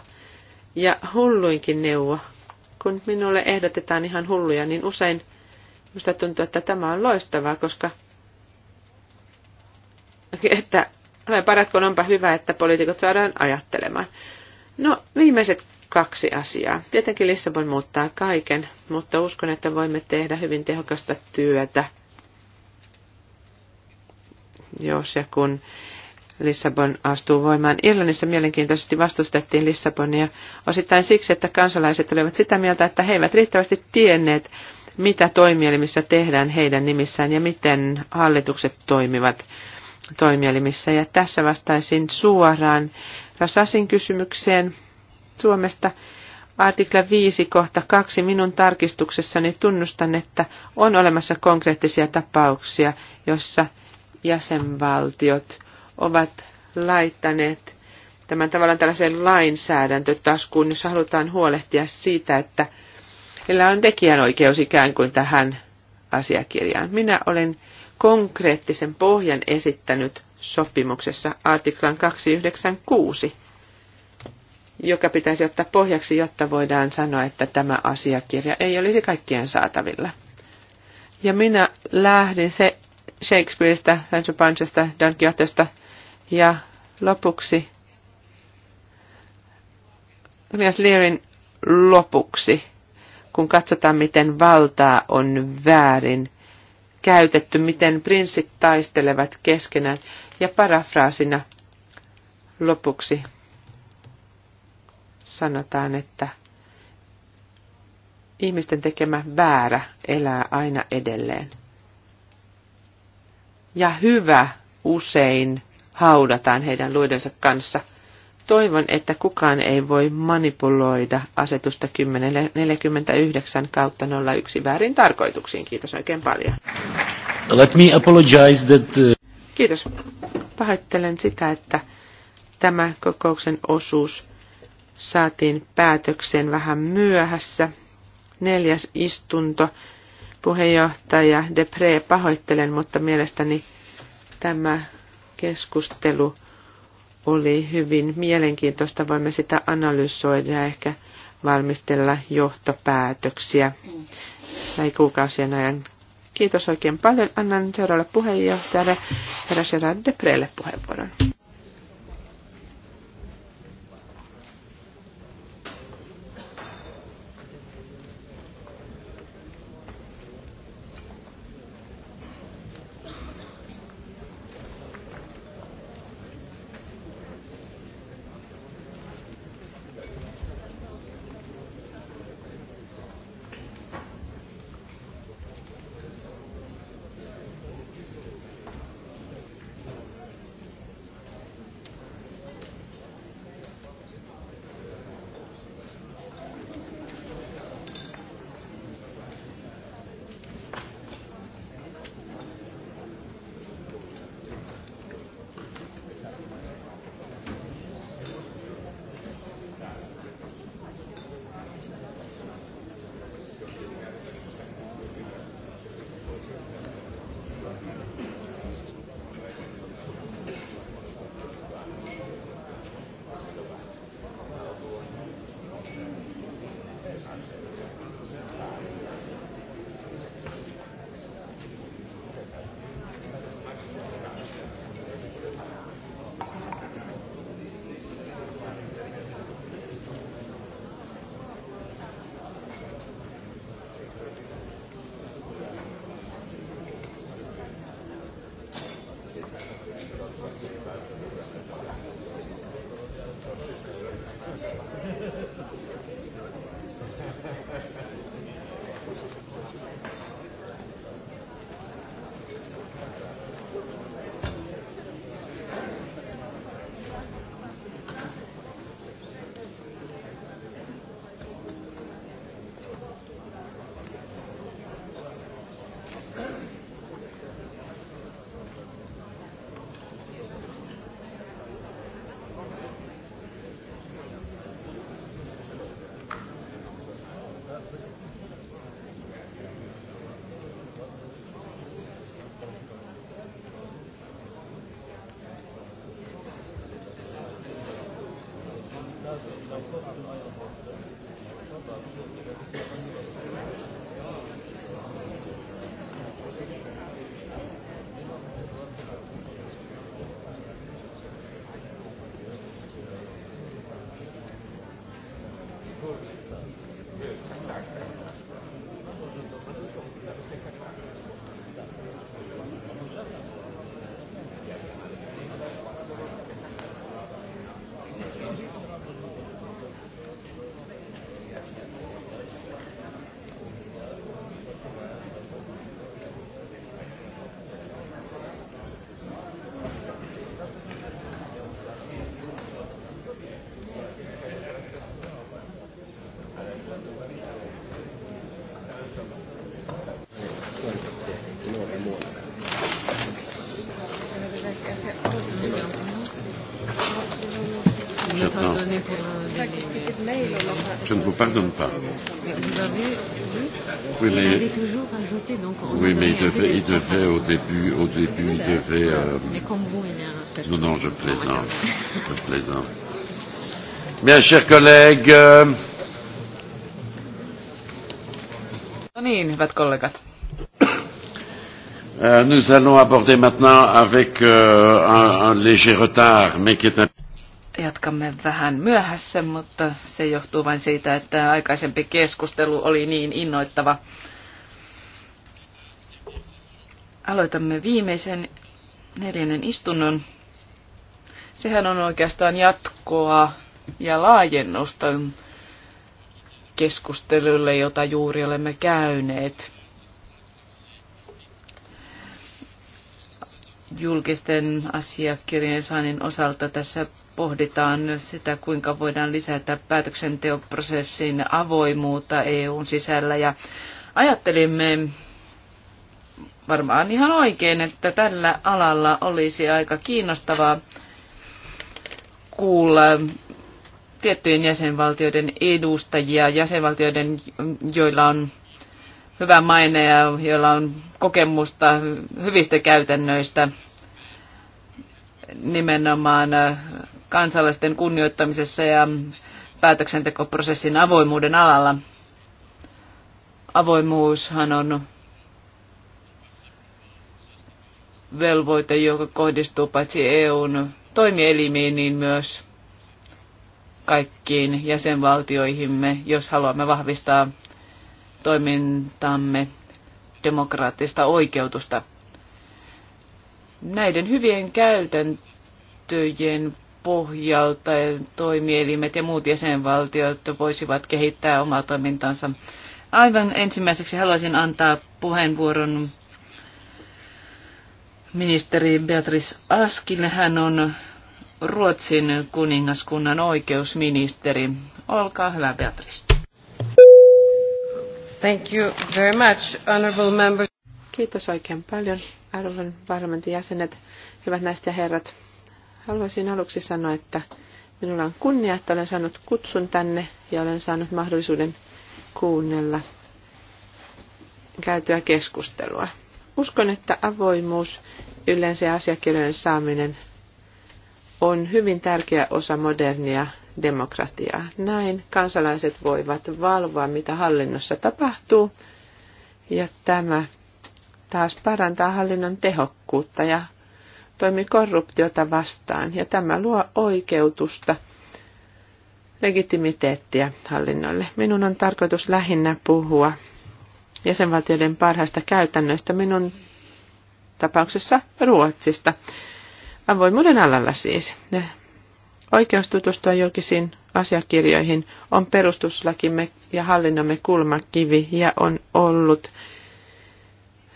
[SPEAKER 2] Ja hulluinkin neuvo, kun minulle ehdotetaan ihan hulluja, niin usein minusta tuntuu, että tämä on loistavaa, koska että olen parat, kun onpa hyvä, että poliitikot saadaan ajattelemaan. No, viimeiset kaksi asiaa. Tietenkin Lissabon muuttaa kaiken, mutta uskon, että voimme tehdä hyvin tehokasta työtä, jos ja kun Lissabon astuu voimaan. Irlannissa mielenkiintoisesti vastustettiin Lissabonia osittain siksi, että kansalaiset olivat sitä mieltä, että he eivät riittävästi tienneet, mitä toimielimissä tehdään heidän nimissään ja miten hallitukset toimivat toimielimissä. Ja tässä vastaisin suoraan Rasasin kysymykseen Suomesta. Artikla 5 kohta 2 minun tarkistuksessani tunnustan, että on olemassa konkreettisia tapauksia, jossa jäsenvaltiot ovat laittaneet tämän tavallaan tällaisen lainsäädäntötaskuun, jos halutaan huolehtia siitä, että heillä on tekijänoikeus ikään kuin tähän asiakirjaan. Minä olen konkreettisen pohjan esittänyt sopimuksessa artiklan 296, joka pitäisi ottaa pohjaksi, jotta voidaan sanoa, että tämä asiakirja ei olisi kaikkien saatavilla. Ja minä lähdin se Shakespeareista, Sancho Panchasta, Don Quixotesta ja lopuksi Elias Learin lopuksi, kun katsotaan, miten valtaa on väärin käytetty, miten prinssit taistelevat keskenään, ja parafraasina lopuksi sanotaan, että ihmisten tekemä väärä elää aina edelleen. Ja hyvä usein haudataan heidän luidensa kanssa. Toivon, että kukaan ei voi manipuloida asetusta 1049 kautta 01 väärin tarkoituksiin. Kiitos oikein paljon.
[SPEAKER 1] Let me apologize that... Uh,
[SPEAKER 2] Kiitos. Pahoittelen sitä, että tämä kokouksen osuus saatiin päätökseen vähän myöhässä. Neljäs istunto. Puheenjohtaja Depre pahoittelen, mutta mielestäni tämä keskustelu oli hyvin mielenkiintoista. Voimme sitä analysoida ja ehkä valmistella johtopäätöksiä näin kuukausien ajan Kiitos oikein paljon. Annan seuraavalle puheenjohtajalle herra Gerard Deprelle puheenvuoron.
[SPEAKER 3] Oui, mais... avait toujours ajouté, donc... On oui, mais il devait,
[SPEAKER 1] il devait au début, au début, il devait... Euh... Mais comme vous, il y a un Non, non, je plaisante. je plaisante. Bien, chers collègues... Euh...
[SPEAKER 4] No niin, hyvät kollegat.
[SPEAKER 1] Euh, nous allons aborder maintenant avec euh, un, un léger retard, mais qui est un
[SPEAKER 4] aikamme vähän myöhässä, mutta se johtuu vain siitä, että aikaisempi keskustelu oli niin innoittava. Aloitamme viimeisen neljännen istunnon. Sehän on oikeastaan jatkoa ja laajennusta keskustelulle, jota juuri olemme käyneet. julkisten asiakirjojen saannin osalta tässä pohditaan sitä, kuinka voidaan lisätä päätöksenteoprosessin avoimuutta EUn sisällä. Ja ajattelimme varmaan ihan oikein, että tällä alalla olisi aika kiinnostavaa kuulla tiettyjen jäsenvaltioiden edustajia, jäsenvaltioiden, joilla on hyvä maine ja joilla on kokemusta hyvistä käytännöistä nimenomaan kansalaisten kunnioittamisessa ja päätöksentekoprosessin avoimuuden alalla. Avoimuushan on velvoite, joka kohdistuu paitsi EUn toimielimiin, niin myös kaikkiin jäsenvaltioihimme, jos haluamme vahvistaa toimintamme demokraattista oikeutusta. Näiden hyvien käytäntöjen pohjalta toimielimet ja muut jäsenvaltiot voisivat kehittää omaa toimintaansa. Aivan ensimmäiseksi haluaisin antaa puheenvuoron ministeri Beatrice Askille. Hän on Ruotsin kuningaskunnan oikeusministeri. Olkaa hyvä, Beatrice.
[SPEAKER 2] Thank you very much, honorable members. Kiitos oikein paljon, arvon parlamentin jäsenet, hyvät naiset ja herrat. Haluaisin aluksi sanoa, että minulla on kunnia, että olen saanut kutsun tänne ja olen saanut mahdollisuuden kuunnella käytyä keskustelua. Uskon, että avoimuus, yleensä asiakirjojen saaminen on hyvin tärkeä osa modernia demokratiaa. Näin kansalaiset voivat valvoa, mitä hallinnossa tapahtuu, ja tämä taas parantaa hallinnon tehokkuutta ja toimi korruptiota vastaan ja tämä luo oikeutusta, legitimiteettiä hallinnolle. Minun on tarkoitus lähinnä puhua jäsenvaltioiden parhaista käytännöistä, minun tapauksessa Ruotsista. Avoimuuden alalla siis. Oikeus tutustua julkisiin asiakirjoihin on perustuslakimme ja hallinnomme kulmakivi ja on ollut –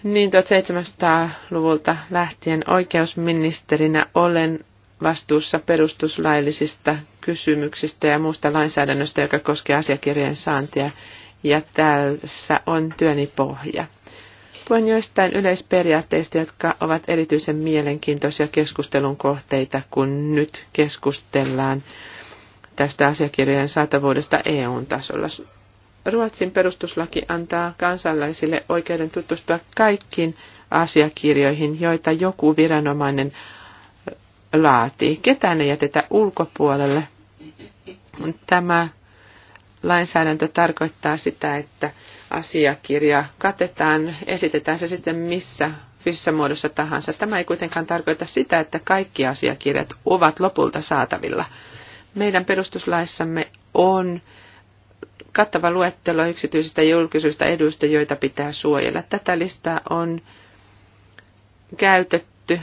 [SPEAKER 2] niin 1700-luvulta lähtien oikeusministerinä olen vastuussa perustuslaillisista kysymyksistä ja muusta lainsäädännöstä, joka koskee asiakirjojen saantia, ja tässä on työni pohja. Puhun joistain yleisperiaatteista, jotka ovat erityisen mielenkiintoisia keskustelun kohteita, kun nyt keskustellaan tästä asiakirjojen saatavuudesta eu tasolla. Ruotsin perustuslaki antaa kansalaisille oikeuden tutustua kaikkiin asiakirjoihin, joita joku viranomainen laatii. Ketään ei jätetä ulkopuolelle. Tämä lainsäädäntö tarkoittaa sitä, että asiakirja katetaan, esitetään se sitten missä fyysisessä muodossa tahansa. Tämä ei kuitenkaan tarkoita sitä, että kaikki asiakirjat ovat lopulta saatavilla. Meidän perustuslaissamme on kattava luettelo yksityisistä ja julkisista eduista, joita pitää suojella. Tätä listaa on käytetty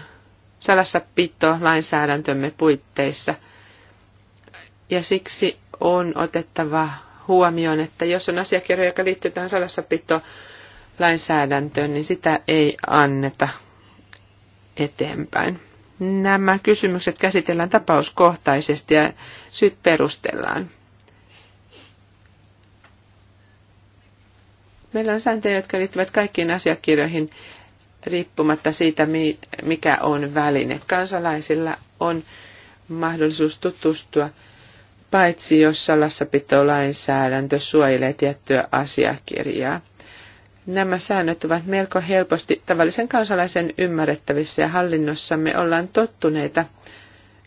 [SPEAKER 2] salassapito lainsäädäntömme puitteissa. Ja siksi on otettava huomioon, että jos on asiakirja, joka liittyy tähän salassapito lainsäädäntöön, niin sitä ei anneta eteenpäin. Nämä kysymykset käsitellään tapauskohtaisesti ja syyt perustellaan. Meillä on sääntöjä, jotka liittyvät kaikkiin asiakirjoihin riippumatta siitä, mikä on väline. Kansalaisilla on mahdollisuus tutustua, paitsi jos salassapitolainsäädäntö suojelee tiettyä asiakirjaa. Nämä säännöt ovat melko helposti tavallisen kansalaisen ymmärrettävissä ja hallinnossamme ollaan tottuneita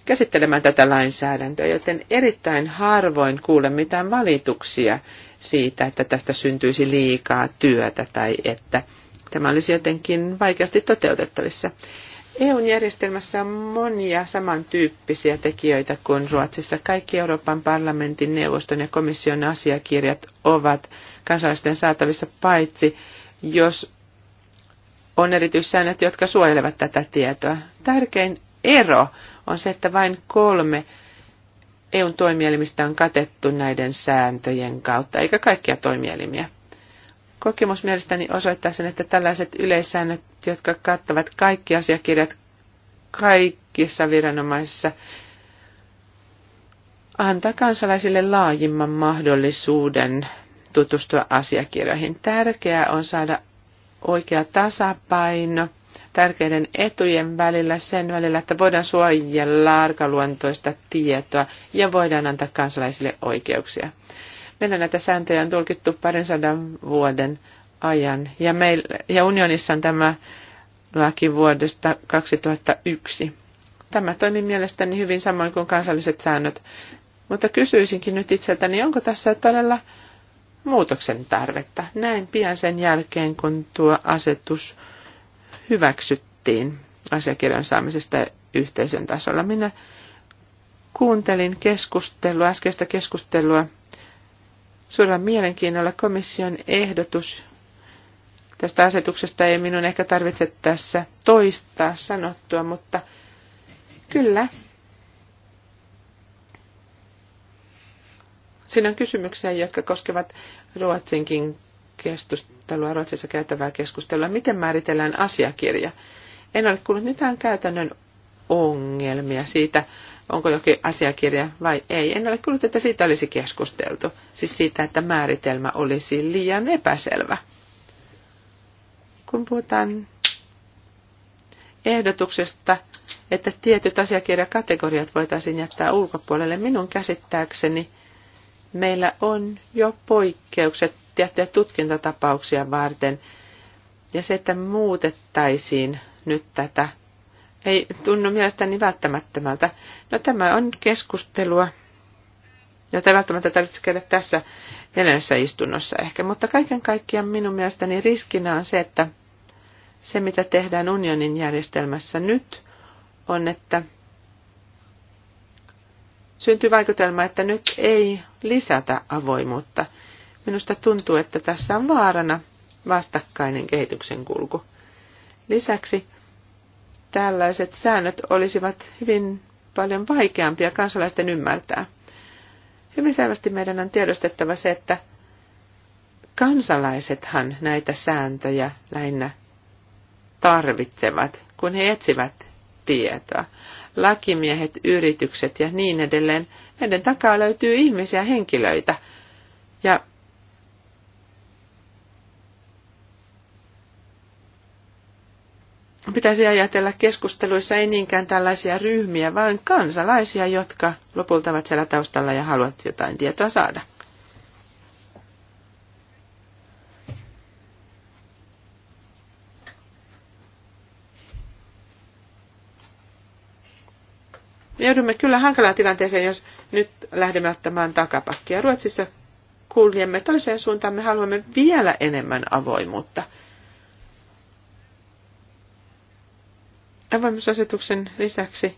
[SPEAKER 2] käsittelemään tätä lainsäädäntöä, joten erittäin harvoin kuulen mitään valituksia siitä, että tästä syntyisi liikaa työtä tai että tämä olisi jotenkin vaikeasti toteutettavissa. EUn järjestelmässä on monia samantyyppisiä tekijöitä kuin Ruotsissa. Kaikki Euroopan parlamentin, neuvoston ja komission asiakirjat ovat kansalaisten saatavissa paitsi, jos on erityissäännöt, jotka suojelevat tätä tietoa. Tärkein ero on se, että vain kolme EUn toimielimistä on katettu näiden sääntöjen kautta, eikä kaikkia toimielimiä. Kokemus mielestäni osoittaa sen, että tällaiset yleissäännöt, jotka kattavat kaikki asiakirjat kaikissa viranomaisissa, antaa kansalaisille laajimman mahdollisuuden tutustua asiakirjoihin. Tärkeää on saada oikea tasapaino – tärkeiden etujen välillä sen välillä, että voidaan suojella arkaluontoista tietoa ja voidaan antaa kansalaisille oikeuksia. Meillä näitä sääntöjä on tulkittu parin sadan vuoden ajan ja, meillä, ja unionissa on tämä laki vuodesta 2001. Tämä toimi mielestäni hyvin samoin kuin kansalliset säännöt, mutta kysyisinkin nyt itseltäni, onko tässä todella muutoksen tarvetta näin pian sen jälkeen, kun tuo asetus hyväksyttiin asiakirjan saamisesta yhteisön tasolla. Minä kuuntelin keskustelua, äskeistä keskustelua suurella mielenkiinnolla. Komission ehdotus tästä asetuksesta ei minun ehkä tarvitse tässä toistaa sanottua, mutta kyllä. Siinä on kysymyksiä, jotka koskevat ruotsinkin keskustelua Ruotsissa käytävää keskustelua. Miten määritellään asiakirja? En ole kuullut mitään käytännön ongelmia siitä, onko jokin asiakirja vai ei. En ole kuullut, että siitä olisi keskusteltu. Siis siitä, että määritelmä olisi liian epäselvä. Kun puhutaan ehdotuksesta, että tietyt asiakirjakategoriat voitaisiin jättää ulkopuolelle, minun käsittääkseni meillä on jo poikkeukset tiettyjä tutkintatapauksia varten. Ja se, että muutettaisiin nyt tätä, ei tunnu mielestäni välttämättömältä. No tämä on keskustelua, jota ei välttämättä tarvitse käydä tässä neljännessä istunnossa ehkä. Mutta kaiken kaikkiaan minun mielestäni riskinä on se, että se mitä tehdään unionin järjestelmässä nyt on, että syntyy vaikutelma, että nyt ei lisätä avoimuutta – Minusta tuntuu, että tässä on vaarana vastakkainen kehityksen kulku. Lisäksi tällaiset säännöt olisivat hyvin paljon vaikeampia kansalaisten ymmärtää. Hyvin selvästi meidän on tiedostettava se, että kansalaisethan näitä sääntöjä lähinnä tarvitsevat, kun he etsivät tietoa. Lakimiehet, yritykset ja niin edelleen, heidän takaa löytyy ihmisiä, henkilöitä. Ja pitäisi ajatella keskusteluissa ei niinkään tällaisia ryhmiä, vaan kansalaisia, jotka lopulta ovat siellä taustalla ja haluavat jotain tietoa saada. joudumme kyllä hankalaan tilanteeseen, jos nyt lähdemme ottamaan takapakkia. Ruotsissa kuljemme toiseen suuntaan, me haluamme vielä enemmän avoimuutta. avoimuusasetuksen lisäksi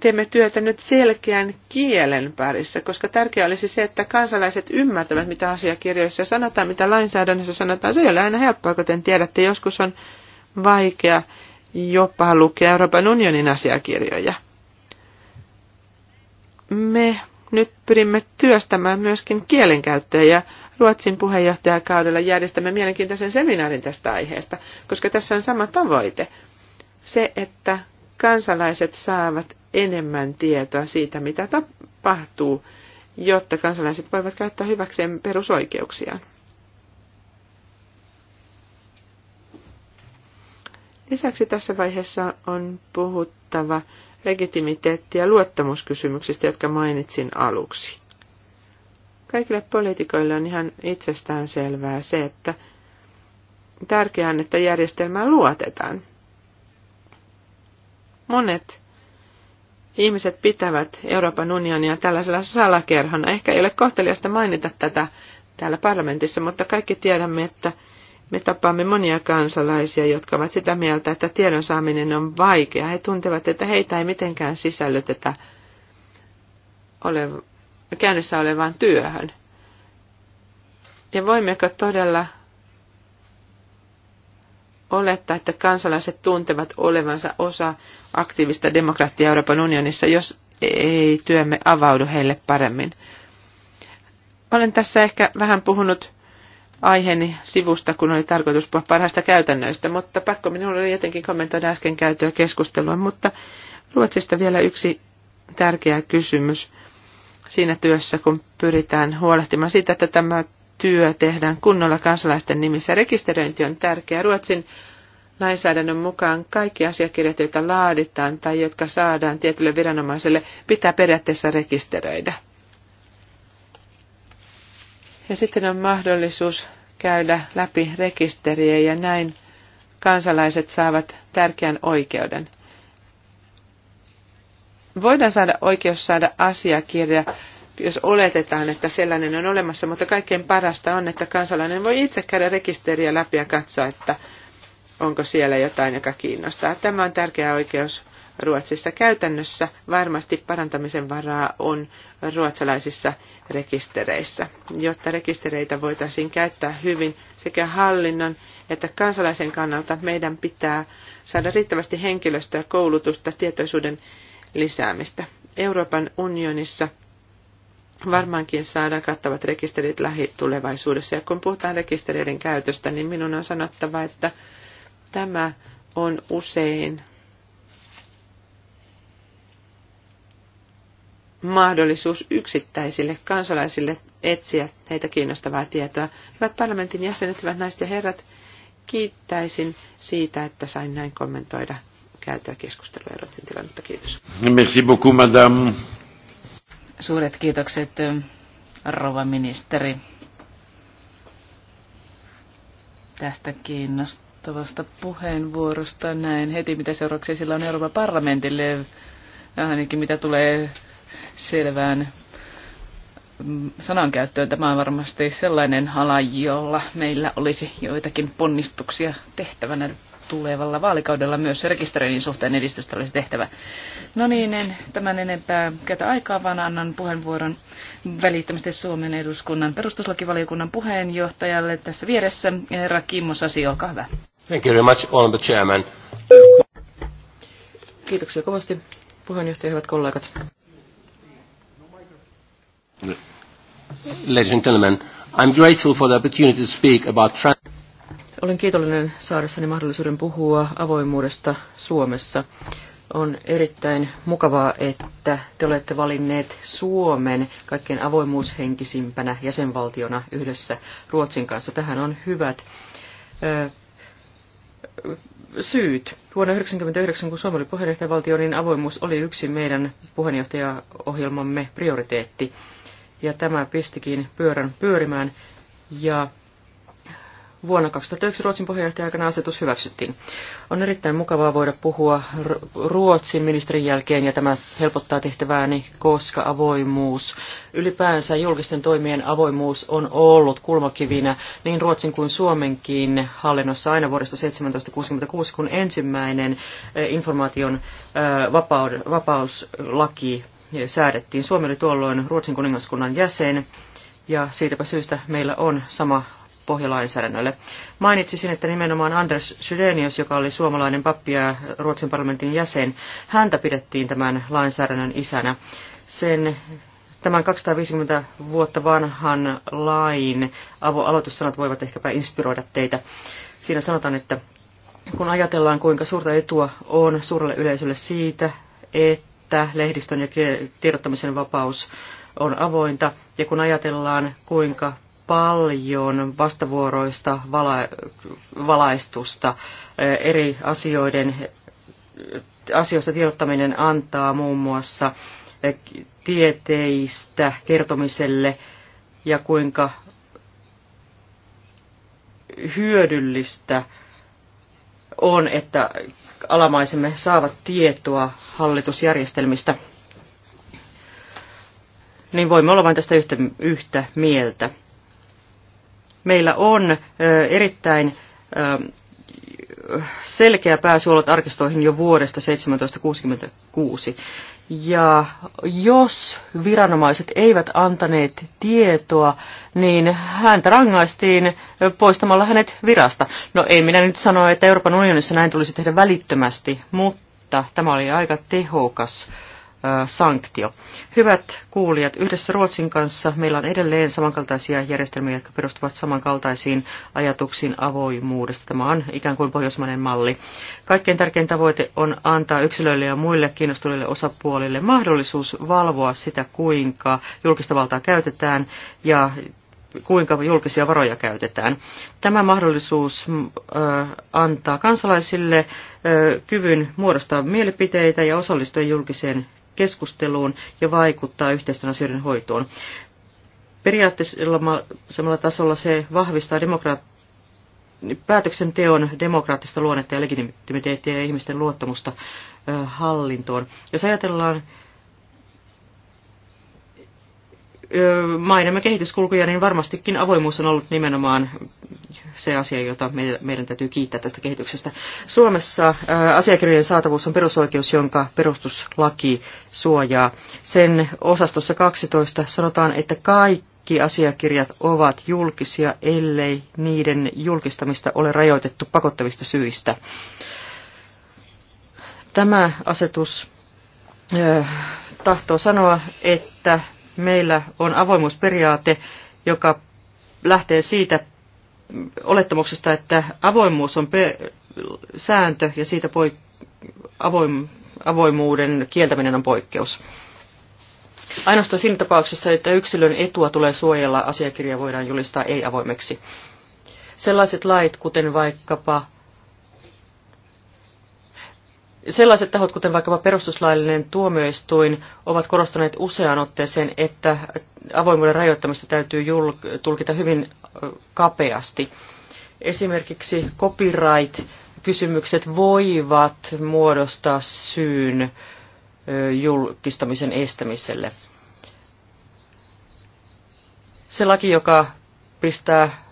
[SPEAKER 2] teemme työtä nyt selkeän kielen parissa, koska tärkeää olisi se, että kansalaiset ymmärtävät, mitä asiakirjoissa sanotaan, mitä lainsäädännössä sanotaan. Se ei ole aina helppoa, kuten tiedätte. Joskus on vaikea jopa lukea Euroopan unionin asiakirjoja. Me nyt pyrimme työstämään myöskin kielenkäyttöä ja Ruotsin puheenjohtajakaudella järjestämme mielenkiintoisen seminaarin tästä aiheesta, koska tässä on sama tavoite – se, että kansalaiset saavat enemmän tietoa siitä, mitä tapahtuu, jotta kansalaiset voivat käyttää hyväkseen perusoikeuksiaan. Lisäksi tässä vaiheessa on puhuttava legitimiteetti- ja luottamuskysymyksistä, jotka mainitsin aluksi. Kaikille poliitikoille on ihan itsestään selvää se, että tärkeää on, että järjestelmää luotetaan – Monet ihmiset pitävät Euroopan unionia tällaisella salakerhona. Ehkä ei ole kohteliasta mainita tätä täällä parlamentissa, mutta kaikki tiedämme, että me tapaamme monia kansalaisia, jotka ovat sitä mieltä, että tiedon saaminen on vaikea. He tuntevat, että heitä ei mitenkään sisällytetä ole, käynnissä olevaan työhön. Ja voimmeko todella olettaa, että kansalaiset tuntevat olevansa osa aktiivista demokratiaa Euroopan unionissa, jos ei työmme avaudu heille paremmin. Olen tässä ehkä vähän puhunut aiheeni sivusta, kun oli tarkoitus puhua parhaista käytännöistä, mutta pakko minulla oli jotenkin kommentoida äsken käytyä keskustelua, mutta Ruotsista vielä yksi tärkeä kysymys siinä työssä, kun pyritään huolehtimaan siitä, että tämä työ tehdään kunnolla kansalaisten nimissä. Rekisteröinti on tärkeä Ruotsin lainsäädännön mukaan kaikki asiakirjat, joita laaditaan tai jotka saadaan tietylle viranomaiselle, pitää periaatteessa rekisteröidä. Ja sitten on mahdollisuus käydä läpi rekisteriä ja näin kansalaiset saavat tärkeän oikeuden. Voidaan saada oikeus saada asiakirja jos oletetaan, että sellainen on olemassa, mutta kaikkein parasta on, että kansalainen voi itse käydä rekisteriä läpi ja katsoa, että onko siellä jotain, joka kiinnostaa. Tämä on tärkeä oikeus Ruotsissa käytännössä. Varmasti parantamisen varaa on ruotsalaisissa rekistereissä, jotta rekistereitä voitaisiin käyttää hyvin sekä hallinnon että kansalaisen kannalta meidän pitää saada riittävästi henkilöstöä, koulutusta, tietoisuuden lisäämistä. Euroopan unionissa – varmaankin saada kattavat rekisterit lähitulevaisuudessa. Ja kun puhutaan rekistereiden käytöstä, niin minun on sanottava, että tämä on usein mahdollisuus yksittäisille kansalaisille etsiä heitä kiinnostavaa tietoa. Hyvät parlamentin jäsenet, hyvät naiset ja herrat, kiittäisin siitä,
[SPEAKER 4] että sain näin kommentoida käytöä keskustelua ja tilannetta. Kiitos.
[SPEAKER 1] Merci beaucoup, madame.
[SPEAKER 4] Suuret kiitokset, rouva ministeri, tästä kiinnostavasta puheenvuorosta. Näin heti, mitä seurauksia sillä on Euroopan parlamentille, ainakin mitä tulee selvään sanankäyttöön. Tämä on varmasti sellainen ala, jolla meillä olisi joitakin ponnistuksia tehtävänä tulevalla vaalikaudella myös rekisteröinnin suhteen edistystä olisi tehtävä. No niin, en tämän enempää käytä aikaa, vaan annan puheenvuoron välittömästi Suomen eduskunnan perustuslakivaliokunnan puheenjohtajalle tässä vieressä. Herra Kimmo Sasi, olkaa hyvä.
[SPEAKER 1] Thank you very much, all the chairman.
[SPEAKER 3] Kiitoksia kovasti, puheenjohtaja, hyvät kollegat.
[SPEAKER 1] No ladies and gentlemen. I'm grateful for the opportunity to speak about
[SPEAKER 3] Olen kiitollinen saadessani mahdollisuuden puhua avoimuudesta Suomessa. On erittäin mukavaa, että te olette valinneet Suomen kaikkein avoimuushenkisimpänä jäsenvaltiona yhdessä Ruotsin kanssa. Tähän on hyvät ö, syyt. Vuonna 1999, kun Suomi oli puheenjohtajavaltio, niin avoimuus oli yksi meidän puheenjohtajaohjelmamme prioriteetti ja tämä pistikin pyörän pyörimään. Ja Vuonna 2009 Ruotsin puheenjohtajan aikana asetus hyväksyttiin. On erittäin mukavaa voida puhua Ruotsin ministerin jälkeen ja tämä helpottaa tehtävääni, koska avoimuus, ylipäänsä julkisten toimien avoimuus on ollut kulmakivinä niin Ruotsin kuin Suomenkin hallinnossa aina vuodesta 1766, kun ensimmäinen eh, informaation eh, vapauslaki säädettiin. Suomi oli tuolloin Ruotsin kuningaskunnan jäsen ja siitäpä syystä meillä on sama pohjalainsäädännölle. Mainitsisin, että nimenomaan Anders Sydenius, joka oli suomalainen pappi ja Ruotsin parlamentin jäsen, häntä pidettiin tämän lainsäädännön isänä. Sen tämän 250 vuotta vanhan lain aloitussanat voivat ehkäpä inspiroida teitä. Siinä sanotaan, että kun ajatellaan kuinka suurta etua on suurelle yleisölle siitä, että että lehdistön ja tiedottamisen vapaus on avointa. Ja kun ajatellaan, kuinka paljon vastavuoroista vala- valaistusta eh, eri asioiden, asioista tiedottaminen antaa muun muassa eh, tieteistä kertomiselle ja kuinka hyödyllistä on, että alamaisemme saavat tietoa hallitusjärjestelmistä, niin voimme olla vain tästä yhtä, yhtä mieltä. Meillä on erittäin selkeä pääsy ollut arkistoihin jo vuodesta 1766. Ja jos viranomaiset eivät antaneet tietoa, niin häntä rangaistiin poistamalla hänet virasta. No ei minä nyt sano, että Euroopan unionissa näin tulisi tehdä välittömästi, mutta tämä oli aika tehokas äh, sanktio. Hyvät kuulijat, yhdessä Ruotsin kanssa meillä on edelleen samankaltaisia järjestelmiä, jotka perustuvat samankaltaisiin ajatuksiin avoimuudesta. Tämä on ikään kuin pohjoismainen malli. Kaikkein tärkein tavoite on antaa yksilöille ja muille kiinnostuneille osapuolille mahdollisuus valvoa sitä, kuinka julkista valtaa käytetään ja kuinka julkisia varoja käytetään. Tämä mahdollisuus antaa kansalaisille kyvyn muodostaa mielipiteitä ja osallistua julkiseen keskusteluun ja vaikuttaa yhteisten asioiden hoitoon. Periaatteessa samalla tasolla se vahvistaa demokra- päätöksenteon demokraattista luonnetta ja legitimiteettiä ja ihmisten luottamusta hallintoon. Jos ajatellaan maidemme kehityskulkuja, niin varmastikin avoimuus on ollut nimenomaan se asia, jota meidän täytyy kiittää tästä kehityksestä. Suomessa asiakirjojen saatavuus on perusoikeus, jonka perustuslaki suojaa. Sen osastossa 12 sanotaan, että kaikki asiakirjat ovat julkisia, ellei niiden julkistamista ole rajoitettu pakottavista syistä. Tämä asetus tahtoo sanoa, että meillä on avoimuusperiaate, joka lähtee siitä olettamuksesta, että avoimuus on sääntö ja siitä poik- avoim- avoimuuden kieltäminen on poikkeus. Ainoastaan siinä tapauksessa, että yksilön etua tulee suojella, asiakirja voidaan julistaa ei-avoimeksi. Sellaiset lait, kuten vaikkapa Sellaiset tahot, kuten vaikkapa perustuslaillinen tuomioistuin, ovat korostaneet useaan otteeseen, että avoimuuden rajoittamista täytyy tulkita hyvin kapeasti. Esimerkiksi copyright-kysymykset voivat muodostaa syyn julkistamisen estämiselle. Se laki, joka pistää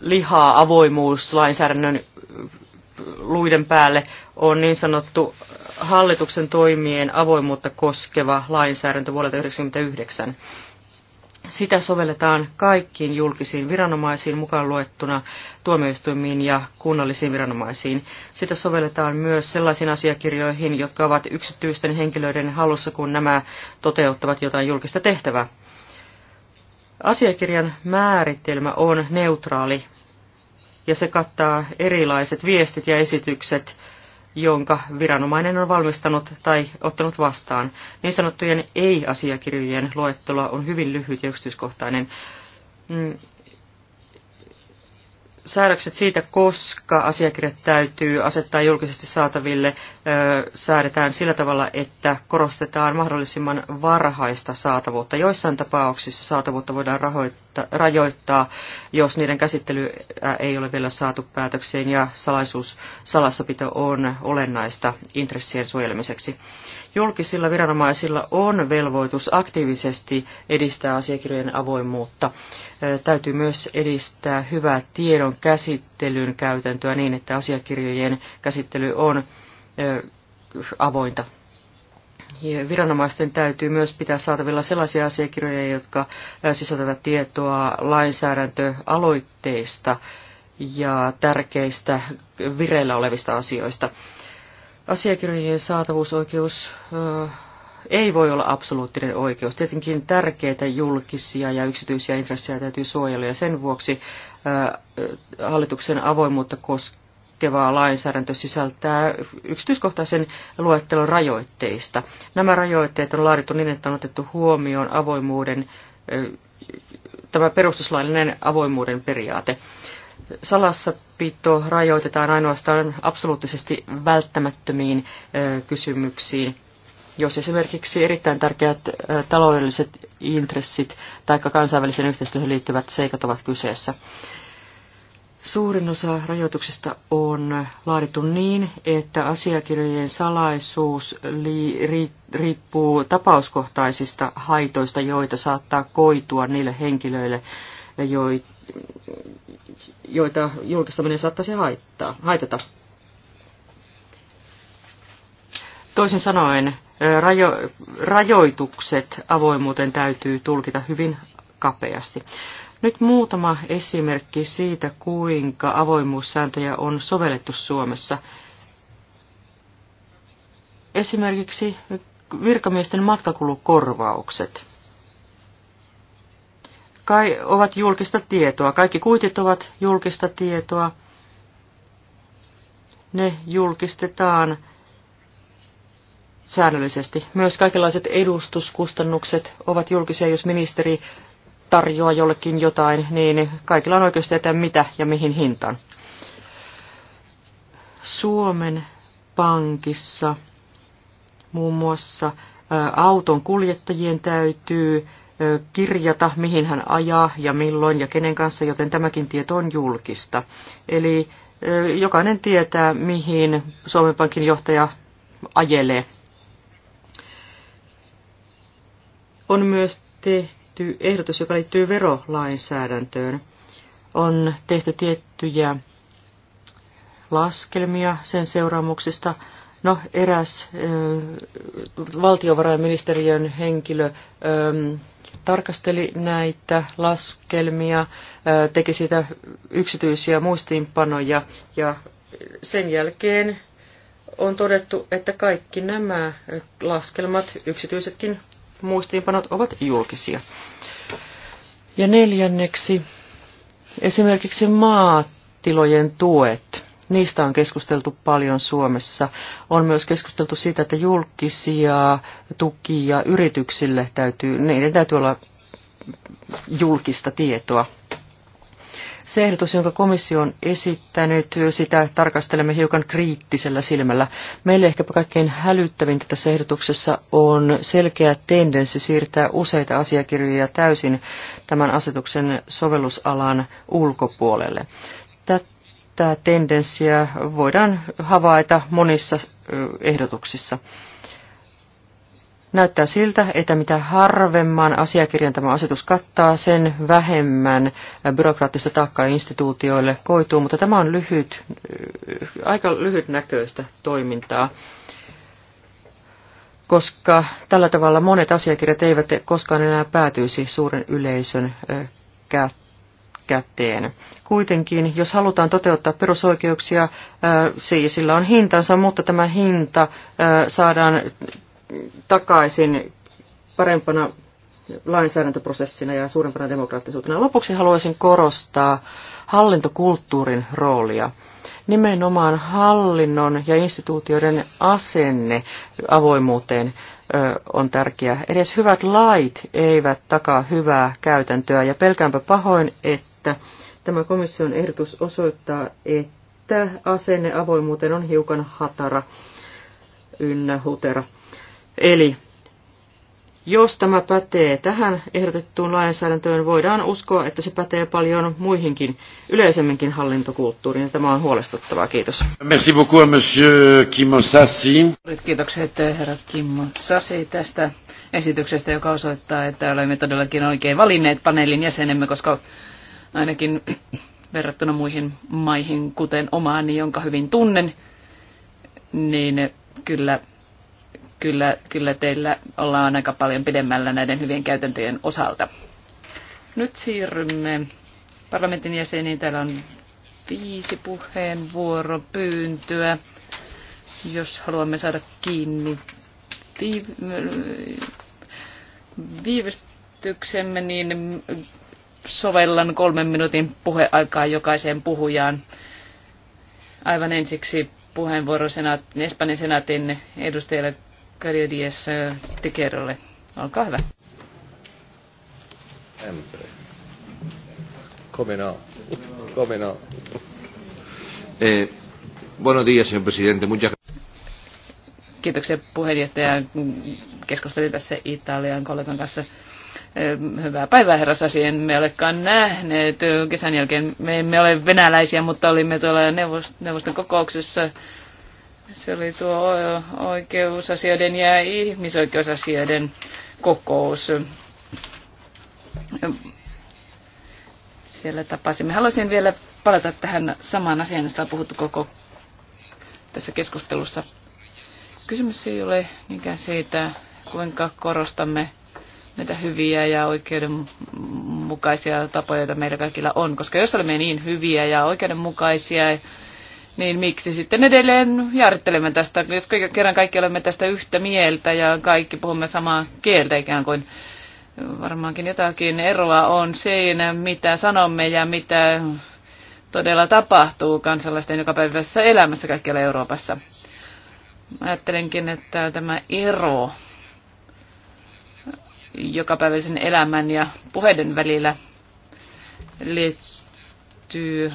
[SPEAKER 3] lihaa avoimuuslainsäädännön luiden päälle on niin sanottu hallituksen toimien avoimuutta koskeva lainsäädäntö vuodelta 1999. Sitä sovelletaan kaikkiin julkisiin viranomaisiin mukaan luettuna tuomioistuimiin ja kunnallisiin viranomaisiin. Sitä sovelletaan myös sellaisiin asiakirjoihin, jotka ovat yksityisten henkilöiden halussa, kun nämä toteuttavat jotain julkista tehtävää. Asiakirjan määritelmä on neutraali ja se kattaa erilaiset viestit ja esitykset, jonka viranomainen on valmistanut tai ottanut vastaan. Niin sanottujen ei-asiakirjojen luettelo on hyvin lyhyt ja yksityiskohtainen. Mm. Säädökset siitä, koska asiakirjat täytyy asettaa julkisesti saataville, säädetään sillä tavalla, että korostetaan mahdollisimman varhaista saatavuutta. Joissain tapauksissa saatavuutta voidaan rahoittaa rajoittaa, jos niiden käsittely ei ole vielä saatu päätökseen ja salaisuus, salassapito on olennaista intressien suojelemiseksi. Julkisilla viranomaisilla on velvoitus aktiivisesti edistää asiakirjojen avoimuutta. Täytyy myös edistää hyvää tiedon käsittelyn käytäntöä niin, että asiakirjojen käsittely on avointa viranomaisten täytyy myös pitää saatavilla sellaisia asiakirjoja, jotka sisältävät tietoa lainsäädäntöaloitteista ja tärkeistä vireillä olevista asioista. Asiakirjojen saatavuusoikeus ei voi olla absoluuttinen oikeus. Tietenkin tärkeitä julkisia ja yksityisiä intressejä täytyy suojella ja sen vuoksi hallituksen avoimuutta koskee koskeva lainsäädäntö sisältää yksityiskohtaisen luettelon rajoitteista. Nämä rajoitteet on laadittu niin, että on otettu huomioon avoimuuden, tämä perustuslaillinen avoimuuden periaate. Salassapito rajoitetaan ainoastaan absoluuttisesti välttämättömiin kysymyksiin, jos esimerkiksi erittäin tärkeät taloudelliset intressit tai kansainvälisen yhteistyöhön liittyvät seikat ovat kyseessä. Suurin osa rajoituksista on laadittu niin, että asiakirjojen salaisuus riippuu tapauskohtaisista haitoista, joita saattaa koitua niille henkilöille, joita julkistaminen saattaisi haittaa, haitata. Toisin sanoen, rajo, rajoitukset avoimuuteen täytyy tulkita hyvin kapeasti. Nyt muutama esimerkki siitä, kuinka avoimuussääntöjä on sovellettu Suomessa. Esimerkiksi virkamiesten matkakulukorvaukset kai ovat julkista tietoa. Kaikki kuitit ovat julkista tietoa. Ne julkistetaan säännöllisesti. Myös kaikenlaiset edustuskustannukset ovat julkisia, jos ministeri tarjoaa jollekin jotain, niin kaikilla on oikeus tietää mitä ja mihin hintaan. Suomen pankissa muun muassa auton kuljettajien täytyy kirjata, mihin hän ajaa ja milloin ja kenen kanssa, joten tämäkin tieto on julkista. Eli jokainen tietää, mihin Suomen Pankin johtaja ajelee. On myös tehty liittyy, ehdotus, joka liittyy verolainsäädäntöön. On tehty tiettyjä laskelmia sen seuraamuksista. No, eräs ö, valtiovarainministeriön henkilö ö, tarkasteli näitä laskelmia, ö, teki siitä yksityisiä muistiinpanoja ja sen jälkeen on todettu, että kaikki nämä laskelmat, yksityisetkin muistiinpanot ovat julkisia. Ja neljänneksi esimerkiksi maatilojen tuet. Niistä on keskusteltu paljon Suomessa. On myös keskusteltu siitä, että julkisia tukia yrityksille täytyy, niiden täytyy olla julkista tietoa. Se ehdotus, jonka komissio on esittänyt, sitä tarkastelemme hiukan kriittisellä silmällä. Meille ehkäpä kaikkein hälyttävintä tässä ehdotuksessa on selkeä tendenssi siirtää useita asiakirjoja täysin tämän asetuksen sovellusalan ulkopuolelle. Tätä tendenssiä voidaan havaita monissa ehdotuksissa. Näyttää siltä, että mitä harvemman asiakirjan tämä asetus kattaa, sen vähemmän byrokraattista taakkaa instituutioille koituu, mutta tämä on lyhyt, äh, aika lyhytnäköistä toimintaa, koska tällä tavalla monet asiakirjat eivät koskaan enää päätyisi suuren yleisön äh, käteen. Kuitenkin, jos halutaan toteuttaa perusoikeuksia, äh, siis sillä on hintansa, mutta tämä hinta saadaan takaisin parempana lainsäädäntöprosessina ja suurempana demokraattisuutena. Lopuksi haluaisin korostaa hallintokulttuurin roolia. Nimenomaan hallinnon ja instituutioiden asenne avoimuuteen on tärkeä. Edes hyvät lait eivät takaa hyvää käytäntöä ja pelkäänpä pahoin, että tämä komission ehdotus osoittaa, että asenne avoimuuteen on hiukan hatara ynnä hutera. Eli jos tämä pätee tähän ehdotettuun lainsäädäntöön, voidaan uskoa, että se pätee paljon muihinkin, yleisemminkin hallintokulttuuriin. Tämä on huolestuttavaa. Kiitos. Merci
[SPEAKER 1] beaucoup, monsieur Kimmo Sassi.
[SPEAKER 3] Kiitokset, herra Kimmo Sassi, tästä
[SPEAKER 4] esityksestä, joka osoittaa, että olemme todellakin oikein valinneet paneelin jäsenemme, koska ainakin verrattuna muihin maihin, kuten omaani, jonka hyvin tunnen, niin kyllä kyllä, kyllä teillä ollaan aika paljon pidemmällä näiden hyvien käytäntöjen osalta. Nyt siirrymme parlamentin jäseniin. Täällä on viisi puheenvuoropyyntöä. Jos haluamme saada kiinni viivästyksemme, niin sovellan kolmen minuutin puheaikaa jokaiseen puhujaan. Aivan ensiksi puheenvuoro senaat, Espanjan senaatin edustajalle Cario Dias Tekerolle. Olkaa hyvä.
[SPEAKER 1] Sempre. Come no? No? Eh, buenos días, señor presidente. Muchas
[SPEAKER 4] Kiitoksia puheenjohtaja. Keskustelin tässä Italian kollegan kanssa. Hyvää päivää, herra Sasi. me olekaan nähneet kesän jälkeen. Me emme ole venäläisiä, mutta olimme tuolla neuvoston kokouksessa se oli tuo oikeusasioiden ja ihmisoikeusasioiden kokous. Siellä tapasimme. Haluaisin vielä palata tähän samaan asiaan, josta on puhuttu koko tässä keskustelussa. Kysymys ei ole niinkään siitä, kuinka korostamme näitä hyviä ja oikeudenmukaisia tapoja, joita meillä kaikilla on. Koska jos olemme niin hyviä ja oikeudenmukaisia niin miksi sitten edelleen jaarittelemme tästä, jos kerran kaikki olemme tästä yhtä mieltä ja kaikki puhumme samaa kieltä ikään kuin varmaankin jotakin eroa on siinä, mitä sanomme ja mitä todella tapahtuu kansalaisten jokapäiväisessä elämässä kaikkialla Euroopassa. Ajattelenkin, että tämä ero jokapäiväisen elämän ja puheiden välillä liittyy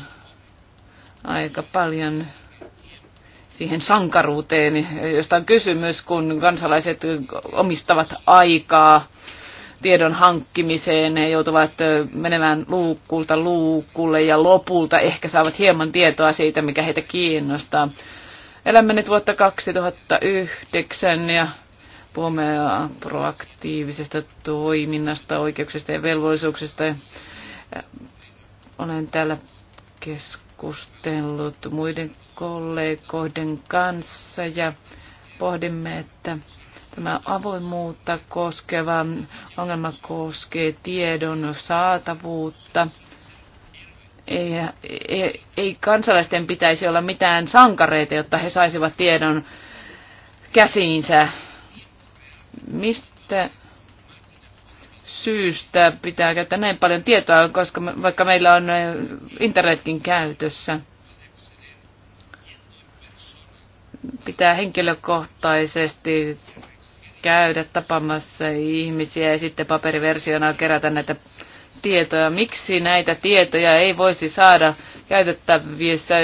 [SPEAKER 4] aika paljon siihen sankaruuteen, josta on kysymys, kun kansalaiset omistavat aikaa tiedon hankkimiseen, ne joutuvat menemään luukulta luukulle ja lopulta ehkä saavat hieman tietoa siitä, mikä heitä kiinnostaa. Elämme nyt vuotta 2009 ja puhumme proaktiivisesta toiminnasta, oikeuksista ja velvollisuuksista. Olen täällä keskustelussa keskustellut muiden kollegoiden kanssa ja pohdimme, että tämä avoimuutta koskeva ongelma koskee tiedon saatavuutta. Ei, ei, ei kansalaisten pitäisi olla mitään sankareita, jotta he saisivat tiedon käsiinsä. Mistä syystä pitää käyttää näin paljon tietoa, koska vaikka meillä on eh, internetkin käytössä. Pitää henkilökohtaisesti käydä tapaamassa ihmisiä ja sitten paperiversiona kerätä näitä tietoja. Miksi näitä tietoja ei voisi saada käytettävissä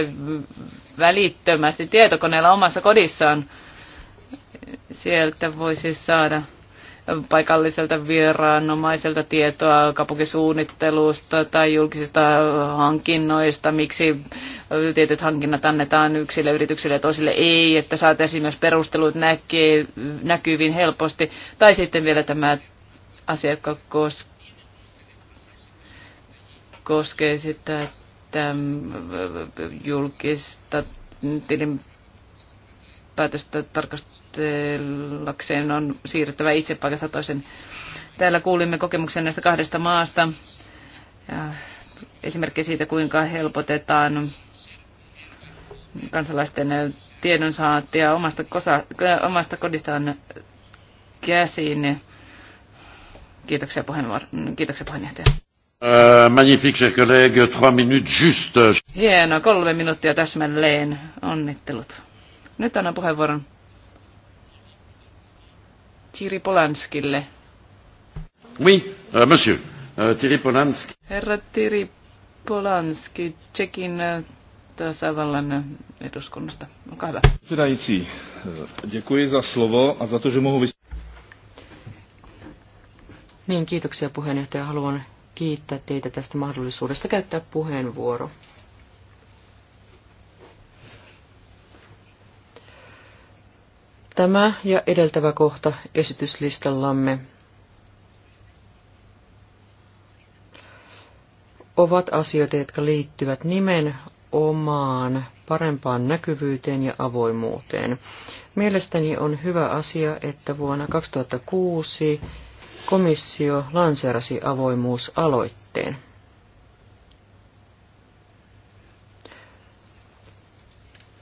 [SPEAKER 4] välittömästi tietokoneella omassa kodissaan? Sieltä voisi saada paikalliselta viranomaiselta tietoa kaupunkisuunnittelusta tai julkisista hankinnoista, miksi tietyt hankinnat annetaan yksille yrityksille ja toisille ei, että saataisiin myös perustelut näkee, näkyviin helposti. Tai sitten vielä tämä asia, joka koskee sitä, että mm, julkista tilin päätöstä tarkastellakseen on siirryttävä itse paikasta toisen. Täällä kuulimme kokemuksen näistä kahdesta maasta ja esimerkki siitä, kuinka helpotetaan kansalaisten tiedonsaantia omasta, kosa, omasta kodistaan käsin. Kiitoksia, puheenvuor- Kiitoksia puheenjohtaja. Uh,
[SPEAKER 1] magnifique, chers collègues, trois minutes juste.
[SPEAKER 4] Hienoa, kolme minuuttia täsmälleen. Onnittelut. Nyt annan puheenvuoron Thierry Polanskille.
[SPEAKER 1] Oui, uh, monsieur. Uh, Thierry Polanski.
[SPEAKER 4] Herra Thierry Polanski, Tsekin äh, tasavallan äh, eduskunnasta. Olkaa hyvä.
[SPEAKER 1] Předající, děkuji za slovo a za to, že mohu
[SPEAKER 3] Niin, kiitoksia puheenjohtaja. Haluan kiittää teitä tästä mahdollisuudesta käyttää puheenvuoro. Tämä ja edeltävä kohta esityslistallamme ovat asioita, jotka liittyvät nimen omaan parempaan näkyvyyteen ja avoimuuteen. Mielestäni on hyvä asia, että vuonna 2006 komissio lanseerasi avoimuusaloitteen.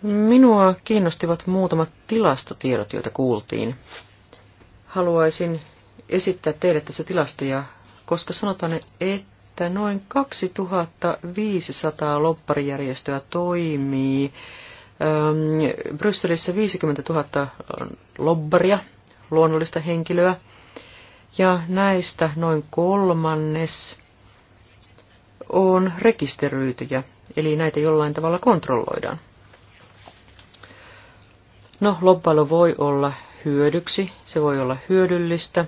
[SPEAKER 3] Minua kiinnostivat muutamat tilastotiedot, joita kuultiin. Haluaisin esittää teille tässä tilastoja, koska sanotaan, että noin 2500 lopparijärjestöä toimii. Ähm, Brysselissä 50 000 ähm, lobbaria, luonnollista henkilöä, ja näistä noin kolmannes on rekisteröityjä, eli näitä jollain tavalla kontrolloidaan. No, lobbailu voi olla hyödyksi, se voi olla hyödyllistä.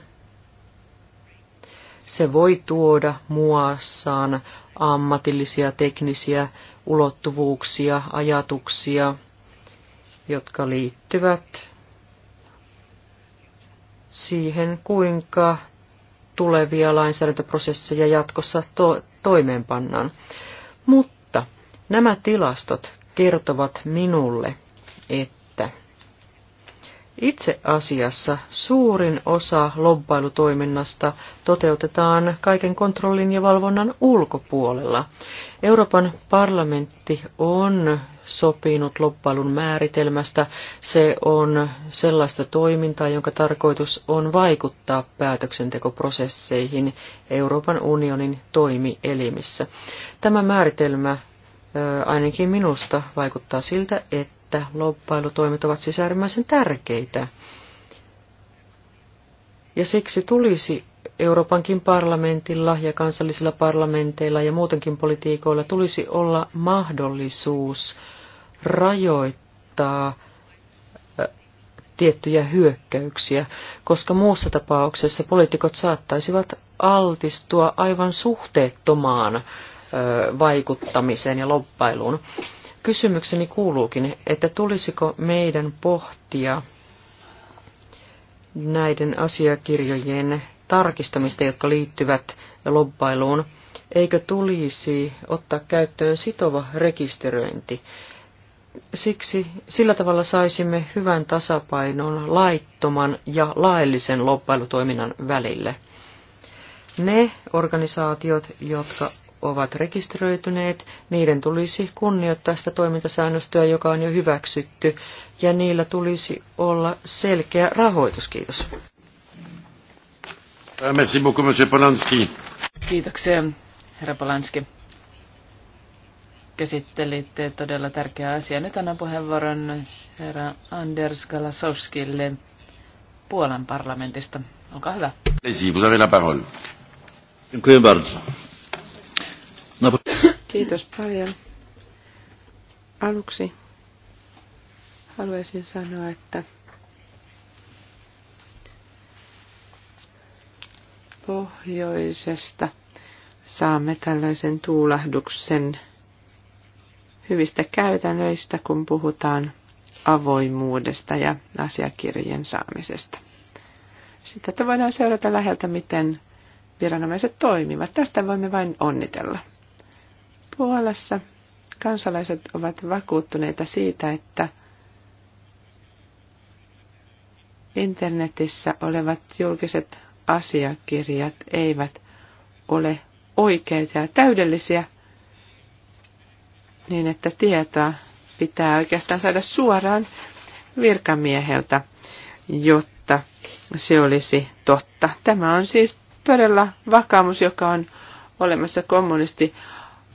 [SPEAKER 3] Se voi tuoda muassaan ammatillisia, teknisiä ulottuvuuksia, ajatuksia, jotka liittyvät siihen, kuinka tulevia lainsäädäntöprosesseja jatkossa to- toimeenpannaan. Mutta nämä tilastot kertovat minulle, että itse asiassa suurin osa lobbailutoiminnasta toteutetaan kaiken kontrollin ja valvonnan ulkopuolella. Euroopan parlamentti on sopinut loppailun määritelmästä. Se on sellaista toimintaa, jonka tarkoitus on vaikuttaa päätöksentekoprosesseihin Euroopan unionin toimielimissä. Tämä määritelmä ainakin minusta vaikuttaa siltä, että että lobbailutoimet ovat siis äärimmäisen tärkeitä. Ja siksi tulisi Euroopankin parlamentilla ja kansallisilla parlamenteilla ja muutenkin politiikoilla tulisi olla mahdollisuus rajoittaa tiettyjä hyökkäyksiä, koska muussa tapauksessa poliitikot saattaisivat altistua aivan suhteettomaan vaikuttamiseen ja loppailuun. Kysymykseni kuuluukin, että tulisiko meidän pohtia näiden asiakirjojen tarkistamista, jotka liittyvät lobbailuun, eikö tulisi ottaa käyttöön sitova rekisteröinti. Siksi sillä tavalla saisimme hyvän tasapainon laittoman ja laillisen lobbailutoiminnan välille. Ne organisaatiot, jotka ovat rekisteröityneet, niiden tulisi kunnioittaa sitä toimintasäännöstöä, joka on jo hyväksytty, ja niillä tulisi olla selkeä rahoitus. Kiitos.
[SPEAKER 1] Eh, merci beaucoup, monsieur Polanski.
[SPEAKER 3] Kiitoksia, herra Polanski.
[SPEAKER 4] Käsittelitte todella tärkeää asiaa. Nyt annan puheenvuoron herra Anders Galasowskille Puolan parlamentista. Olkaa hyvä. Lesi,
[SPEAKER 1] vous avez la parole. Dziękuję bardzo.
[SPEAKER 2] Kiitos paljon. Aluksi haluaisin sanoa, että pohjoisesta saamme tällaisen tuulahduksen hyvistä käytännöistä, kun puhutaan avoimuudesta ja asiakirjojen saamisesta. Sitten että voidaan seurata läheltä, miten viranomaiset toimivat. Tästä voimme vain onnitella. Puolassa kansalaiset ovat vakuuttuneita siitä, että internetissä olevat julkiset asiakirjat eivät ole oikeita ja täydellisiä, niin että tietoa pitää oikeastaan saada suoraan virkamieheltä, jotta se olisi totta. Tämä on siis todella vakaumus, joka on olemassa kommunisti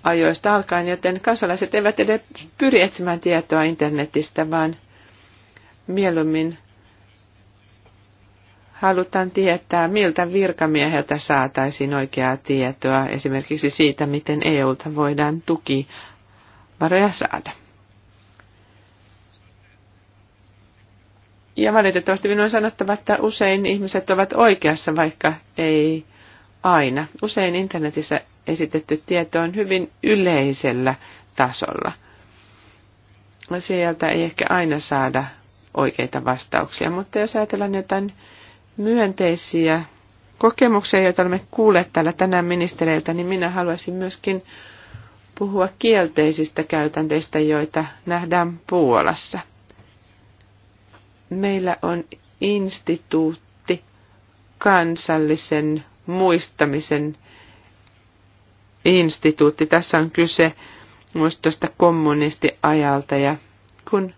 [SPEAKER 2] ajoista alkaen, joten kansalaiset eivät edes pyri etsimään tietoa internetistä, vaan mieluummin halutaan tietää, miltä virkamieheltä saataisiin oikeaa tietoa esimerkiksi siitä, miten EUlta voidaan tukivaroja saada. Ja valitettavasti minun on sanottava, että usein ihmiset ovat oikeassa, vaikka ei aina. Usein internetissä esitetty tieto on hyvin yleisellä tasolla. Sieltä ei ehkä aina saada oikeita vastauksia, mutta jos ajatellaan jotain myönteisiä kokemuksia, joita olemme kuulleet täällä tänään ministereiltä, niin minä haluaisin myöskin puhua kielteisistä käytänteistä, joita nähdään Puolassa. Meillä on instituutti kansallisen muistamisen instituutti. Tässä on kyse minusta tuosta kommunistiajalta ja kun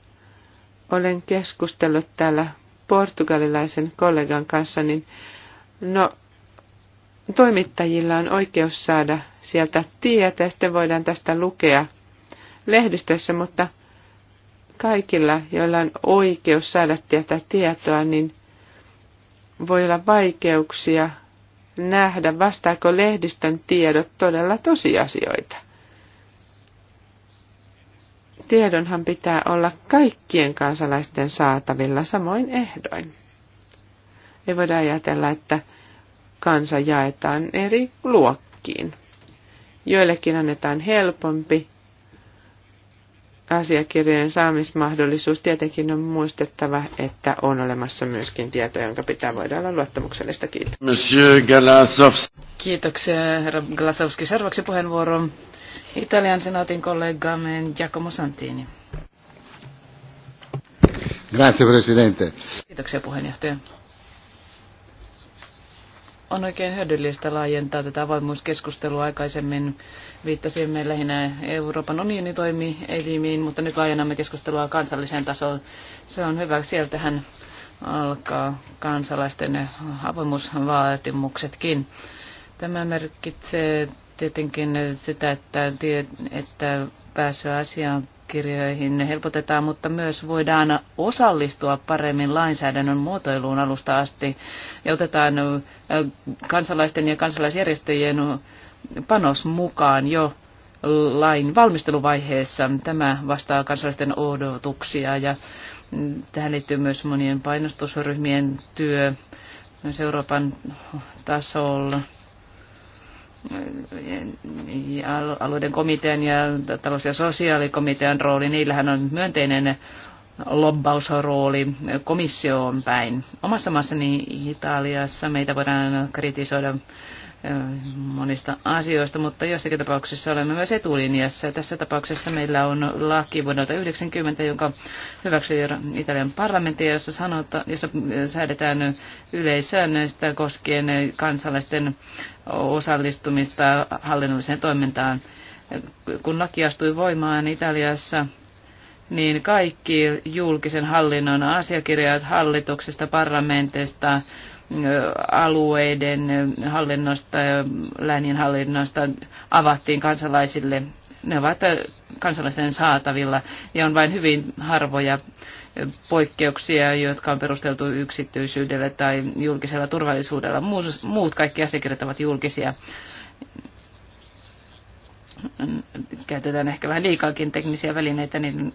[SPEAKER 2] olen keskustellut täällä portugalilaisen kollegan kanssa, niin no, toimittajilla on oikeus saada sieltä tietä ja sitten voidaan tästä lukea lehdistössä, mutta kaikilla, joilla on oikeus saada tietä tietoa, niin voi olla vaikeuksia nähdä, vastaako lehdistön tiedot todella tosiasioita. Tiedonhan pitää olla kaikkien kansalaisten saatavilla samoin ehdoin. Ei voida ajatella, että kansa jaetaan eri luokkiin. Joillekin annetaan helpompi asiakirjojen saamismahdollisuus. Tietenkin on muistettava, että on olemassa myöskin tieto, jonka pitää voida olla luottamuksellista. Kiitos.
[SPEAKER 1] Monsieur Galasovs.
[SPEAKER 4] Kiitoksia, herra Galasovski. Seuraavaksi puheenvuoro Italian senaatin kollegamme Giacomo Santini.
[SPEAKER 1] Grazie, Presidente.
[SPEAKER 4] Kiitoksia, puheenjohtaja. On oikein hyödyllistä laajentaa tätä avoimuuskeskustelua. Aikaisemmin viittasimme lähinnä Euroopan unionin toimielimiin, mutta nyt laajennamme keskustelua kansalliseen tasoon. Se on hyvä. Sieltähän alkaa kansalaisten avoimuusvaatimuksetkin. Tämä merkitsee tietenkin sitä, että, että pääsyä asiaan Kirjoihin helpotetaan, mutta myös voidaan osallistua paremmin lainsäädännön muotoiluun alusta asti ja otetaan kansalaisten ja kansalaisjärjestöjen panos mukaan jo lain valmisteluvaiheessa. Tämä vastaa kansalaisten odotuksia ja tähän liittyy myös monien painostusryhmien työ myös Euroopan tasolla alueiden komitean ja talous- ja sosiaalikomitean rooli, niillähän on myönteinen lobbausrooli komissioon päin. Omassa maassani Italiassa meitä voidaan kritisoida monista asioista, mutta jossakin tapauksessa olemme myös etulinjassa. Tässä tapauksessa meillä on laki vuodelta 90, jonka hyväksyi Italian parlamentti, jossa, sanota, jossa säädetään yleissäännöistä koskien kansalaisten osallistumista hallinnolliseen toimintaan. Kun laki astui voimaan Italiassa, niin kaikki julkisen hallinnon asiakirjat hallituksesta, parlamenteista, alueiden hallinnosta ja läänin hallinnosta avattiin kansalaisille. Ne ovat kansalaisten saatavilla ja on vain hyvin harvoja poikkeuksia, jotka on perusteltu yksityisyydelle tai julkisella turvallisuudella. Muut kaikki asiakirjat ovat julkisia. Käytetään ehkä vähän liikaakin teknisiä välineitä niiden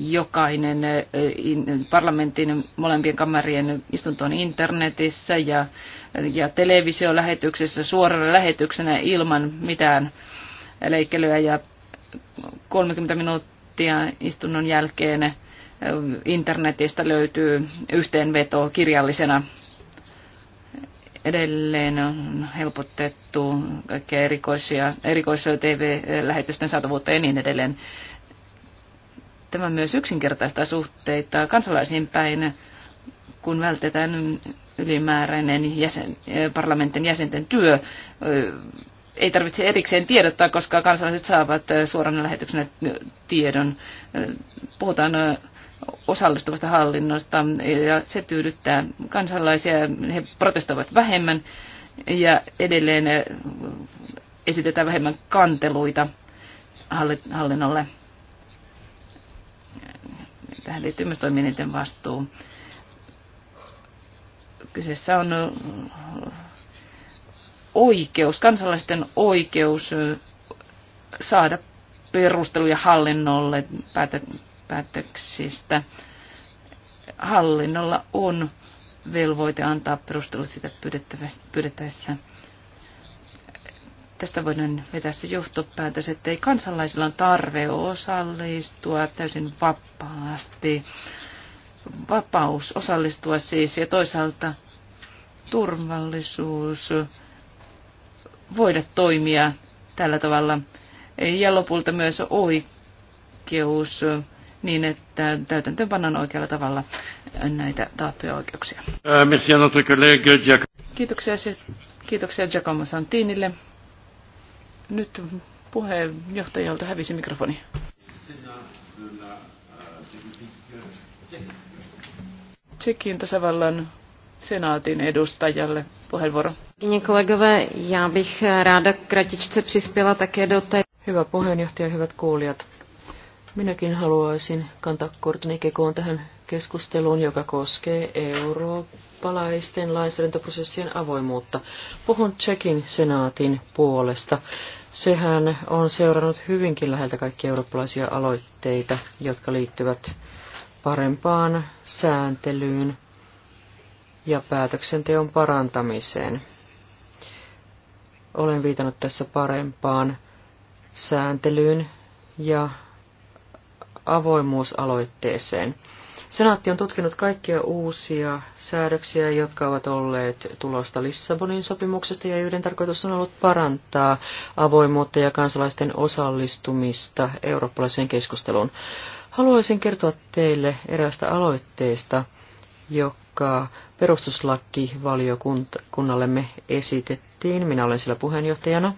[SPEAKER 4] jokainen eh, parlamentin molempien kamarien istunto on internetissä ja, ja televisiolähetyksessä suorana lähetyksenä ilman mitään leikkelyä ja 30 minuuttia istunnon jälkeen eh, internetistä löytyy yhteenveto kirjallisena. Edelleen on helpotettu kaikkia erikoisia, erikoisia TV-lähetysten eh, saatavuutta ja niin edelleen. Tämä myös yksinkertaistaa suhteita kansalaisiin päin, kun vältetään ylimääräinen jäsen, parlamentin jäsenten työ. Ei tarvitse erikseen tiedottaa, koska kansalaiset saavat suoran lähetyksen tiedon. Puhutaan osallistuvasta hallinnosta ja se tyydyttää kansalaisia. He protestoivat vähemmän ja edelleen esitetään vähemmän kanteluita hallinnolle. Tähän liittyy myös toimielinten vastuu. Kyseessä on oikeus, kansalaisten oikeus saada perusteluja hallinnolle päätö, päätöksistä. Hallinnolla on velvoite antaa perustelut sitä pyydettäessä tästä voidaan vetää se johtopäätös, että ei kansalaisilla on tarve osallistua täysin vapaasti. Vapaus osallistua siis ja toisaalta turvallisuus voida toimia tällä tavalla. Ja lopulta myös oikeus niin, että täytäntöön pannaan oikealla tavalla näitä taattuja oikeuksia.
[SPEAKER 1] Äh,
[SPEAKER 4] kiitoksia, kiitoksia Giacomo Santinille. Nyt puheenjohtajalta hävisi mikrofoni. Tsekin tasavallan senaatin edustajalle puheenvuoro.
[SPEAKER 3] také do Hyvä puheenjohtaja, hyvät kuulijat. Minäkin haluaisin kantaa korteni kekoon tähän keskusteluun, joka koskee Eurooppaa eurooppalaisten lainsäädäntöprosessien avoimuutta. Puhun Tsekin senaatin puolesta. Sehän on seurannut hyvinkin läheltä kaikkia eurooppalaisia aloitteita, jotka liittyvät parempaan sääntelyyn ja päätöksenteon parantamiseen. Olen viitannut tässä parempaan sääntelyyn ja avoimuusaloitteeseen. Senaatti on tutkinut kaikkia uusia säädöksiä, jotka ovat olleet tulosta Lissabonin sopimuksesta, ja yhden tarkoitus on ollut parantaa avoimuutta ja kansalaisten osallistumista eurooppalaiseen keskusteluun. Haluaisin kertoa teille eräästä aloitteesta, joka perustuslakivaliokunnallemme esitettiin. Minä olen sillä puheenjohtajana.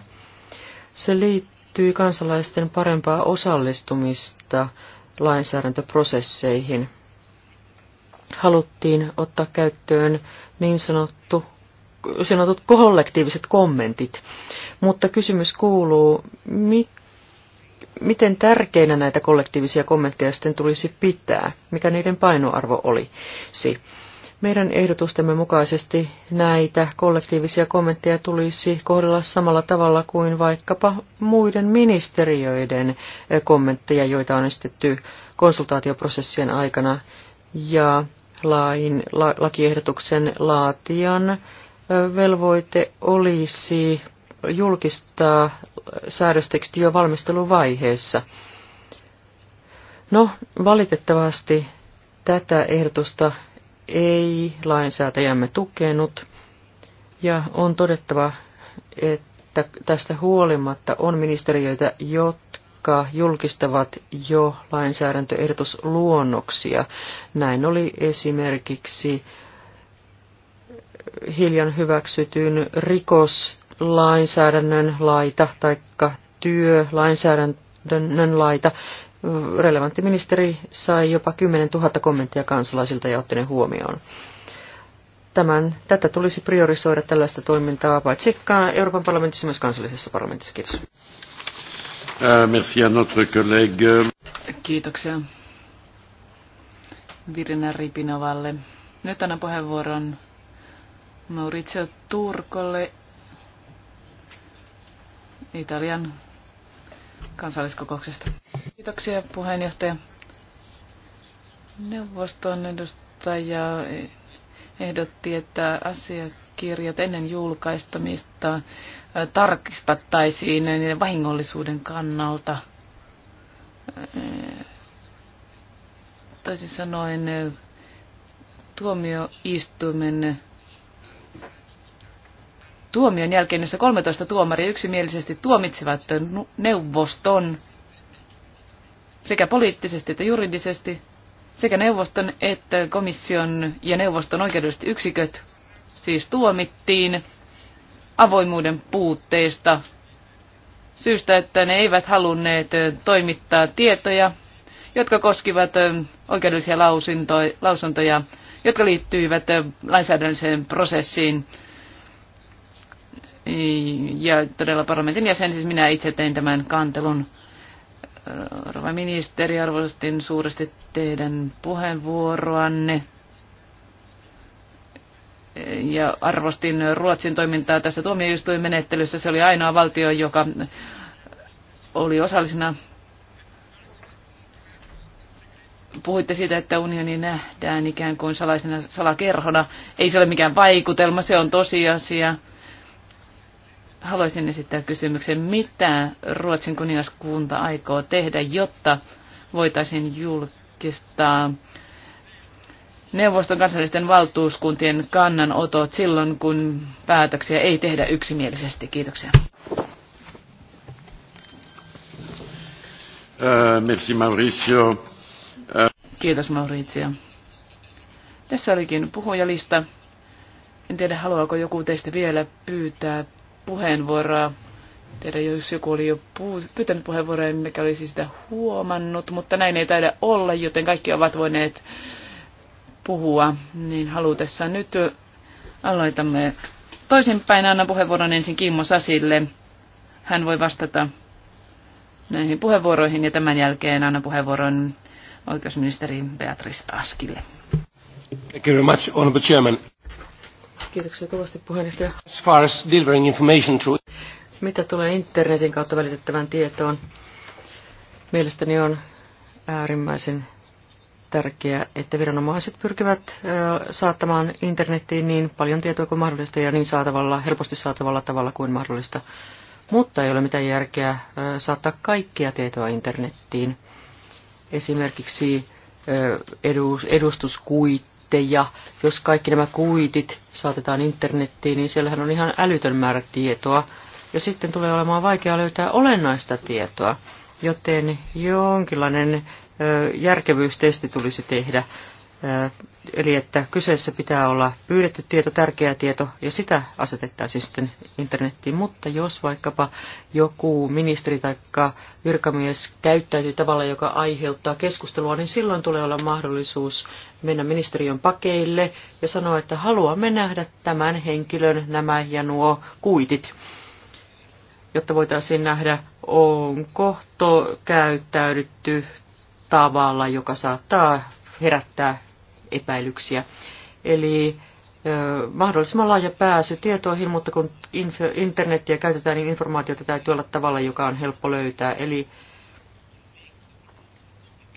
[SPEAKER 3] Se liittyy kansalaisten parempaa osallistumista lainsäädäntöprosesseihin haluttiin ottaa käyttöön niin sanottu, sanotut kollektiiviset kommentit. Mutta kysymys kuuluu, mi, miten tärkeinä näitä kollektiivisia kommentteja sitten tulisi pitää? Mikä niiden painoarvo olisi? Meidän ehdotustemme mukaisesti näitä kollektiivisia kommentteja tulisi kohdella samalla tavalla kuin vaikkapa muiden ministeriöiden eh, kommentteja, joita on esitetty konsultaatioprosessien aikana. Ja lain, la, lakiehdotuksen laatijan velvoite olisi julkistaa säädösteksti jo valmisteluvaiheessa. No, valitettavasti tätä ehdotusta ei lainsäätäjämme tukenut, ja on todettava, että tästä huolimatta on ministeriöitä, jotka jotka julkistavat jo lainsäädäntöehdotusluonnoksia. Näin oli esimerkiksi hiljan hyväksytyn rikoslainsäädännön laita tai työlainsäädännön laita. Relevantti ministeri sai jopa 10 000 kommenttia kansalaisilta ja otti ne huomioon tämän, tätä tulisi priorisoida tällaista toimintaa paitsi Euroopan parlamentissa myös kansallisessa parlamentissa. Kiitos.
[SPEAKER 1] Euh, merci à notre collègue. Euh,
[SPEAKER 3] Kiitoksia
[SPEAKER 4] Virina Ripinovalle. Nyt annan puheenvuoron Maurizio Turkolle, Italian kansalliskokouksesta. Kiitoksia puheenjohtaja. Neuvoston edustaja ehdotti, että asiat kirjat ennen julkaistamista tarkistattaisiin niiden vahingollisuuden kannalta. Toisin sanoen tuomioistuimen tuomion jälkeen, jossa 13 tuomari yksimielisesti tuomitsivat neuvoston sekä poliittisesti että juridisesti sekä neuvoston että komission ja neuvoston oikeudelliset yksiköt siis tuomittiin avoimuuden puutteesta syystä, että ne eivät halunneet toimittaa tietoja, jotka koskivat oikeudellisia lausuntoja, jotka liittyivät lainsäädännölliseen prosessiin. Ja todella parlamentin jäsen, siis minä itse tein tämän kantelun. Rouva ministeri, arvostin suuresti teidän puheenvuoroanne ja arvostin Ruotsin toimintaa tässä tuomioistuinmenettelyssä. Se oli ainoa valtio, joka oli osallisena. Puhuitte siitä, että unioni nähdään ikään kuin salaisena salakerhona. Ei se ole mikään vaikutelma, se on tosiasia. Haluaisin esittää kysymyksen, mitä Ruotsin kuningaskunta aikoo tehdä, jotta voitaisiin julkistaa neuvoston kansallisten valtuuskuntien kannanotot silloin, kun päätöksiä ei tehdä yksimielisesti. Kiitoksia.
[SPEAKER 1] Äh, merci Mauricio. Äh. Kiitos Mauricio.
[SPEAKER 4] Tässä olikin puhujalista. En tiedä, haluaako joku teistä vielä pyytää puheenvuoroa. Tiedä, jos joku oli jo pyytänyt puheenvuoroa, mikä olisi sitä huomannut, mutta näin ei taida olla, joten kaikki ovat voineet puhua niin halutessaan. Nyt aloitamme toisinpäin. Annan puheenvuoron ensin Kimmo Sasille. Hän voi vastata näihin puheenvuoroihin ja tämän jälkeen annan puheenvuoron oikeusministeri Beatrice Askille.
[SPEAKER 1] Thank you very much, Honorable Chairman.
[SPEAKER 3] Kiitoksia kovasti puheenjohtaja.
[SPEAKER 1] As far as delivering information through...
[SPEAKER 3] Mitä tulee internetin kautta välitettävään tietoon, mielestäni on äärimmäisen tärkeää, että viranomaiset pyrkivät saattamaan internettiin niin paljon tietoa kuin mahdollista ja niin saatavalla, helposti saatavalla tavalla kuin mahdollista. Mutta ei ole mitään järkeä saattaa kaikkia tietoa internettiin. Esimerkiksi edustuskuitteja. Jos kaikki nämä kuitit saatetaan internettiin, niin siellähän on ihan älytön määrä tietoa. Ja sitten tulee olemaan vaikea löytää olennaista tietoa joten jonkinlainen järkevyystesti tulisi tehdä. Eli että kyseessä pitää olla pyydetty tieto, tärkeä tieto, ja sitä asetettaisiin sitten internettiin. Mutta jos vaikkapa joku ministeri tai virkamies käyttäytyy tavalla, joka aiheuttaa keskustelua, niin silloin tulee olla mahdollisuus mennä ministeriön pakeille ja sanoa, että haluamme nähdä tämän henkilön nämä ja nuo kuitit jotta voitaisiin nähdä, onko to käyttäydytty tavalla, joka saattaa herättää epäilyksiä. Eli mahdollisimman laaja pääsy tietoihin, mutta kun internetiä käytetään, niin informaatiota täytyy olla tavalla, joka on helppo löytää. Eli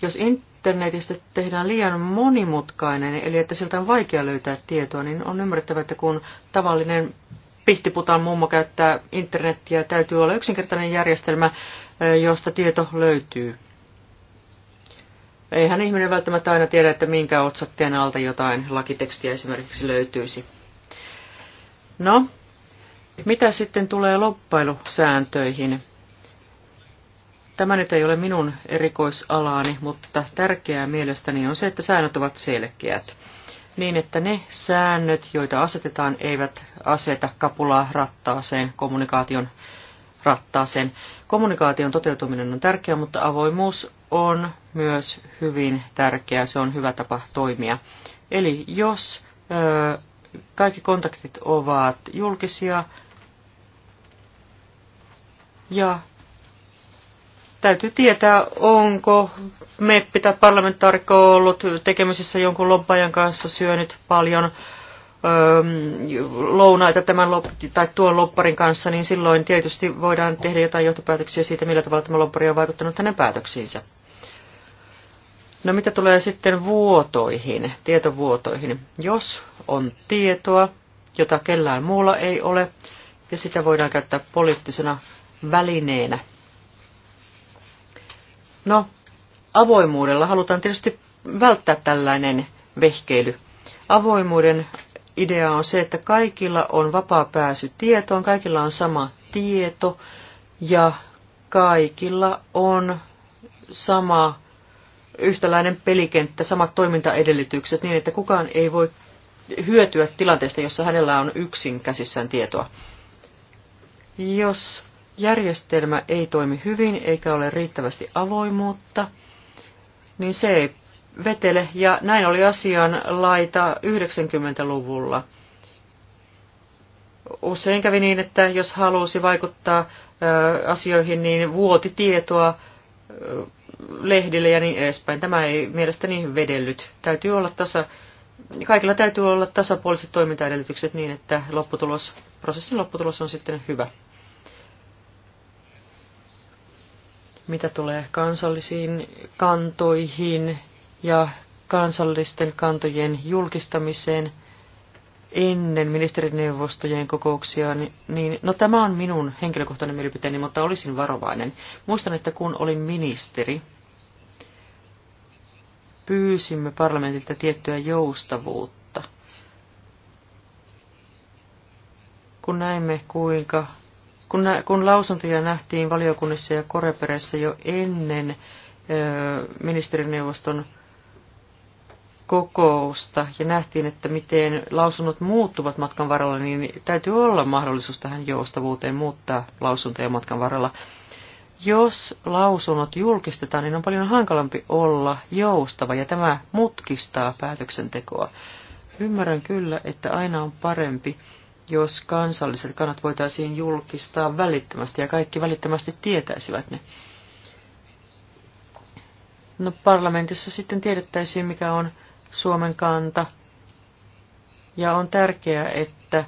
[SPEAKER 3] jos internetistä tehdään liian monimutkainen, eli että sieltä on vaikea löytää tietoa, niin on ymmärrettävä, että kun tavallinen pihtiputan mummo käyttää internettiä, täytyy olla yksinkertainen järjestelmä, josta tieto löytyy. Eihän ihminen välttämättä aina tiedä, että minkä otsakkeen alta jotain lakitekstiä esimerkiksi löytyisi. No, mitä sitten tulee loppailusääntöihin? Tämä nyt ei ole minun erikoisalaani, mutta tärkeää mielestäni on se, että säännöt ovat selkeät. Niin, että ne säännöt, joita asetetaan, eivät aseta kapulaa rattaaseen, kommunikaation rattaaseen. Kommunikaation toteutuminen on tärkeää, mutta avoimuus on myös hyvin tärkeä, se on hyvä tapa toimia. Eli jos ö, kaikki kontaktit ovat julkisia ja täytyy tietää, onko meppi tai parlamentaarikko ollut tekemisissä jonkun lobbajan kanssa, syönyt paljon ö, lounaita tämän tai tuon lopparin kanssa, niin silloin tietysti voidaan tehdä jotain johtopäätöksiä siitä, millä tavalla tämä loppari on vaikuttanut hänen päätöksiinsä. No mitä tulee sitten vuotoihin, tietovuotoihin? Jos on tietoa, jota kellään muulla ei ole, ja sitä voidaan käyttää poliittisena välineenä. No, avoimuudella halutaan tietysti välttää tällainen vehkeily. Avoimuuden idea on se, että kaikilla on vapaa pääsy tietoon, kaikilla on sama tieto ja kaikilla on sama yhtäläinen pelikenttä, samat toimintaedellytykset niin, että kukaan ei voi hyötyä tilanteesta, jossa hänellä on yksin käsissään tietoa. Jos järjestelmä ei toimi hyvin eikä ole riittävästi avoimuutta, niin se ei vetele. Ja näin oli asian laita 90-luvulla. Usein kävi niin, että jos halusi vaikuttaa asioihin, niin vuoti tietoa lehdille ja niin edespäin. Tämä ei mielestäni vedellyt. Täytyy olla tasa, kaikilla täytyy olla tasapuoliset toimintaedellytykset niin, että lopputulos, prosessin lopputulos on sitten hyvä. Mitä tulee kansallisiin kantoihin ja kansallisten kantojen julkistamiseen, ennen ministerineuvostojen kokouksia, niin no tämä on minun henkilökohtainen mielipiteeni, mutta olisin varovainen. Muistan, että kun olin ministeri, pyysimme parlamentilta tiettyä joustavuutta. Kun näimme, kuinka kun, nä, kun lausuntoja nähtiin valiokunnissa ja koreperässä jo ennen ö, ministerineuvoston kokousta ja nähtiin, että miten lausunnot muuttuvat matkan varrella, niin täytyy olla mahdollisuus tähän joustavuuteen muuttaa lausuntoja matkan varrella. Jos lausunnot julkistetaan, niin on paljon hankalampi olla joustava ja tämä mutkistaa päätöksentekoa. Ymmärrän kyllä, että aina on parempi, jos kansalliset kannat voitaisiin julkistaa välittömästi ja kaikki välittömästi tietäisivät ne. No parlamentissa sitten tiedettäisiin, mikä on Suomen kanta. Ja on tärkeää, että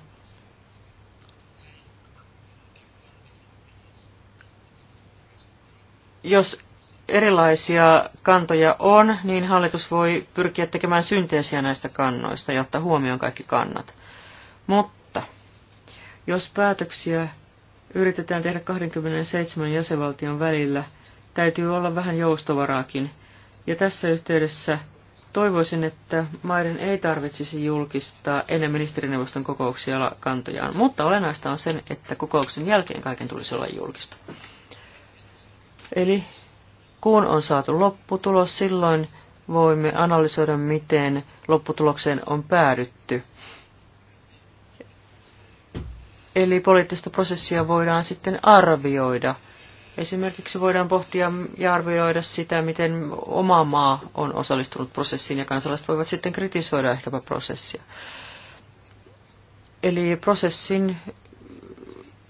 [SPEAKER 3] jos erilaisia kantoja on, niin hallitus voi pyrkiä tekemään synteesiä näistä kannoista ja ottaa huomioon kaikki kannat. Mutta jos päätöksiä yritetään tehdä 27 jäsenvaltion välillä, täytyy olla vähän joustovaraakin. Ja tässä yhteydessä Toivoisin, että maiden ei tarvitsisi julkistaa ennen ministerineuvoston kokouksia kantojaan, mutta olennaista on sen, että kokouksen jälkeen kaiken tulisi olla julkista. Eli kun on saatu lopputulos, silloin voimme analysoida, miten lopputulokseen on päädytty. Eli poliittista prosessia voidaan sitten arvioida – Esimerkiksi voidaan pohtia ja arvioida sitä, miten oma maa on osallistunut prosessiin ja kansalaiset voivat sitten kritisoida ehkäpä prosessia. Eli prosessin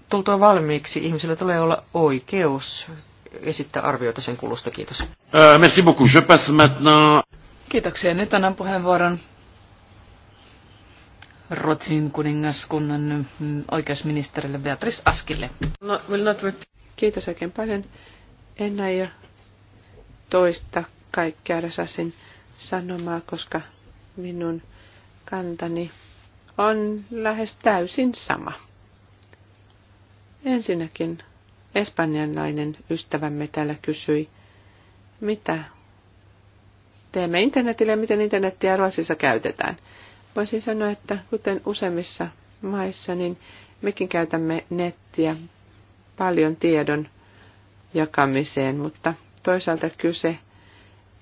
[SPEAKER 3] tultua valmiiksi ihmisillä tulee olla oikeus esittää arvioita sen kulusta. Kiitos.
[SPEAKER 4] Euh, merci beaucoup. Je passe
[SPEAKER 3] maintenant...
[SPEAKER 4] Kiitoksia. Nyt annan puheenvuoron Ruotsin kuningaskunnan oikeusministerille Beatrice Askille.
[SPEAKER 2] No, will not repeat. Kiitos oikein paljon. En jo toista kaikkea Rasasin sanomaa, koska minun kantani on lähes täysin sama. Ensinnäkin espanjanlainen ystävämme täällä kysyi, mitä teemme internetille ja miten internettiä Ruotsissa käytetään. Voisin sanoa, että kuten useimmissa maissa, niin mekin käytämme nettiä paljon tiedon jakamiseen, mutta toisaalta kyse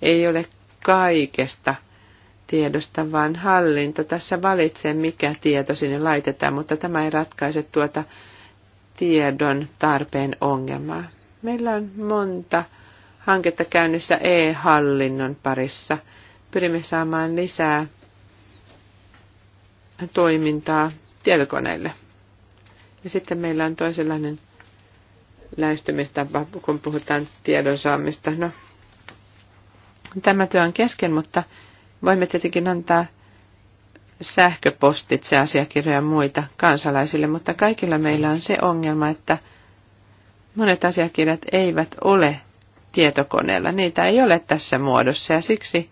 [SPEAKER 2] ei ole kaikesta tiedosta, vaan hallinto tässä valitsee, mikä tieto sinne laitetaan, mutta tämä ei ratkaise tuota tiedon tarpeen ongelmaa. Meillä on monta hanketta käynnissä e-hallinnon parissa. Pyrimme saamaan lisää toimintaa tietokoneille. Ja sitten meillä on toisenlainen lähestymistapa, kun puhutaan tiedonsaamista. No, tämä työ on kesken, mutta voimme tietenkin antaa sähköpostitse asiakirjoja ja muita kansalaisille, mutta kaikilla meillä on se ongelma, että monet asiakirjat eivät ole tietokoneella. Niitä ei ole tässä muodossa ja siksi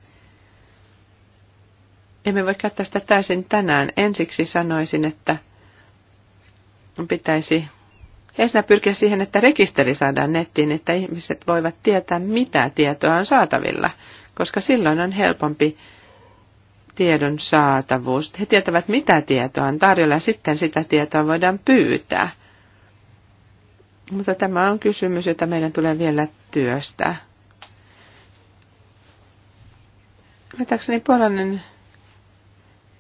[SPEAKER 2] emme voi käyttää sitä täysin tänään. Ensiksi sanoisin, että pitäisi Ensinnä pyrkiä siihen, että rekisteri saadaan nettiin, että ihmiset voivat tietää, mitä tietoa on saatavilla, koska silloin on helpompi tiedon saatavuus. He tietävät, mitä tietoa on tarjolla, ja sitten sitä tietoa voidaan pyytää. Mutta tämä on kysymys, jota meidän tulee vielä työstää. Mitäkseni puolainen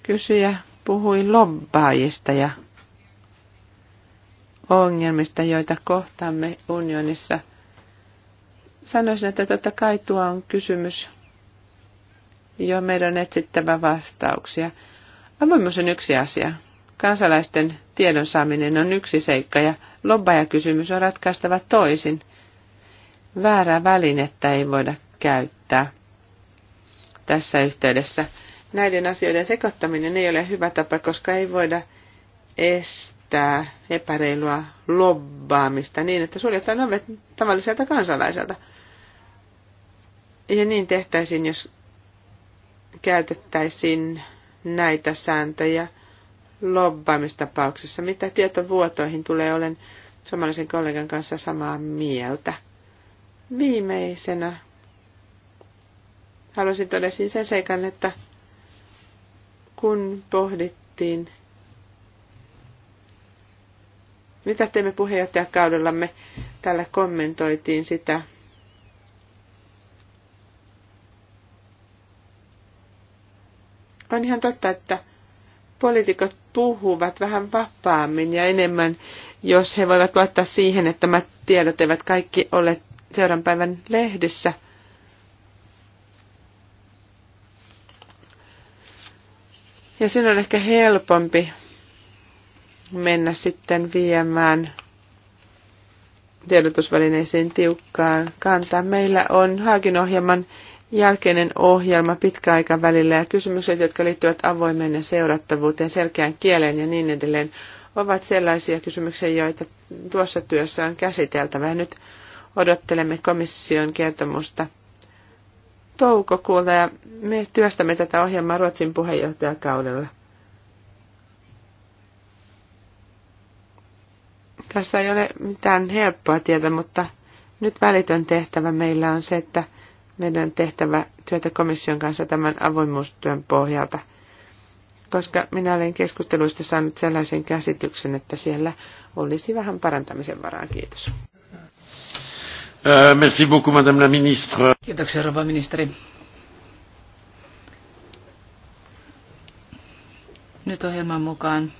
[SPEAKER 2] kysyjä puhui lobbaajista ja ongelmista, joita kohtaamme unionissa. Sanoisin, että totta kai tuo on kysymys, jo meidän on etsittävä vastauksia. Avoimuus on yksi asia. Kansalaisten tiedon saaminen on yksi seikka ja lobbajakysymys on ratkaistava toisin. Väärää välinettä ei voida käyttää tässä yhteydessä. Näiden asioiden sekoittaminen ei ole hyvä tapa, koska ei voida estää välttää epäreilua lobbaamista niin, että suljetaan ovet tavalliselta kansalaiselta. Ja niin tehtäisiin, jos käytettäisiin näitä sääntöjä lobbaamistapauksessa. Mitä tietovuotoihin tulee, olen suomalaisen kollegan kanssa samaa mieltä. Viimeisenä haluaisin todeta sen seikan, että kun pohdittiin mitä teemme puheenjohtajakaudellamme? Täällä kommentoitiin sitä. On ihan totta, että poliitikot puhuvat vähän vapaammin ja enemmän, jos he voivat luottaa siihen, että nämä tiedot eivät kaikki ole seuraavan päivän lehdissä. Ja sinun on ehkä helpompi mennä sitten viemään tiedotusvälineisiin tiukkaan kantaa. Meillä on Haakin ohjelman jälkeinen ohjelma pitkäaikavälillä ja kysymykset, jotka liittyvät avoimeen ja seurattavuuteen, selkeään kieleen ja niin edelleen, ovat sellaisia kysymyksiä, joita tuossa työssä on käsiteltävä. Ja nyt odottelemme komission kertomusta toukokuulta ja me työstämme tätä ohjelmaa Ruotsin puheenjohtajakaudella. Tässä ei ole mitään helppoa tietä, mutta nyt välitön tehtävä meillä on se, että meidän tehtävä työtä komission kanssa tämän avoimuustyön pohjalta. Koska minä olen keskusteluista saanut sellaisen käsityksen, että siellä olisi vähän parantamisen varaa. Kiitos.
[SPEAKER 1] Euh, merci beaucoup, madame la ministre.
[SPEAKER 4] Kiitoksia, rouva ministeri. Nyt ohjelman mukaan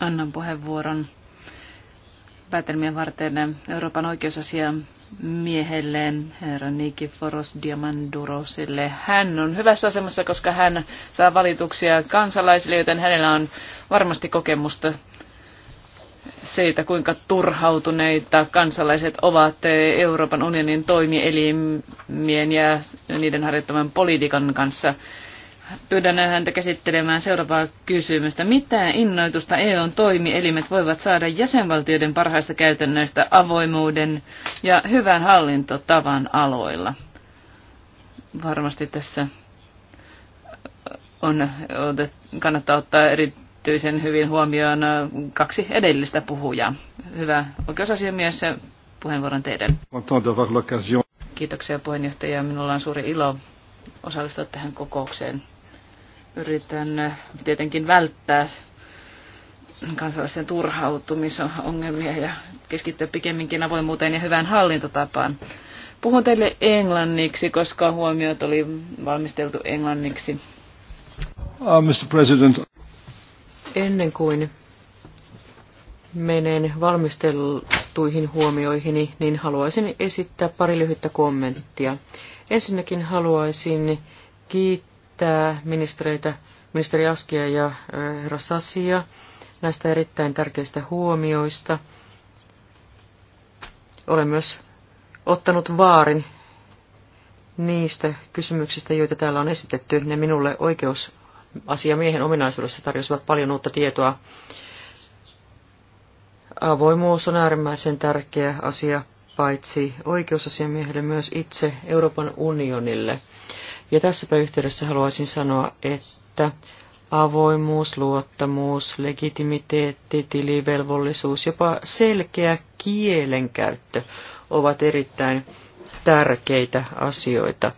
[SPEAKER 4] annan puheenvuoron päätelmiä varten Euroopan oikeusasiamiehelleen herra herra Nikiforos Diamandurosille. Hän on hyvässä asemassa, koska hän saa valituksia kansalaisille, joten hänellä on varmasti kokemusta siitä, kuinka turhautuneita kansalaiset ovat Euroopan unionin toimielimien ja niiden harjoittaman politiikan kanssa. Pyydän häntä käsittelemään seuraavaa kysymystä. Mitä innoitusta EUn toimielimet voivat saada jäsenvaltioiden parhaista käytännöistä avoimuuden ja hyvän hallintotavan aloilla? Varmasti tässä on, kannattaa ottaa erityisen hyvin huomioon kaksi edellistä puhujaa. Hyvä oikeusasiamies, puheenvuoron teidän. Kiitoksia puheenjohtaja. Minulla on suuri ilo osallistua tähän kokoukseen yritän tietenkin välttää kansalaisten turhautumisongelmia ja keskittyä pikemminkin avoimuuteen ja hyvään hallintotapaan. Puhun teille englanniksi, koska huomiot oli valmisteltu englanniksi.
[SPEAKER 1] Uh, Mr. President.
[SPEAKER 3] Ennen kuin menen valmisteltuihin huomioihini, niin haluaisin esittää pari lyhyttä kommenttia. Ensinnäkin haluaisin kiittää kiittää ministereitä, ministeri Askia ja herra äh, Sasia näistä erittäin tärkeistä huomioista. Olen myös ottanut vaarin niistä kysymyksistä, joita täällä on esitetty. Ne minulle oikeusasiamiehen ominaisuudessa tarjosivat paljon uutta tietoa. Avoimuus on äärimmäisen tärkeä asia paitsi oikeusasiamiehelle myös itse Euroopan unionille – ja tässäpä yhteydessä haluaisin sanoa, että avoimuus, luottamus, legitimiteetti, tilivelvollisuus, jopa selkeä kielenkäyttö ovat erittäin tärkeitä asioita.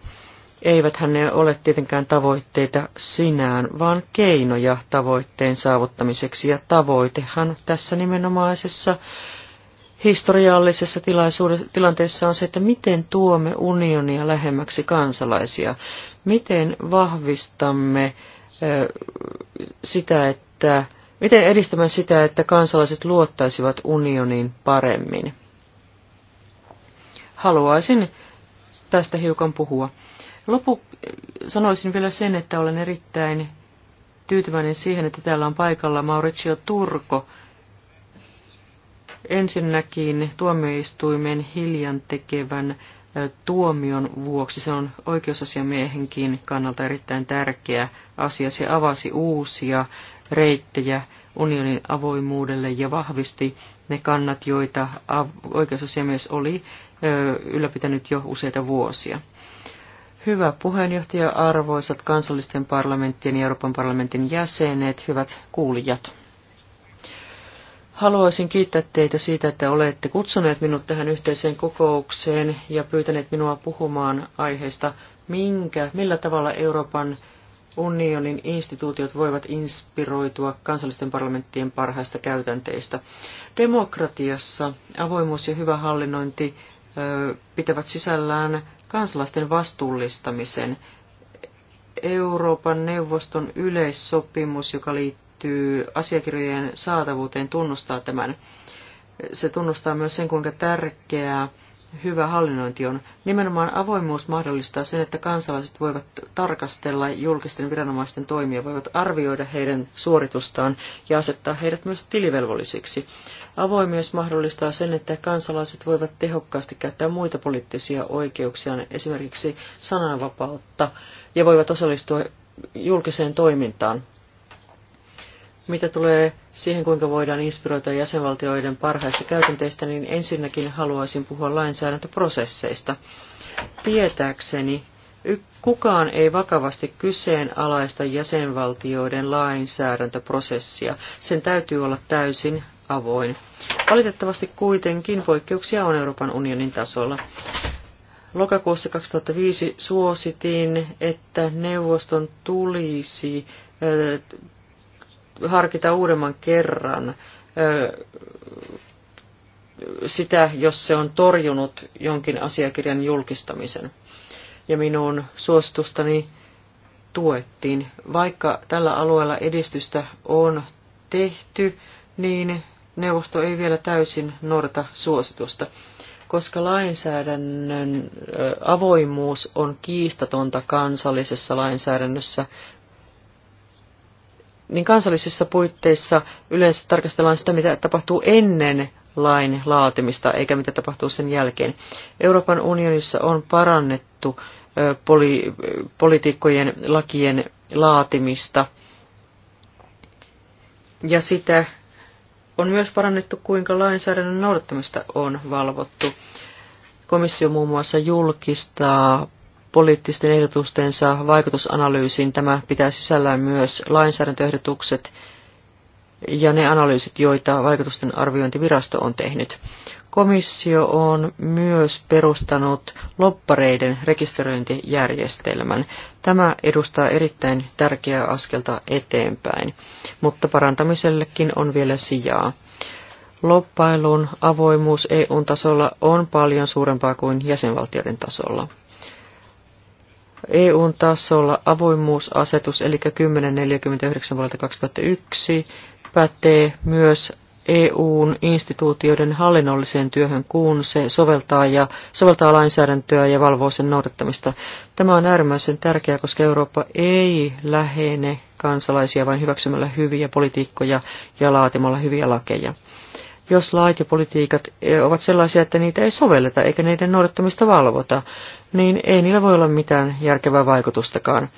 [SPEAKER 3] Eiväthän ne ole tietenkään tavoitteita sinään, vaan keinoja tavoitteen saavuttamiseksi, ja tavoitehan tässä nimenomaisessa historiallisessa tilanteessa on se, että miten tuomme unionia lähemmäksi kansalaisia, miten vahvistamme sitä, että miten edistämme sitä, että kansalaiset luottaisivat unioniin paremmin. Haluaisin tästä hiukan puhua. Lopu sanoisin vielä sen, että olen erittäin tyytyväinen siihen, että täällä on paikalla Mauricio Turko, Ensinnäkin tuomioistuimen hiljan tekevän tuomion vuoksi. Se on oikeusasiamiehenkin kannalta erittäin tärkeä asia. Se avasi uusia reittejä unionin avoimuudelle ja vahvisti ne kannat, joita oikeusasiamies oli ylläpitänyt jo useita vuosia. Hyvä puheenjohtaja, arvoisat kansallisten parlamenttien ja Euroopan parlamentin jäsenet, hyvät kuulijat. Haluaisin kiittää teitä siitä, että olette kutsuneet minut tähän yhteiseen kokoukseen ja pyytäneet minua puhumaan aiheesta, minkä, millä tavalla Euroopan unionin instituutiot voivat inspiroitua kansallisten parlamenttien parhaista käytänteistä. Demokratiassa avoimuus ja hyvä hallinnointi pitävät sisällään kansalaisten vastuullistamisen. Euroopan neuvoston yleissopimus, joka liittyy liittyy asiakirjojen saatavuuteen, tunnustaa tämän. Se tunnustaa myös sen, kuinka tärkeää hyvä hallinnointi on. Nimenomaan avoimuus mahdollistaa sen, että kansalaiset voivat tarkastella julkisten viranomaisten toimia, voivat arvioida heidän suoritustaan ja asettaa heidät myös tilivelvollisiksi. Avoimuus mahdollistaa sen, että kansalaiset voivat tehokkaasti käyttää muita poliittisia oikeuksia, esimerkiksi sananvapautta, ja voivat osallistua julkiseen toimintaan. Mitä tulee siihen, kuinka voidaan inspiroida jäsenvaltioiden parhaista käytänteistä, niin ensinnäkin haluaisin puhua lainsäädäntöprosesseista. Tietääkseni kukaan ei vakavasti kyseenalaista jäsenvaltioiden lainsäädäntöprosessia. Sen täytyy olla täysin avoin. Valitettavasti kuitenkin poikkeuksia on Euroopan unionin tasolla. Lokakuussa 2005 suositin, että neuvoston tulisi harkita uudemman kerran sitä, jos se on torjunut jonkin asiakirjan julkistamisen. Ja minun suostustani tuettiin. Vaikka tällä alueella edistystä on tehty, niin neuvosto ei vielä täysin noudata suositusta, koska lainsäädännön avoimuus on kiistatonta kansallisessa lainsäädännössä niin kansallisissa puitteissa yleensä tarkastellaan sitä, mitä tapahtuu ennen lain laatimista, eikä mitä tapahtuu sen jälkeen. Euroopan unionissa on parannettu poli, politiikkojen lakien laatimista. Ja sitä on myös parannettu, kuinka lainsäädännön noudattamista on valvottu. Komissio muun muassa julkistaa poliittisten ehdotustensa vaikutusanalyysin. Tämä pitää sisällään myös lainsäädäntöehdotukset ja ne analyysit, joita vaikutusten arviointivirasto on tehnyt. Komissio on myös perustanut loppareiden rekisteröintijärjestelmän. Tämä edustaa erittäin tärkeää askelta eteenpäin, mutta parantamisellekin on vielä sijaa. Loppailun avoimuus eu tasolla on paljon suurempaa kuin jäsenvaltioiden tasolla. EUn tasolla avoimuusasetus, eli 1049 vuodelta 2001, pätee myös EUn instituutioiden hallinnolliseen työhön, kun se soveltaa, ja, soveltaa lainsäädäntöä ja valvoo sen noudattamista. Tämä on äärimmäisen tärkeää, koska Eurooppa ei lähene kansalaisia vain hyväksymällä hyviä politiikkoja ja laatimalla hyviä lakeja. Jos lait ja politiikat e, ovat sellaisia, että niitä ei sovelleta eikä niiden noudattamista valvota, niin ei niillä voi olla mitään järkevää vaikutustakaan.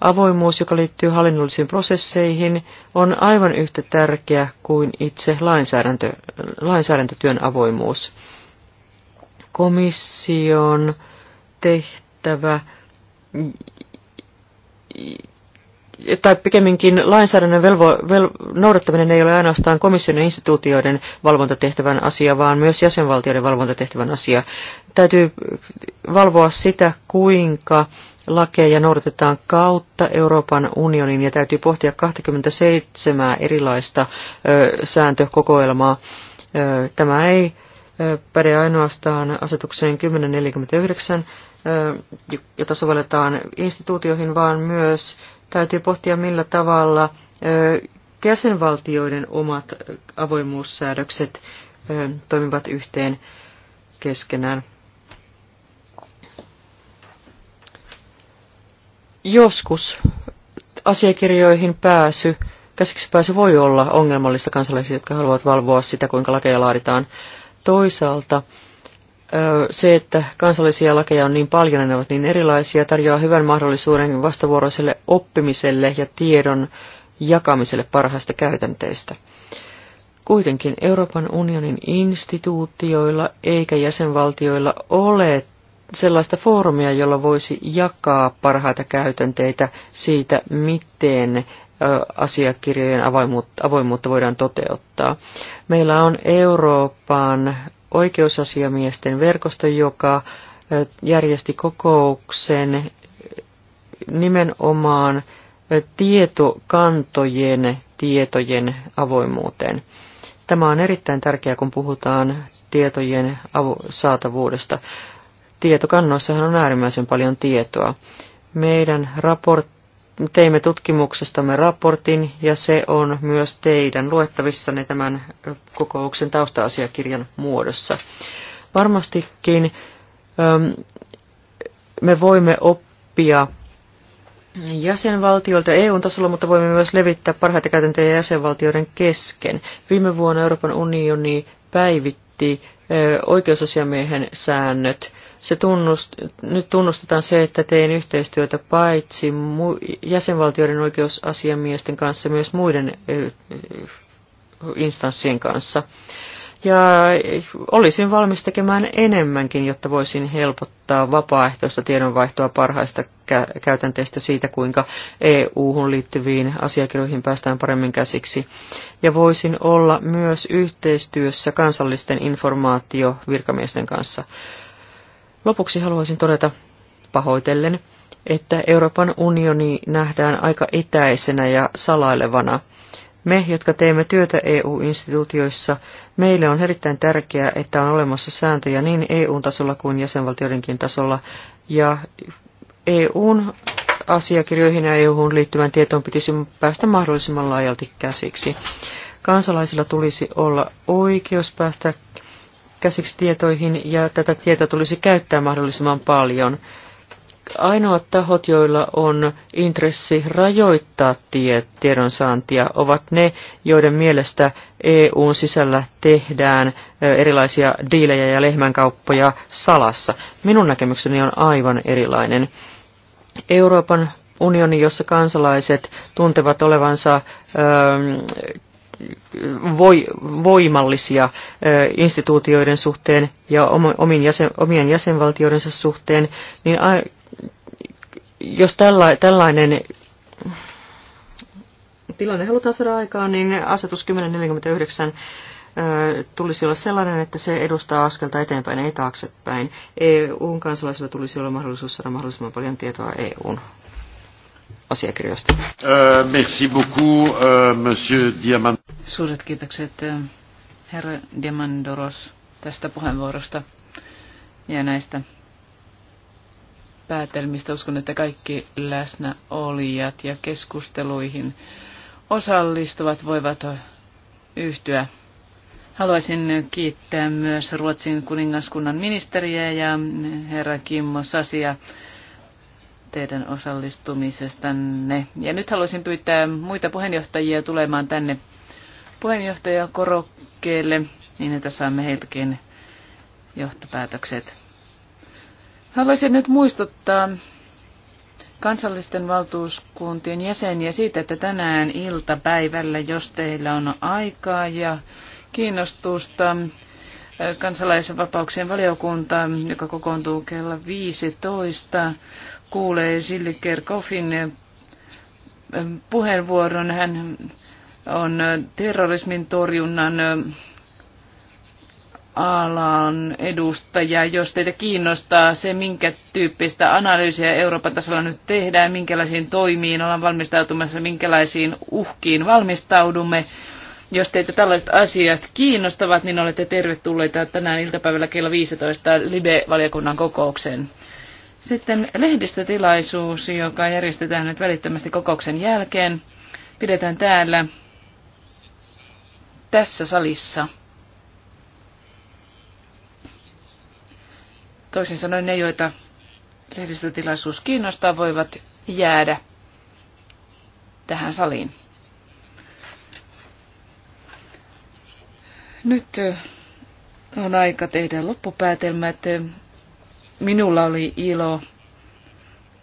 [SPEAKER 3] Avoimuus, joka liittyy hallinnollisiin prosesseihin, on aivan yhtä tärkeä kuin itse lainsäädäntö, lainsäädäntötyön avoimuus. Komission tehtävä tai pikemminkin lainsäädännön velvo, vel, noudattaminen ei ole ainoastaan komission ja instituutioiden valvontatehtävän asia, vaan myös jäsenvaltioiden valvontatehtävän asia. Täytyy valvoa sitä, kuinka lakeja noudatetaan kautta Euroopan unionin ja täytyy pohtia 27 erilaista ö, sääntökokoelmaa. Ö, tämä ei ö, päde ainoastaan asetukseen 1049, ö, jota sovelletaan instituutioihin, vaan myös täytyy pohtia, millä tavalla jäsenvaltioiden omat avoimuussäädökset toimivat yhteen keskenään. Joskus asiakirjoihin pääsy, käsiksi pääsy voi olla ongelmallista kansalaisille, jotka haluavat valvoa sitä, kuinka lakeja laaditaan. Toisaalta se, että kansallisia lakeja on niin paljon ja ne ovat niin erilaisia, tarjoaa hyvän mahdollisuuden vastavuoroiselle oppimiselle ja tiedon jakamiselle parhaista käytänteistä. Kuitenkin Euroopan unionin instituutioilla eikä jäsenvaltioilla ole sellaista foorumia, jolla voisi jakaa parhaita käytänteitä siitä, miten asiakirjojen avoimuutta voidaan toteuttaa. Meillä on Euroopan oikeusasiamiesten verkosto, joka järjesti kokouksen nimenomaan tietokantojen tietojen avoimuuteen. Tämä on erittäin tärkeää, kun puhutaan tietojen saatavuudesta. Tietokannoissahan on äärimmäisen paljon tietoa. Meidän raportti teimme tutkimuksestamme raportin ja se on myös teidän luettavissanne tämän kokouksen tausta-asiakirjan muodossa. Varmastikin ähm, me voimme oppia jäsenvaltioilta EU-tasolla, mutta voimme myös levittää parhaita käytäntöjä jäsenvaltioiden kesken. Viime vuonna Euroopan unioni päivitti äh, oikeusasiamiehen säännöt se tunnust, nyt tunnustetaan se, että teen yhteistyötä paitsi mu- jäsenvaltioiden oikeusasiamiesten kanssa, myös muiden instanssien kanssa. Ja olisin valmis tekemään enemmänkin, jotta voisin helpottaa vapaaehtoista tiedonvaihtoa parhaista kä- käytänteistä siitä, kuinka EU-hun liittyviin asiakirjoihin päästään paremmin käsiksi. Ja voisin olla myös yhteistyössä kansallisten informaatiovirkamiesten kanssa. Lopuksi haluaisin todeta pahoitellen, että Euroopan unioni nähdään aika etäisenä ja salailevana. Me, jotka teemme työtä EU-instituutioissa, meille on erittäin tärkeää, että on olemassa sääntöjä niin EU-tasolla kuin jäsenvaltioidenkin tasolla, ja EUn asiakirjoihin ja EUhun liittyvän tietoon pitäisi päästä mahdollisimman laajalti käsiksi. Kansalaisilla tulisi olla oikeus päästä käsiksi tietoihin ja tätä tietoa tulisi käyttää mahdollisimman paljon. Ainoat tahot, joilla on intressi rajoittaa tie, tiedonsaantia, ovat ne, joiden mielestä EUn sisällä tehdään erilaisia diilejä ja lehmänkauppoja salassa. Minun näkemykseni on aivan erilainen. Euroopan unioni, jossa kansalaiset tuntevat olevansa ö, voimallisia instituutioiden suhteen ja jäsen, omien jäsenvaltioidensa suhteen, niin jos tällainen tilanne halutaan saada aikaan, niin asetus 1049 tulisi olla sellainen, että se edustaa askelta eteenpäin, ei taaksepäin. EUn kansalaisilla tulisi olla mahdollisuus saada mahdollisimman paljon tietoa EUn asiakirjoista.
[SPEAKER 1] merci beaucoup, monsieur Diamant.
[SPEAKER 3] Suuret kiitokset,
[SPEAKER 4] herra Diamandoros, tästä puheenvuorosta ja näistä päätelmistä. Uskon, että kaikki läsnäolijat ja keskusteluihin osallistuvat voivat yhtyä. Haluaisin kiittää myös Ruotsin kuningaskunnan ministeriä ja herra Kimmo Sasia teidän osallistumisestanne. Ja nyt haluaisin pyytää muita puheenjohtajia tulemaan tänne puheenjohtajakorokkeelle, niin että saamme heiltäkin johtopäätökset. Haluaisin nyt muistuttaa kansallisten valtuuskuntien jäseniä siitä, että tänään iltapäivällä, jos teillä on aikaa ja kiinnostusta, kansalaisen vapauksien valiokunta, joka kokoontuu kello 15, kuulee Silli Kerkoffin eh, puheenvuoron. Hän on eh, terrorismin torjunnan eh, alan edustaja. Jos teitä kiinnostaa se, minkä tyyppistä analyysiä Euroopan tasolla nyt tehdään, minkälaisiin toimiin ollaan valmistautumassa, minkälaisiin uhkiin valmistaudumme, jos teitä tällaiset asiat kiinnostavat, niin olette tervetulleita tänään iltapäivällä kello 15 Libe-valiokunnan kokoukseen. Sitten lehdistötilaisuus, joka järjestetään nyt välittömästi kokouksen jälkeen, pidetään täällä tässä salissa. Toisin sanoen ne, joita lehdistötilaisuus kiinnostaa, voivat jäädä tähän saliin. Nyt on aika tehdä loppupäätelmät. Minulla oli ilo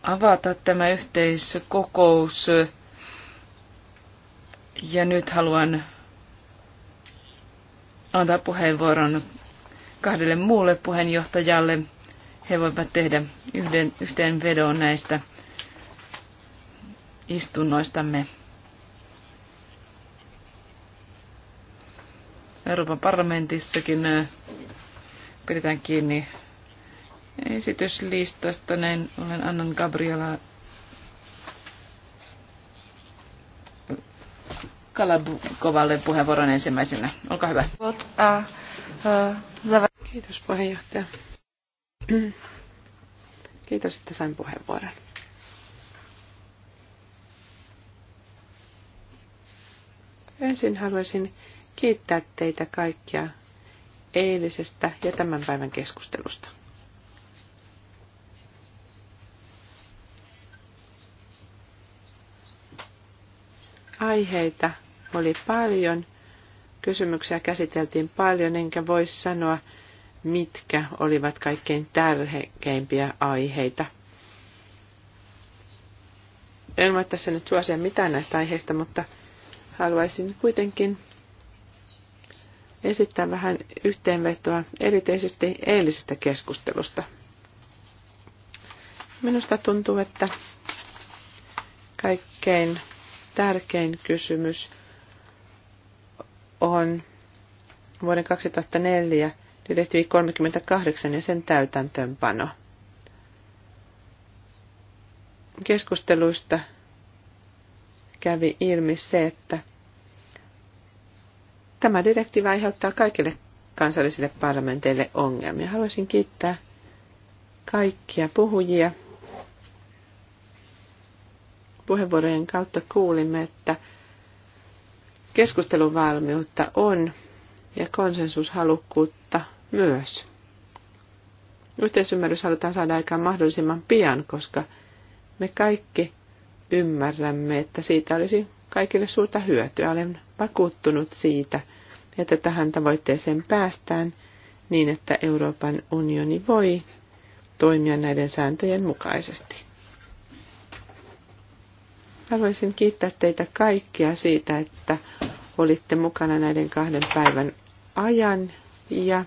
[SPEAKER 4] avata tämä yhteiskokous ja nyt haluan antaa puheenvuoron kahdelle muulle puheenjohtajalle. He voivat tehdä yhden, yhteenvedon näistä istunnoistamme. Euroopan parlamentissakin äh, pidetään kiinni esityslistasta. Näin olen annan Gabriela Kalabukovalle puheenvuoron ensimmäisenä. Olkaa hyvä.
[SPEAKER 2] Kiitos puheenjohtaja. Kiitos, että sain puheenvuoron. Ensin haluaisin kiittää teitä kaikkia eilisestä ja tämän päivän keskustelusta. Aiheita oli paljon, kysymyksiä käsiteltiin paljon, enkä voi sanoa, mitkä olivat kaikkein tärkeimpiä aiheita. En voi tässä nyt suosia mitään näistä aiheista, mutta haluaisin kuitenkin esittää vähän yhteenvetoa erityisesti eilisestä keskustelusta. Minusta tuntuu, että kaikkein tärkein kysymys on vuoden 2004 direktiivi 38 ja sen täytäntöönpano. Keskusteluista kävi ilmi se, että tämä direktiivi aiheuttaa kaikille kansallisille parlamenteille ongelmia. Haluaisin kiittää kaikkia puhujia puheenvuorojen kautta kuulimme, että keskusteluvalmiutta on ja konsensushalukkuutta myös. Yhteisymmärrys halutaan saada aikaan mahdollisimman pian, koska me kaikki ymmärrämme, että siitä olisi kaikille suurta hyötyä. Olen vakuuttunut siitä, että tähän tavoitteeseen päästään niin, että Euroopan unioni voi toimia näiden sääntöjen mukaisesti. Haluaisin kiittää teitä kaikkia siitä, että olitte mukana näiden kahden päivän ajan ja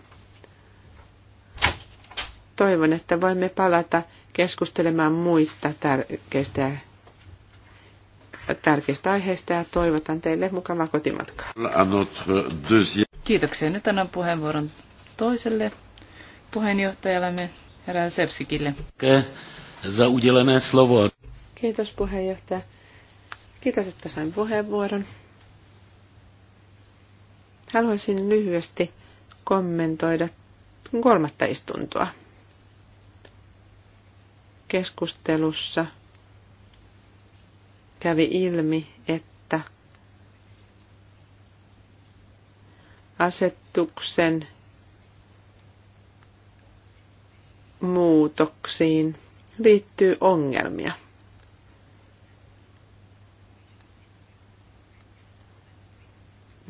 [SPEAKER 2] toivon, että voimme palata keskustelemaan muista tärkeistä, tärkeistä aiheista ja toivotan teille mukavaa kotimatkaa.
[SPEAKER 4] Kiitoksia. Nyt annan puheenvuoron toiselle puheenjohtajallamme, herra Sepsikille. Kiitos
[SPEAKER 2] puheenjohtaja. Kiitos, että sain puheenvuoron. Haluaisin lyhyesti kommentoida kolmatta istuntoa. Keskustelussa kävi ilmi, että asetuksen muutoksiin liittyy ongelmia –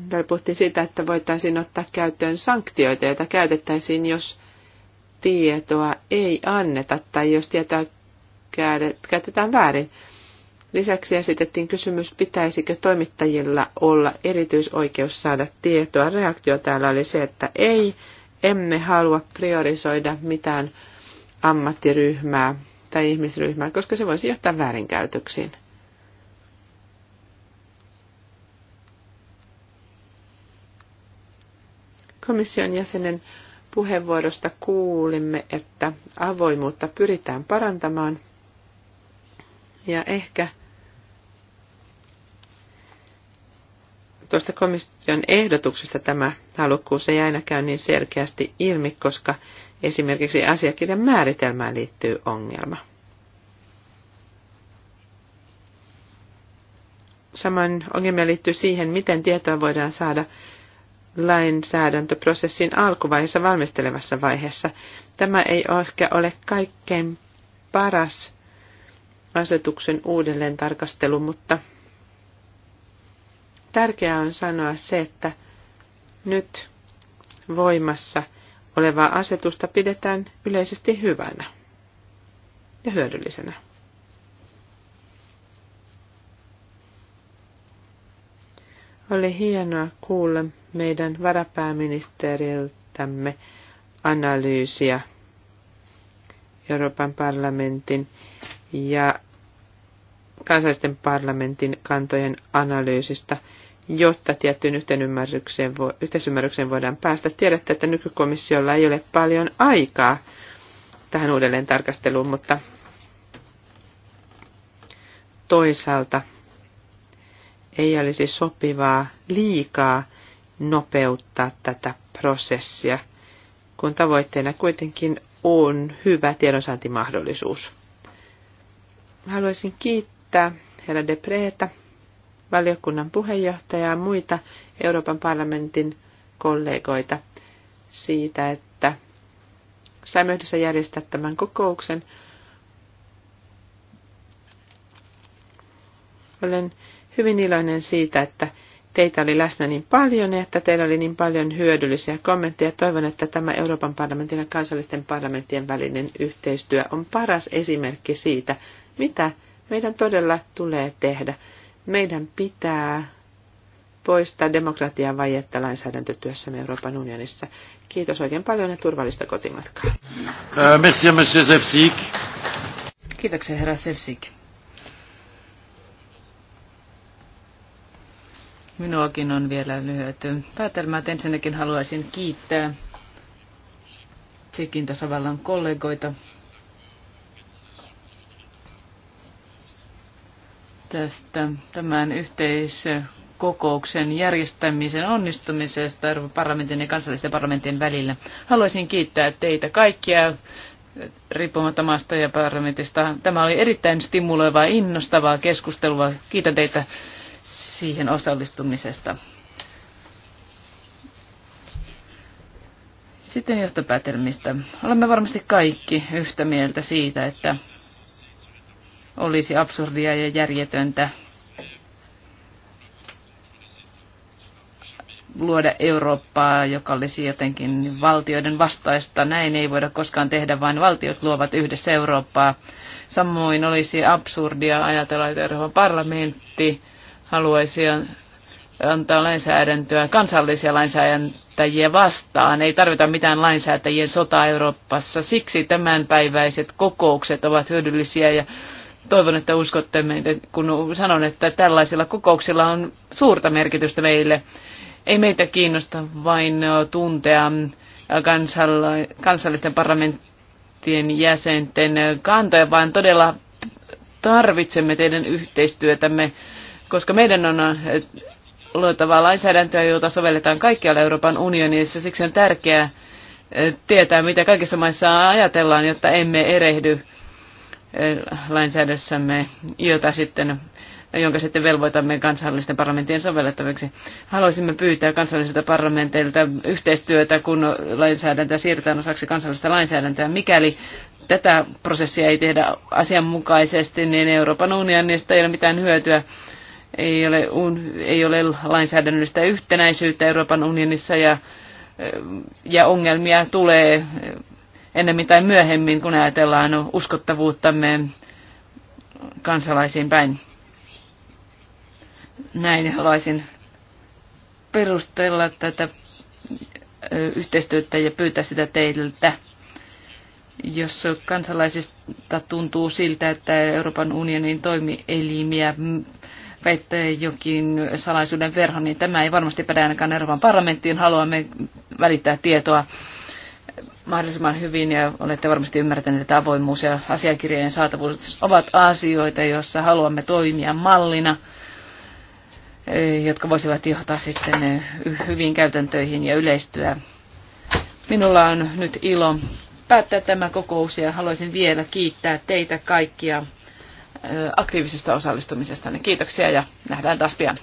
[SPEAKER 2] Täällä puhuttiin siitä, että voitaisiin ottaa käyttöön sanktioita, joita käytettäisiin, jos tietoa ei anneta tai jos tietoa käytetään väärin. Lisäksi esitettiin kysymys, pitäisikö toimittajilla olla erityisoikeus saada tietoa. Reaktio täällä oli se, että ei, emme halua priorisoida mitään ammattiryhmää tai ihmisryhmää, koska se voisi johtaa väärinkäytöksiin. Komission jäsenen puheenvuorosta kuulimme, että avoimuutta pyritään parantamaan ja ehkä tuosta komission ehdotuksesta tämä halukkuus ei aina käy niin selkeästi ilmi, koska esimerkiksi asiakirjan määritelmään liittyy ongelma. Samoin ongelmia liittyy siihen, miten tietoa voidaan saada lainsäädäntöprosessin alkuvaiheessa, valmistelevassa vaiheessa. Tämä ei ehkä ole kaikkein paras asetuksen uudelleen tarkastelu, mutta tärkeää on sanoa se, että nyt voimassa olevaa asetusta pidetään yleisesti hyvänä ja hyödyllisenä. Oli hienoa kuulla meidän varapääministeriltämme analyysiä Euroopan parlamentin ja kansallisten parlamentin kantojen analyysistä, jotta tiettyyn yhteisymmärrykseen, vo, yhteisymmärrykseen voidaan päästä. Tiedätte, että nykykomissiolla ei ole paljon aikaa tähän uudelleen tarkasteluun, mutta toisaalta ei olisi sopivaa liikaa nopeuttaa tätä prosessia, kun tavoitteena kuitenkin on hyvä tiedonsaantimahdollisuus. Haluaisin kiittää herra De Preeta, valiokunnan puheenjohtajaa ja muita Euroopan parlamentin kollegoita siitä, että saimme yhdessä järjestää tämän kokouksen. Olen hyvin iloinen siitä, että teitä oli läsnä niin paljon ja että teillä oli niin paljon hyödyllisiä kommentteja. Toivon, että tämä Euroopan parlamentin ja kansallisten parlamenttien välinen yhteistyö on paras esimerkki siitä, mitä meidän todella tulee tehdä. Meidän pitää poistaa demokratian vajetta lainsäädäntötyössämme Euroopan unionissa. Kiitos oikein paljon ja turvallista kotimatkaa. Euh,
[SPEAKER 1] merci, monsieur
[SPEAKER 4] Kiitoksia, herra Sefsik. Minuakin on vielä lyhyet päätelmät. Ensinnäkin haluaisin kiittää Tsekin tasavallan kollegoita tästä tämän yhteiskokouksen järjestämisen onnistumisesta Euroopan parlamentin ja kansallisten parlamenttien välillä. Haluaisin kiittää teitä kaikkia riippumatta maasta ja parlamentista. Tämä oli erittäin stimuloivaa, innostavaa keskustelua. Kiitän teitä siihen osallistumisesta. Sitten johtopäätelmistä. Olemme varmasti kaikki yhtä mieltä siitä, että olisi absurdia ja järjetöntä luoda Eurooppaa, joka olisi jotenkin valtioiden vastaista. Näin ei voida koskaan tehdä, vaan valtiot luovat yhdessä Eurooppaa. Samoin olisi absurdia ajatella, että Euroopan parlamentti haluaisi antaa lainsäädäntöä kansallisia lainsäädäntäjiä vastaan. Ei tarvita mitään lainsäätäjien sotaa Euroopassa. Siksi tämänpäiväiset kokoukset ovat hyödyllisiä ja toivon, että uskotte meitä, kun sanon, että tällaisilla kokouksilla on suurta merkitystä meille. Ei meitä kiinnosta vain tuntea kansallisten parlamenttien jäsenten kantoja, vaan todella tarvitsemme teidän yhteistyötämme koska meidän on äh, luotavaa lainsäädäntöä, jota sovelletaan kaikkialla Euroopan unionissa. Siksi on tärkeää äh, tietää, mitä kaikissa maissa ajatellaan, jotta emme erehdy äh, lainsäädössämme, jota sitten jonka sitten velvoitamme kansallisten parlamenttien sovellettaviksi. Haluaisimme pyytää kansallisilta parlamenteilta yhteistyötä, kun lainsäädäntöä siirretään osaksi kansallista lainsäädäntöä. Mikäli tätä prosessia ei tehdä asianmukaisesti, niin Euroopan unionista ei ole mitään hyötyä ei ole, un ei ole lainsäädännöllistä yhtenäisyyttä Euroopan unionissa ja, ja ongelmia tulee ennemmin tai myöhemmin, kun ajatellaan uskottavuuttamme kansalaisiin päin. Näin haluaisin perustella tätä yhteistyötä ja pyytää sitä teiltä. Jos kansalaisista tuntuu siltä, että Euroopan unionin toimielimiä veitte jokin salaisuuden verho, niin tämä ei varmasti päde ainakaan Euroopan parlamenttiin. Haluamme välittää tietoa mahdollisimman hyvin ja olette varmasti ymmärtäneet, että avoimuus ja asiakirjojen saatavuus ovat asioita, joissa haluamme toimia mallina jotka voisivat johtaa sitten hyviin käytäntöihin ja yleistyä. Minulla on nyt ilo päättää tämä kokous ja haluaisin vielä kiittää teitä kaikkia aktiivisesta osallistumisestanne. Niin kiitoksia ja nähdään taas pian.